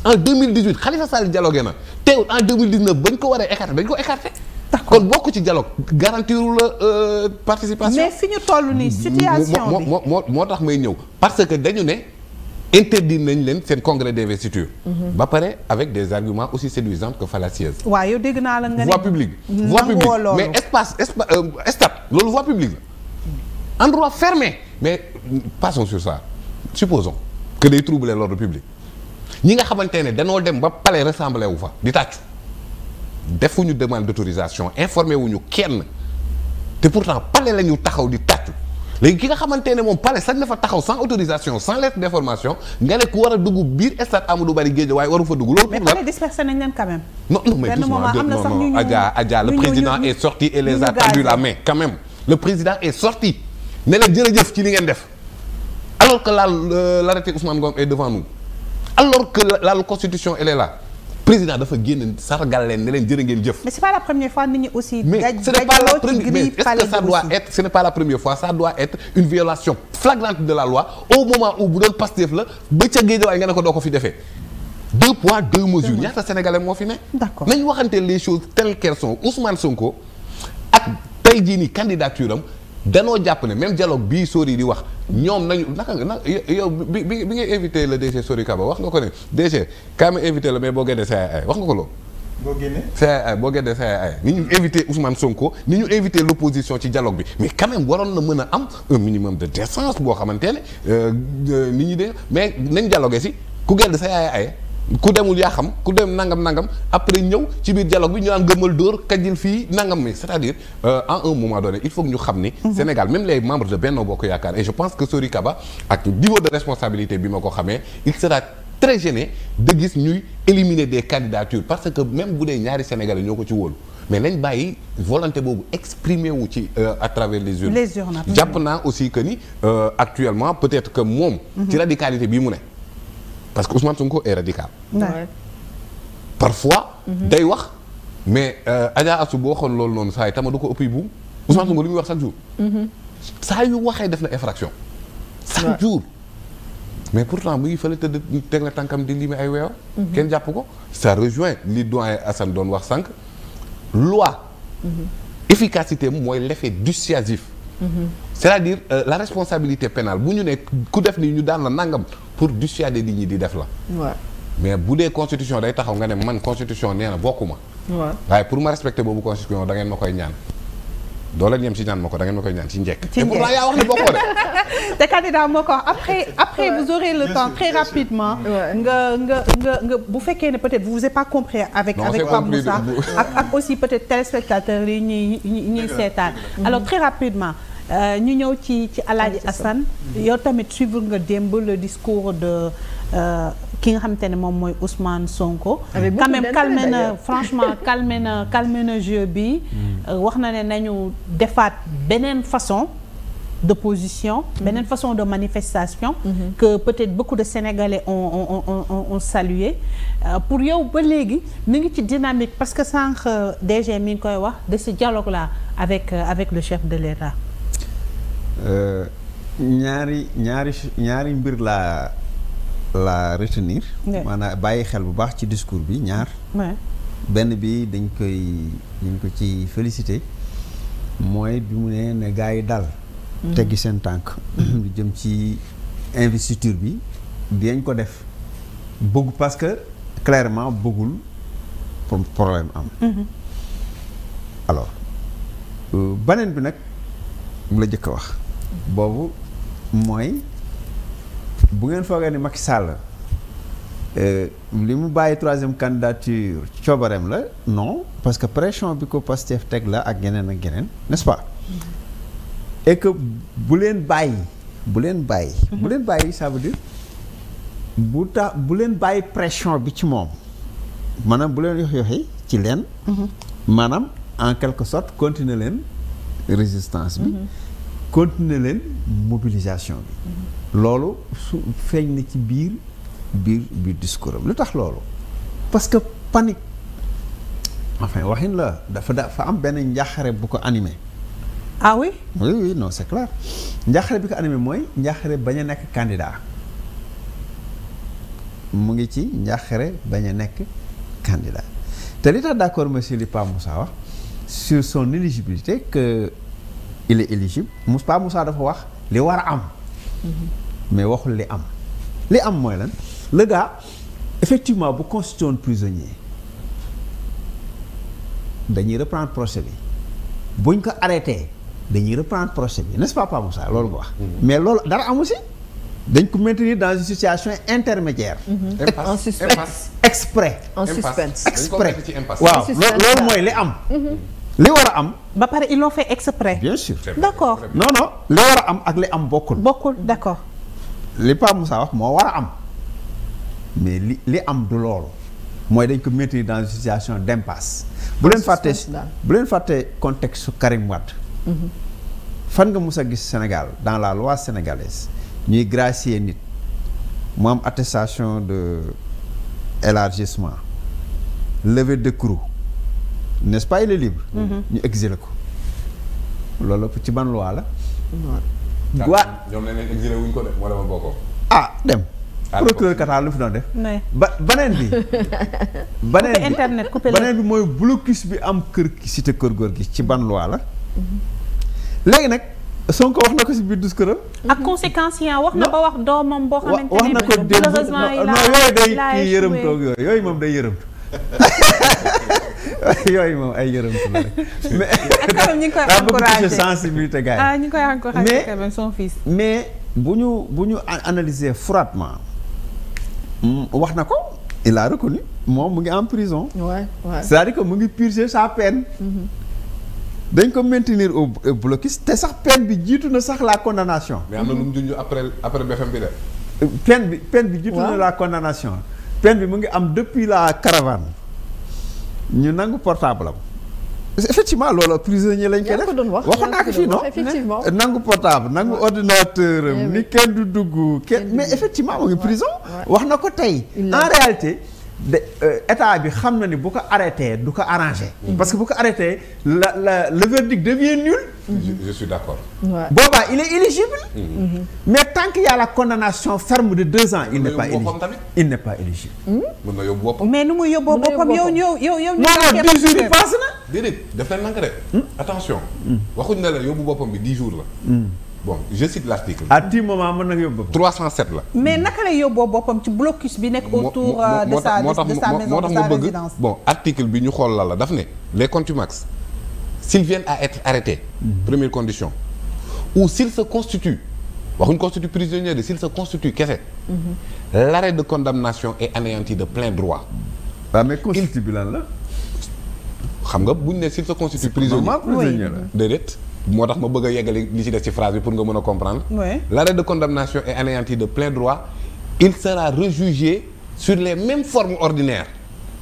Speaker 4: en 2018 Khalifa Sall na teewul en bañ ko war a écarté dañ ko écarté d'accord kon bokk ci dialogue garantiru la euh, participation. mais fi
Speaker 2: ñu toll nii situation
Speaker 4: moo moo moo tax may ñëw parce que dañu ne interdit nañ leen seen congrès d'investiture mhm. ba pare avec des arguments aussi séduisants que fallacieuses. waaw yow dégg naa la nga ne voie publique. voie publique mais espace espa euh, stade loolu voie publique la. endroit fermé mais passon sur ça supposons que day troubler l'ordre public ñi nga xamante ne danoo dem ba palais ressembler wu fa di tàccu. defuñu demande d'autorisation informé wuñu kenn te pourtant palais la ñu taxaw di tàccu léegi ki nga xamante ne moom palais sañ na fa taxaw sans autorisation sans lettre d'information nga ne ku war a dugg biir stade Amadou bari Guèye waaye waru fa dugg loolu. mais palais
Speaker 2: dispersé nañ leen quand même.
Speaker 4: non non mais doucement non non Adja sorti et les a tendu la main quand même le président est sorti ne la jërëjëf ci li ngeen def alors que la l'arrêté Ousmane Ngom est devant nous alors que la constitution elle président dafa génn sargal leen ne leen jërë ngeen jëf.
Speaker 2: mais c'est pas la première fois nit ñi aussi. mais ce n'est pas la première mais est-ce que ça doit
Speaker 4: être ce n'est pas la première fois ça doit être une violation flagrante de la loi au moment où bu doon Pastef la ba ca Guédiawaye nga ne ko doo ko fi defee. deux poids deux mesures ñaata sénégalais moo fi ne. d'accord nañ waxante les choses telles qu'elles sont Ousmane Sonko ak tey jii nii candidature am. danoo jàpp ne même dialogue bii Sori di wax ñoom nañu naka nga yow bi bi bi ngay invité le DG Sori Kaba wax nga ko ne DG kaa invité la mais boo génnee CAA wax nga ko loolu. boo génnee boo génnee CAA ni ñu invité Ousmane Sonko ni ñu invité l' opposition ci dialogue bi mais quand waroon na mën a am un minimum de décence boo xamante ne euh, ni ñuy de mais nañ dialogué si ku génn CAA. ku demul yaa xam ku dem nangam nangam après ñëw ci biir dialogue bi ñu naan gëmal dóor kajil fii nangam mi c'est-à-dire euh, en un moment donné il faut ñu xam ni. Mhm. Sénégal même les membres de Benno Bokk Yaakaar et je pense que Sori Kaba ak niveau de responsabilité bi ma ko xamee il sera très gêné de gis ñuy éliminer des candidatures parce que même bu dee ñaari Sénégalais ñoo ko ci wóolu. mais nañ bàyyi volonté boobu exprimer wu ci euh, à travers les urnes. les urnes jàpp naa aussi que ni euh, actuellement peut-être que moom. Mhm. ci radicalité bi mu ne. parce que Ousmane Sonko est radical. Ouais. parfois. Mhm. day wax mais euh, Adja Assou boo xool loolu noonu saa yi tama du ko ëpp bu Ousmane Sonko li muy wax chaque jour. Mhm. saa yu waxee def na infraction. chaque jour. mais pourtant mu ngi fële tëdd teg na tànkam di limi ay weewa. Mhm. kenn jàpp ko ça rejoint li doyen Assane doon wax sànq. loi. efficacité mooy l'effet dissuasif. c'est-à-dire euh, la responsabilité pénale bu ñu ne ku def nii ñu daan la nangam. pour dissuader nit ñi di def la. mais bu dee constitution day taxaw nga ne man constitution nee na bokkuma. waaw waaye pour ma respecter boobu constitution da ma koy ñaan. doo leen yem si ñaan ma ko da ngeen ma koy ñaan
Speaker 3: ci njëkk. ci njëkk te pourtant yaa wax ne bokkoo de.
Speaker 2: te candidat moo ko après après vous aurez le temps très rapidement. nga nga nga bu fekkee ne peut-être vous vous êtes pas compris avec avec ak ak aussi peut-être téléspectateurs yi ñuy ñuy ñuy seetaan alors très rapidement. Euh, ñu ñëw ci ci Alaaji Assane mm-hmm. yow tamit suivre nga démb le discours de euh, ki nga xamante ne moom mooy Ousmane Sonko quand même na franchement calmé na jeu bi mm-hmm. euh, wax na ne nañu defaat beneen façon de position mm-hmm. beneen façon de manifestation que peut-être beaucoup de Sénégalais ont ont ont ont ont salué pour yow ba léegi mu ngi ci dynamique parce que sànq DG mi ngi koy wax de ce dialogue là avec avec le chef de l'État
Speaker 5: Euh, ñaari ñaari ñaari mbir laa la retenir maanaam bàyyi xel bu baax ci discours bi ñaar benn bi dañ koy dañ ko ci félicité mooy bi mu ne ne gars yi dal mm. teggi seen tànk mm. lu jëm ci investiture bi dinañ ko def bëgg parce que clairement bëggul problème am mm-hmm. alors euh, beneen bi nag la jëkk a wax boobu mooy bu ngeen foogee ni Macky Sall eh, li mu bàyyi troisième candidature coobareem la non parce que pression bi ko Pastef teg la ak geneen ak geneen n'est-ce pas et bu leen bàyyi bu leen bàyyi bu leen bàyyi ça veut dire bu tax bu leen bàyyi pression bi ci moom maanaam bu leen yox yoxi ci leen mhm. maanaam en quelque sorte continuer leen résistance bi mhm. continuer leen mobilisation bi mm-hmm. loolu su feeñ na ci biir biir biir discours lu tax loolu parce que panique enfin waxin la dafa dafa am benn njaaxare bu ko anime ah oui oui oui c'est clair njaaxare bi ko animé mooy njaaxare bañ a nekk candidat mu ngi ci njaaxare bañ a nekk candidat te li tax d'accord monsieur li Pa Moussa wax sur son éligibilité que il est éligible mous pas Moussa dafa wax li war a am mhm. mais waxul li am li am mooy lan le gars effectivement bu constitué woon prisonnier dañuy reprendre procès bi buñ ko arrêté dañuy reprendre procès bi n'est-ce pas pas Moussa loolu nga wax mhm. mais loolu dara amu dañ ko maintenir dans une situation intermédiaire. Mhm. en suspense exprès. en suspense loolu mooy li am. li war a am. ba pare ils l'ont fait exprès. bien sûr d'
Speaker 6: accord. non
Speaker 5: non li war a am ak li am bokkul. bokkul d' accord. li Pape Moussa wax moo war a am mais li li am du loolu mooy dañ ko maintenir dans une situation d' impasse. bu leen fàtte bu leen fàtte contexte su Karim Wade. Mhm. fan nga mus a gis Sénégal dans la loi sénégalaise ñuy gracier nit mu am attestation de élargissement levée de crou n'est-ce pas il est libre. Mm-hmm. ñu exilé ko loolu ci ban la. waa
Speaker 4: ñoom nee ko def wala ma bokkoo. ah dem. Ah,
Speaker 5: procureur Qatar lu fi doon def. ba baneen bi.
Speaker 6: baneen bi internet
Speaker 2: bi mooy
Speaker 5: blocus bi am kër ki cité kër góor gi ci ban la.
Speaker 6: Mm-hmm.
Speaker 5: léegi nag Sonko wax na ko si biir discours
Speaker 2: am. ak conséquences yi ah, wax na ba wax doomam boo. xamante ne wax na ko démb non yooyu day kii yërëm toog
Speaker 5: yooyu yooyu moom day yërëm. yooyu moom ay yërëm la rek.
Speaker 2: mais ah, quand même ñu
Speaker 5: sensibilité gars yi. ah ñu ngi mais bu ñu bu ñu analyser froidement mm, wax na ko il a moom mu ngi en prison. waay waay c'est-à-dire que mu ngi purger sa peine. Mm-hmm. dañ ko maintenir o blocus te sax peine bi jiitu na sax la condamnation. mais na lu
Speaker 4: mu junj après après bi de.
Speaker 5: Euh, peine bi bi jiitu na la condamnation. peine bi mu ngi am depuis la caravane ñu nangu portable am effectivement loolu prisonnier lañ koy def waxoon naa ko fii non nangu portable nangu ordinateur eh ni kenn du dugg kenn mais effectivement mu ngi prison wax na ko tey en réalité de euh, état bi xam na ni bu ko arrêté du ko arrangé. Mm-hmm. parce que bu ko arrêté la la le verdict devient nul.
Speaker 4: je, je suis d'accord.
Speaker 5: il est éligible. Mm-hmm. Mm-hmm. mais tant qu'il la condamnation ferme de deux ans. il n'est pas
Speaker 4: éligible il n'est pas éligible. na yóbbu boppam. mais nu mu yóbboo
Speaker 6: boppam yow yow yow yow. non non
Speaker 2: dix jours yi passe
Speaker 4: na. déedéet def nañ nank rek. Mm. attention. Mm. waxuñ na la yóbbu boppam bi dix jours la. Mm. bon je cite l' article. à tout moment mën na yóbbu. 307 la.
Speaker 2: mais naka lay yóbboo boppam ci blocus bi nekk. autour euh, de sa de sa maison de sa
Speaker 4: bon article bi ñu xool la la daf ne les contumax s'ils viennent à être arrêtés. Mm-hmm. première condition ou s'ils se constituent waxuñu constitue prisonnier si s'ils se constituent kese.
Speaker 6: Mm-hmm.
Speaker 4: l' arrêt de condamnation est anéanti de plein droit. waaw mais constitue bi lan la. xam nga buñ ne s'ils se constituent prisonnier. prisonnier la déedéet. moo tax ma bëgg a yeggali li ci des ci phrase bi pour nga mën a comprendre. oui l'arrêt de condamnation est anéanti de plein droit il sera rejugé sur les mêmes formes ordinaires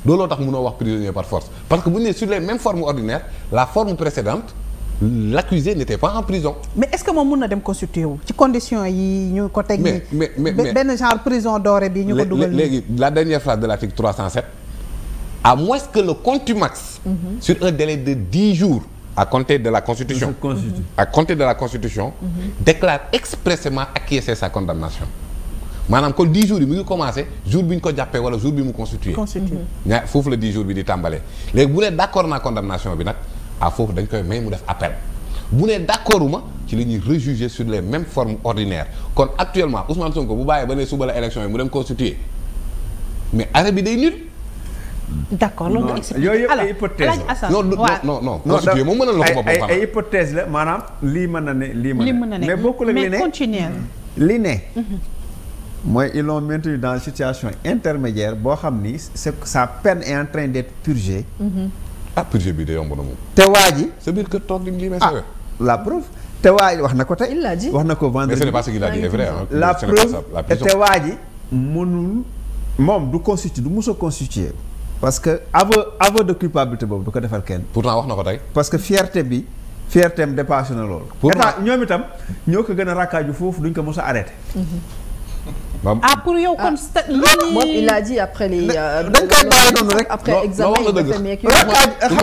Speaker 4: looloo tax mënoo wax prisonnier par force parce que bu ñu nee sur les mêmes formes ordinaires la forme précédente. l'accusé n'était pas en prison. mais
Speaker 2: est-ce que moom mun na dem constitué wu ci condition yi ñu ko teg. mais
Speaker 4: mais mais benn
Speaker 2: genre prison dorée bi ñu ko dugal. léegi
Speaker 4: la dernière phrase de l'article 307. à moins que le contumax. Mm -hmm. de dix jours. à compter de la Constitution. à compter de la Constitution. Mhm. déclare expressément acquiescer sa condamnation. maanaam kon 10 jours yi mu ngi commencé jour bi ñu ko jàppee wala jour bi mu constitué. constitué mhm. foofu la 10 jours bi di tàmbalee. léegi bu ne d' accord naa condamnation bi nag à foofu dañ koy may mu def appel bu ne d' accord ma ci la ñuy rejuger sur les mêmes formes kon actuellement Ousmane Sonko bu bàyyee ba ne suba la élection yi mu dem constitué mais arrêt day nul. d'accord
Speaker 2: loolu nga
Speaker 5: expliqué yooyu yëpp ay hypothèse la non non non constitué moom mënal na hypothèse la maanaam lii man na ne lii mën na ne mais bokkul ak li ne mais continuer li ne mhm. mooy il loo maintenu dans une situation intermédiaire boo xam ni sa peine est en train d'être purgée
Speaker 6: mhm.
Speaker 4: ah purgée bi de yomb na
Speaker 5: te waa ji sa biir kër toog di ah, la preuve te waa ji wax na ko tey il wax na ko vendredi mais ce n'est pas ce qu'il a dit est vrai la preuve te waa ji mënul moom du constitué du mos a constitué parce que aveu aveu de culpabilité boobu du ko defar kenn. pourtant wax na ko tey. parce que fierté bi fierté am dépassé na loolu. état ñoom ñoo ko gën a rakkaaju foofu duñ ko mos a
Speaker 1: ah, pour yow kon. Ah. moom il a dit après les. Euh, dañ koy bàyyi noonu rek après examen yi nga xam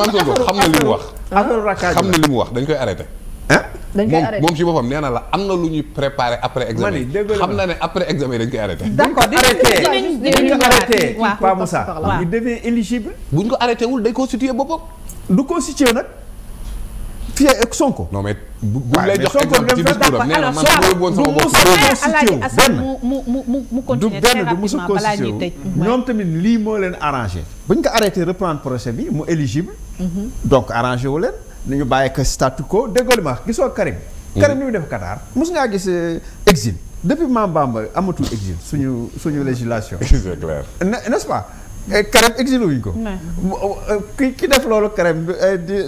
Speaker 1: na li mu wax.
Speaker 4: na li mu wax dañ koy arrêté. ah
Speaker 1: dañ koy arrêté moom si
Speaker 4: boppam nee na la am na lu ñuy préparé après examen yi na ne après examen dañ koy arrêté.
Speaker 2: dañ
Speaker 3: ko arrêté dinañ ko arrêté Pa Moussa
Speaker 4: il devient éligible. ko arrêté wul day constitué boppam. du constitué nag. fii ak Sonko. non mais bu lay jox exemple
Speaker 2: ci discours am nee na man booy woon sama bopp mu mu mu mu continuer
Speaker 5: très ñoom tamit lii moo leen arrangé. bu ñu ko arrêté reprendre procès bi mu éligible. Mm-hmm. donc arrangé wu leen. nañu bàyyi que statu quo déggoo li ma gisoo Karim. Mm-hmm. Karim ni mu def Qatar mos ngaa gis euh, exil depuis Maam Bamba amatul exil suñu suñu législation. c'est clair n'est-ce pas. Euh, exil wuñ ko. Euh, ki ki def loolu Karim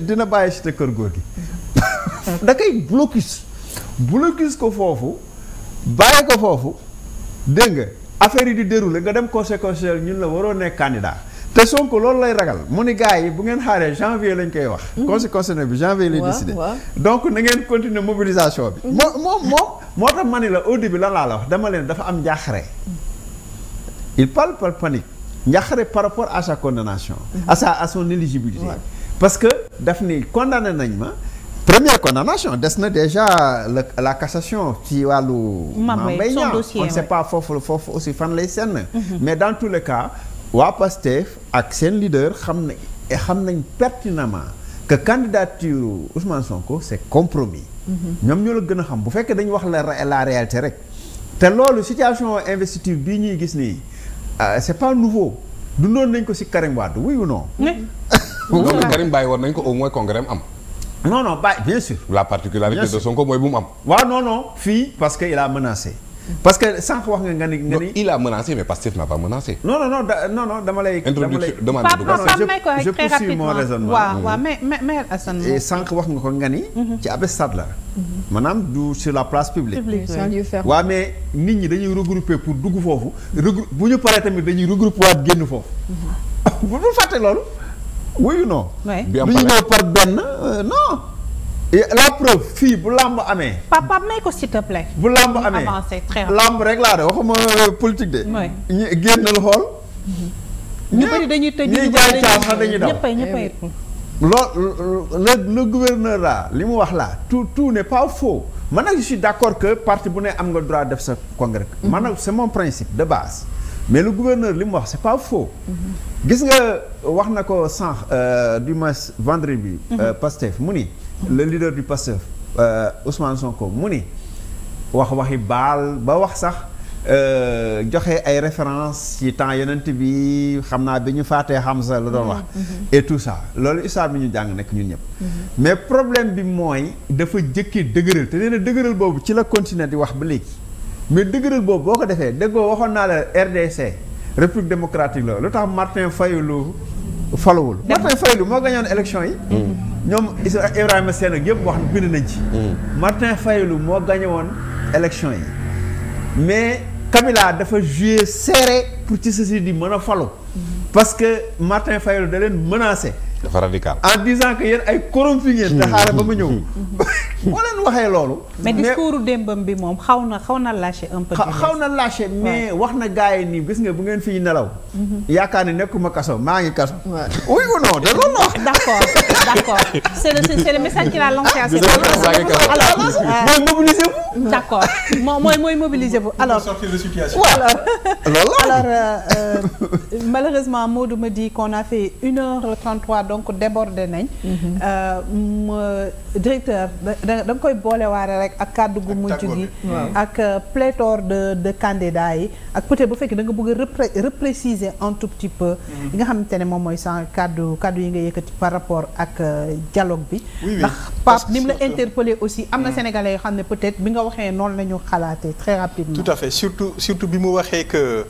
Speaker 5: dina bàyyi si te kër góor gi. Mm-hmm. da koy blocus. blocus ko foofu bàyyi foofu dégg nga affaire yi di déroulé nga dem conseil constitutionnel ñun la waroo nekk candidat. te Sonko loolu lay ragal mu ni gars yi bu ngeen xaaree janvier lañ koy wax. Mhm. conseil constitutionnel bi janvier lay décidé. donc na ngeen continuer mobilisation bi. Mhm. moo moom moom moo tax ma ni la au début lan laa la wax dama leen dafa am njaaxare. Mhm. il parle par panique njaaxare par rapport à sa condamnation. à sa à parce que daf ni condamné nañ ma. première condamnation des na déjà la la cassation ci wàllu. Mame Mbaye Niang on ne sait pas foofu aussi fan lay senn. mais dans waa PASTEF ak seen leader xam nañ xam nañ pertinemment que candidature Ousmane Sonko c' est compromis mhm. ñoom ñoo la gën a xam bu fekkee dañu wax la la rek. te loolu situation investiture bii ñuy gis nii
Speaker 4: euh, c' est pas nouveau dundoon nañ ko si Karim Wade oui ou non. Karim bàyyi woon nañ ko au moins congrès am. non bàyyi bien sûr. la particularité de Sonko mooy bu mu am. waaw non fii parce que il a parce que sànq wax nga nga ni nga ni. il a menacé mais
Speaker 5: n'a pas menacé. non non non da, non non dama lay. introduction demande de je, je poursuis mon mais nit ñi dañuy regrouper pour dugg foofu. regroupe bu ñu paree tamit dañuy regrouper waat génn foofu.
Speaker 6: Mhm.
Speaker 5: bu dul fàtte loolu. wuyu non. bi am par benn euh, non. la preuve fii bu làmb amee.
Speaker 2: papa may ko s'il te plaît.
Speaker 5: bu làmb amee avancé très làmb rek laa de waxuma euh, politique de. ñi génnal xool.
Speaker 2: ñu bëri dañuy
Speaker 6: tëj ñuy jaay caaxaan dañuy daw ñëppay eh ñëppay.
Speaker 5: loolu le gouverneur là li mu wax laa tout tout n'est pas faux man nag si suis d'accord que parti bu ne am nga droit def sa congrès. Mhm. man nag c'est mon principe de base. mais le gouverneur li mu wax c'est pas faux. Mhm. gis nga wax na ko sànq euh, du moins vendredi bi. Mhm. Euh, Pastef mu ni. le leader du PASTEF euh, Ousmane Sonko mu ni wax waxi baal ba wax sax euh, joxe ay référence ci temps yenent bi xam naa bi ñu xam Hamza la doon wax mm-hmm. Mm-hmm. et tout sax loolu histoire bi ñu jàng nekk ñun ñëpp mm-hmm. mais problème bi mooy dafa jëkkee dëgëral te nee na boobu ci la continuer di wax ba léegi mais dëgëral boobu boo ko defee déggoo waxoon naa la RDC république démocratique la lu tax Martin Fayulu falawul Martin Faylu moo gañoon élection yi mm. ñoom Ibrahima Sène ak yëpp wax bind nañ ci mm. Martin Faylu moo woon élection yi mais Kabila dafa joué serré pour ci ceci di mën a falu mm. parce que Martin Faylu da leen menacé dafa radical en disant que yéen ay corrompus ngeen. te ba ma ñëw. Hmm. boo leen waxee loolu. mais discours
Speaker 2: démbam bi moom xaw na xaw na lâché un peu. xaw na lâché mais wax na gars yi nii
Speaker 5: gis nga bu ngeen fii nelaw. Mhm. yaakaar ne nekkuma kaso maa ngi kaso. oui ou non de loolu la. d'
Speaker 2: accord d' accord c' est le c' est message qu'il a lancé à ses mooy mobiliser vous. d' accord mooy mooy mobiliser vous alors. sortir euh, euh, malheureusement Maodo me dit qu'on a donc débordé nañ. Mhm. Euh, directeur da nga koy waare rek ak kàddu gu mujj gi. Mhm. ak euh, pléthore de de candidats yi ak peut bu fekkee danga bëgg a repréciser un tout petit peu. Mhm. li nga xamante ne moom mooy sànq kaddu kaddu yi nga yëkkati par rapport ak euh, dialogue bi. ndax Pape ni mu la interpellé aussi am na sénégalais yoo xam ne peut-être bi nga waxee noonu la ñu xalaatee très rapidement.
Speaker 3: tout à fait surtout surtout bi mu waxee que.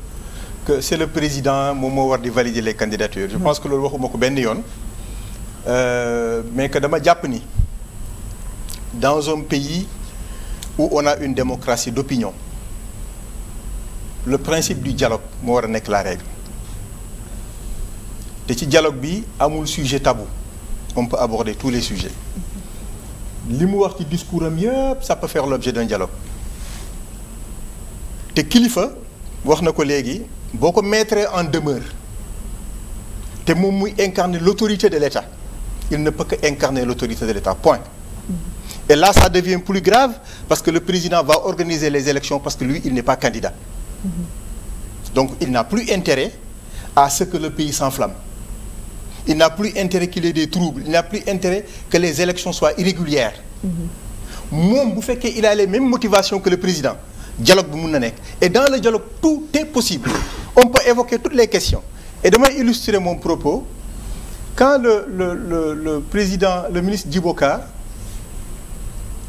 Speaker 3: que c'est le président moom moo war di valider les candidatures je pense que loolu waxuma ko benn yoon Euh, mais que dama jàpp ni dans un pays où on a une démocratie d'opinion le principe du dialogue moo war a nekk la règle te ci dialogue bi amul sujet tabu on peut aborder tous les sujets li mu wax ci discours am yëpp ça l'objet d'un dialogue te kilifa wax na ko léegi boo ko mettre en demeure te moom muy incarner l'autorité de l'État il ne peut qu'incarner l'autorité de l'État point et là ça devient plus grave parce que le président va organiser les élections parce que lui il n'est pas candidat donc il n'a plus intérêt à ce que le pays s'enflamme il n'a plus intérêt qu'il y ait des troubles il n'a plus intérêt que les élections soient irrégulières moom bu fekkee il a les mêmes motivations que le président dialogue bi mun na nekk et dans le dialogue tout est possible on peut évoquer toutes les questions et damay illustrer mon propos quand le le le le président le ministre Djiboka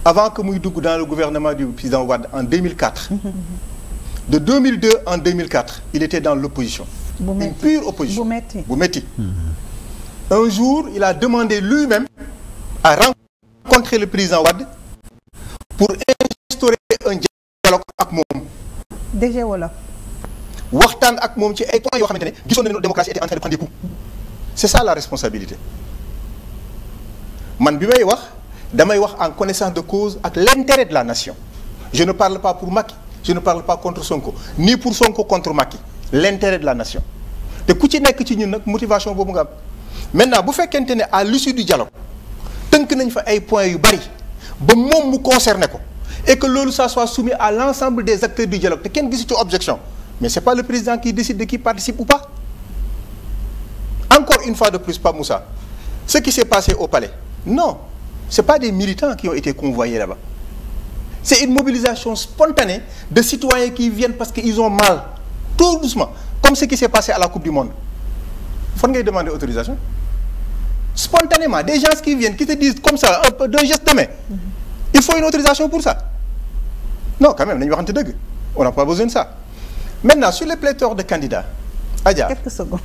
Speaker 3: avant que muy dugg dans le gouvernement du président Wade en 2004. de 2002 en 2004 il était dans l'opposition une pure opposition bu metti hmm. un jour il a demandé lui-même à rencontrer le président Wade pour instaurer un dialogue ak moom. DG Wolof. waxtaan ci ay points yoo xamante ne gisoon nañu démocratie était en train de prendre des c'est ça la responsabilité man bi may wax damay wax en connaissance de cause ak l'intérêt de la nation je ne parle pas pour Macky je ne parle pas contre Sonko ni pour Sonko contre Macky l'intérêt de la nation te ku ci nekk ci ñun nag motivation boobu nga am maintenant bu fekkente ne à l'issue du dialogue tënk nañ fa ay points yu bari ba moom mu concerné ko et que loolu ça soit soumis à l'ensemble des acteurs du dialogue te kenn gisu ci objection mais c'est pas le Encore une fois de plus, pas Moussa. Ce qui s'est passé au palais, non, ce n'est pas des militants qui ont été convoyés là-bas. C'est une mobilisation spontanée de citoyens qui viennent parce qu'ils ont mal, tout doucement, comme ce qui s'est passé à la Coupe du Monde. Il faut demander autorisation. Spontanément, des gens qui viennent, qui te disent comme ça, d'un geste de main, mm-hmm. il faut une autorisation pour ça. Non, quand même, on n'a pas besoin de ça. Maintenant, sur les pléthores de candidats, Adja quelques secondes.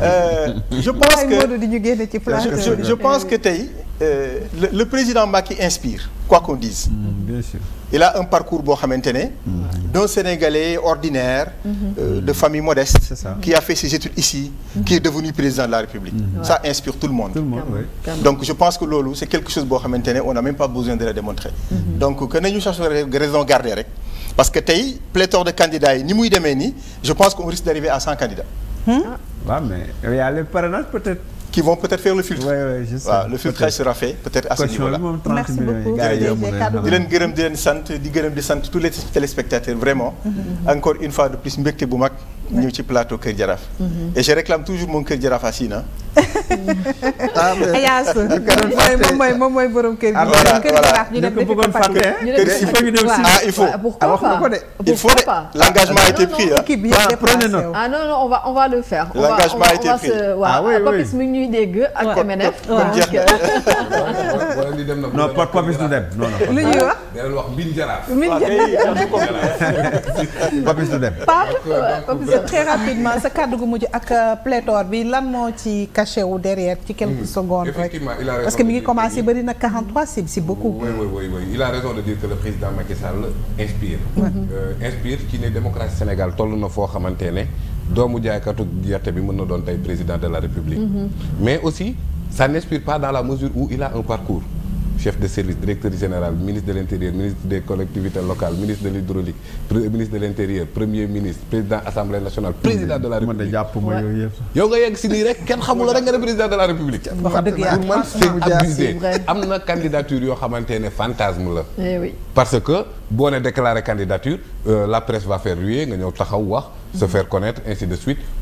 Speaker 3: euh, je pense que je pense que tey euh, le, le président Macky inspire quoi qu'on dise. Mm, bien sûr. il a un parcours boo xamante ne. Mm. d'un Sénégalais ordinaire. Mm-hmm. Euh, de mm-hmm. famille modeste. qui a fait ses études ici. Mm-hmm. qui est devenu président de la République. ça inspire tout le monde. tout le monde donc je pense que loolu c'est quelque chose boo xamante ne on n'a même pas besoin de le démontrer. donc que nañu chercher raison garder rek. parce que tey pléthore de candidats yi ni muy demee nii je pense qu'on risque d'arriver à cent candidats. waaw hmm? ah, mais il y a peut-être. qui vont peut-être faire le
Speaker 5: filtre. oui oui je sais sera fait peut-être à ce di leen
Speaker 3: gërëm di leen sant di gërëm di sant tous les téléspectateurs vraiment. Mm-hmm. encore une fois de plus mbégte bu mag. ñëw ci plateau Kër Jaraaf. Mhm. et je réclame toujours moom Kër Jaraaf à Sina. ah
Speaker 2: mais Ayaas moom mooy moom mooy borom kër gi. Ah, voilà voilà ñu ko bëggoon fàtte.
Speaker 5: il faut ñu dem si ah il faut. wax nga ko de. il faut de l'engagement a été pris ah.
Speaker 1: prenez note ah non non on va on va le faire. l'engagement a été pris ah oui oui euh, Papis mi ñuy dégg ak. MNF kon jeex na.
Speaker 5: non Papis du dem non non.
Speaker 2: lu ñuy wax. wax
Speaker 6: Mbine Jaraaf. Mbine ah, Jaraaf
Speaker 4: Papis du dem.
Speaker 6: Pape
Speaker 2: Papis très rapidement sa kàddu gu mujj ak pléthore bi lan moo ci caché wu derrière ci quelques hmm. secondes rek effectivement il a raison parce que mi ngi commencé bëri na 43 c'est c'est beaucoup. oui
Speaker 4: oui il a raison de dire que le président Macky Sall inspire. Euh, inspire ci ne démocratie Sénégal toll na foo xamante ne doomu jaaykatu gerte bi mën na doon tey président de la République. Mm-hmm. mais aussi ça n'inspire pas dans la mesure où il un parcours. chef de service directeur général ministre de l'intérieur ministre des collectivités locales ministre de l'hydraulique ministre de l'intérieur premier ministre président assemblée nationale président de la république yow nga yegg si nii rek kenn xamul rek nga ne président de la république pour man c'est am na candidature yoo xamante ne fantasme la eh parce que boo ne déclaré candidature euh, la presse va faire ruer nga ñëw taxaw wax se faire connaître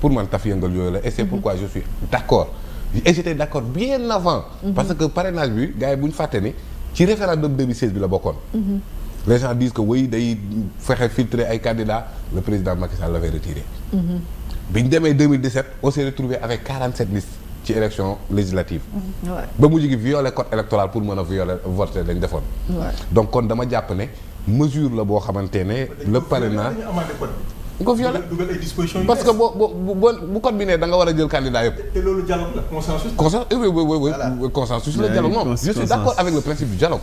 Speaker 4: pour man taf yëngal yooyu la et c'est mm-hmm. et j'étais d'accord bien avant. Mhm. parce que parrainage bi gars yi bu ñu fàtte ni ci référendum 2016 bi la bokkoon. Mhm. le président Macky Sall l'avait retiré. Mhm. bi ñu demee 2017 on s'est retrouvé avec 47 listes ci élection législative. ba mujj gi violer code électoral pour mën a violer voter lañ defoon. donc kon dama jàpp ne mesure la boo xamante ne. le parrainage
Speaker 3: du ko violé dugal ay
Speaker 4: dispositions parce que boo boo bu code bi ne da war a jël candidat yëpp. te loolu dialogue la consensus. consensus suis d'accord avec le principe du dialogue.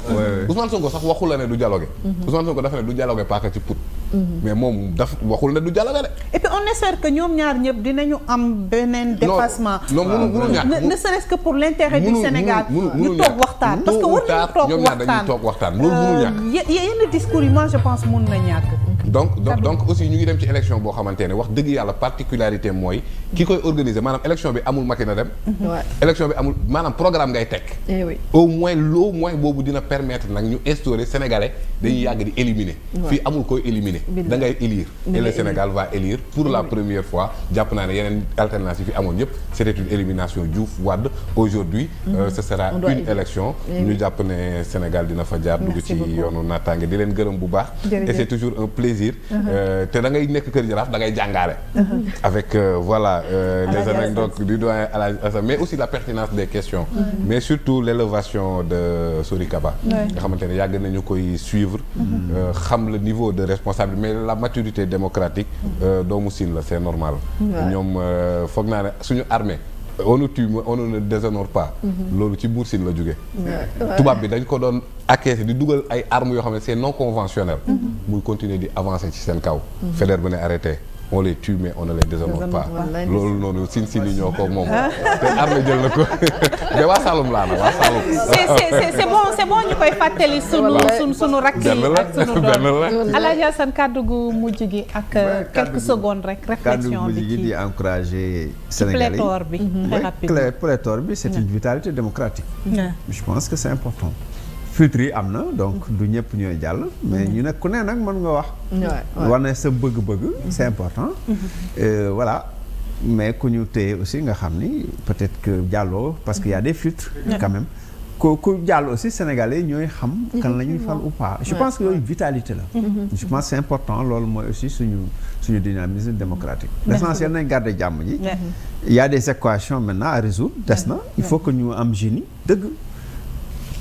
Speaker 4: Ousmane Sonko sax waxul ne du dialogue. Mhm. Ousmane Sonko dafa ne du dialogue paaka ci put. Mhm. mais moom daf waxul ne du dialogue de.
Speaker 2: et puis on espère que ñoom ñaar ñëpp dinañu am beneen dépassement. non non mënu ñàkk ne serait que pour l'intérêt du Sénégal. ñu toog waxtaan parce que war
Speaker 4: nañu toog waxtaan.
Speaker 2: Euh,
Speaker 4: donc donc donc aussi ñu ngi dem ci élection boo xamante ne wax dëgg yàlla particularité mooy ki koy organiser maanaam élection bi amul Macky na dem élection bi amul maanaam programme ngay teg eh au moins loo moins boobu dina permettre nag ñu instaurer sénégalais dañuy mm-hmm. yàgg di éliminer fii amul koy éliminer da ngay élire et le Sénégal va élire pour la première fois jàpp naa ne yeneen alternance yi fi amoon yëpp c'était une élimination Diouf Wade aujourd'hui mm-hmm. euh, ce sera une élection eh ñu jàpp ne Sénégal dina fa jaar dugg ci yoonu naataange di leen gërëm bu baax plaisir. Euh, te da ngay nekk kër jaraaf da ngay jàngaale. avec euh, voilà euh, les anecdotes du doyen Alaaji Assane mais aussi la pertinence des questions. mais surtout l'élévation de Sori nga xamante ne yàgg nañu koy suivre. xam la niveau de responsabilité mais la maturité démocratique doomu siin la c'est normal. ñoom foog naa ne suñu armée. on ne tue on ne déshonore pas. Mhm. loolu ci Buur Sine la jóge tubaab bi dañ ko doon acquérir di dugal ay armes yoo xam ne c'est non conventionnel. Mhm. muy continuer di avancer ci seen kaw. Mhm. Faidherbe ne arrêté. on les tue mais on ne les déshonoure pas loolu noonu sin sin yi ñoo ko moom ah. te armée jël na ko mais waa Saloum laa na waa Saloum c'est bon
Speaker 2: c'est bon ñu koy fàttali sunu sunu rakk yi ak sunu doom Alaaji Asan kàddu gu mujj gi ak euh, quelques secondes rek réflexion bi kàddu gu mujj gi
Speaker 5: di encourager Sénégalais
Speaker 2: bi très rapide
Speaker 5: pléthore bi c'est une vitalité démocratique je pense que c'est important filtre yi am na donc du ñëpp ñooy jàll mais ñu ne ku ne nag mën nga wax wane sa bëgg-bëgg mhm. c'est important mhm. euh, voilà mais ku ñu téye aussi nga xam ni peut-être que jàlloo parce que y a des filtres quand même ku ku jàll aussi sénégalais ñooy xam kan la ñuy fal ou pas je pense que yooyu vitalité la
Speaker 6: mhm. je pense
Speaker 5: c'est important loolu mooy aussi suñu suñu dynamisme démocratique l'essentiel nañ garder jàmm ji il y a des équations à résoudre des na il faut que ñu am génie dëgg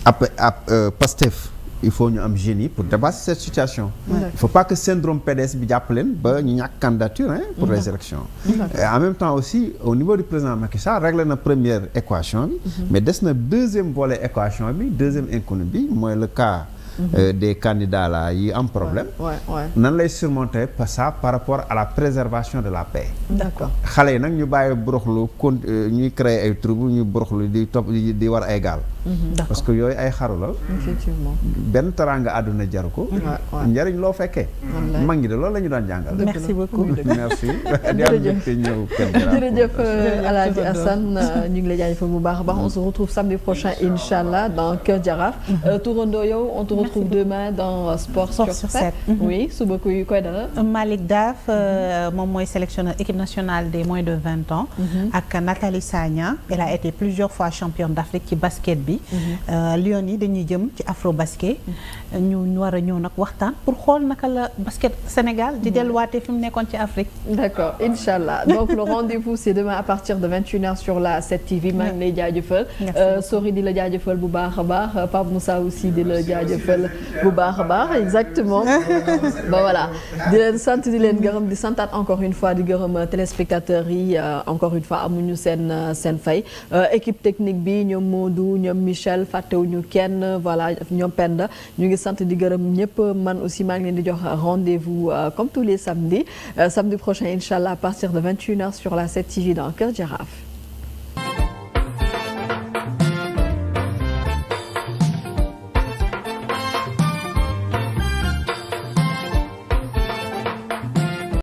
Speaker 5: après euh, Pastef il faut ñu am génie pour dépasser cette situation. il faut pas que syndrome PDS bi jàpp leen ba ñu ñàkk candidature hein, pour les Et en même temps aussi au niveau du président Macky Sall na première équation bi. Mhm. mais des na deuxième volet équation bi deuxième inconnu bi mooy le cas. Euh, des candidats là yi am problème. nan lay surmonter ça par rapport à la préservation de la paix. d'accord xale yi nag ñu bàyyi buruxlu con euh, ñuy créer ay trouble ñu buruxlu di topp di war ay gaal. Mhm, parce que yooyu ay xaru la.
Speaker 6: effectivement
Speaker 5: benn teraanga àdduna jaru ko. njariñ loo fekkee. mag ñi de loolu la ñu daan jàngal. merci beaucoup merci.
Speaker 1: jërëjëf jërëjëf euh, Alaaji Assane ñu ngi lay jaajëfal bu baax a baax on se dans Kër Jaraaf. Tourando yow on te retrouve demain dans euh, Sport sur 7. Mhm. oui suba kuy koy Daaf euh, moom mooy sélectionneur
Speaker 2: équipe nationale des moins de vingt ans. Mhm. ak Nathalie Sagna. elle a été plusieurs fois championne d'Afrique ci basket bi. Mhm. Euh, Lions yi dañuy jëm ci afro basket. ñu war a ñëw
Speaker 1: nag waxtaan pour xool naka la basket Sénégal di delluwaatee fi mu nekkoon ci Afrique. d'accord incha donc le rendez-vous c'est demain à partir de vingt une heures sur la 7 TV. maa ngi lay jaajëfal. Sori di la jaajëfal bu baax a baax Pape Moussa aussi di la jaajëfal. la bu baax a baax exactement ba voilà di leen sant di leen gërëm di santaat encore une fois di gërëm euh, téléspectateurs yi euh, encore une fois amuñu seen euh, seen fay équipe technique bi ñoom Modou ñoom Michel ñu kenn voilà ñoom Penda ñu ngi sant di gërëm ñëpp man aussi maa ngi leen di jox rendez-vous comme tous les samedis samedi prochain incha allah à partir de 21 sur la 7TV dans Kër Jaraaf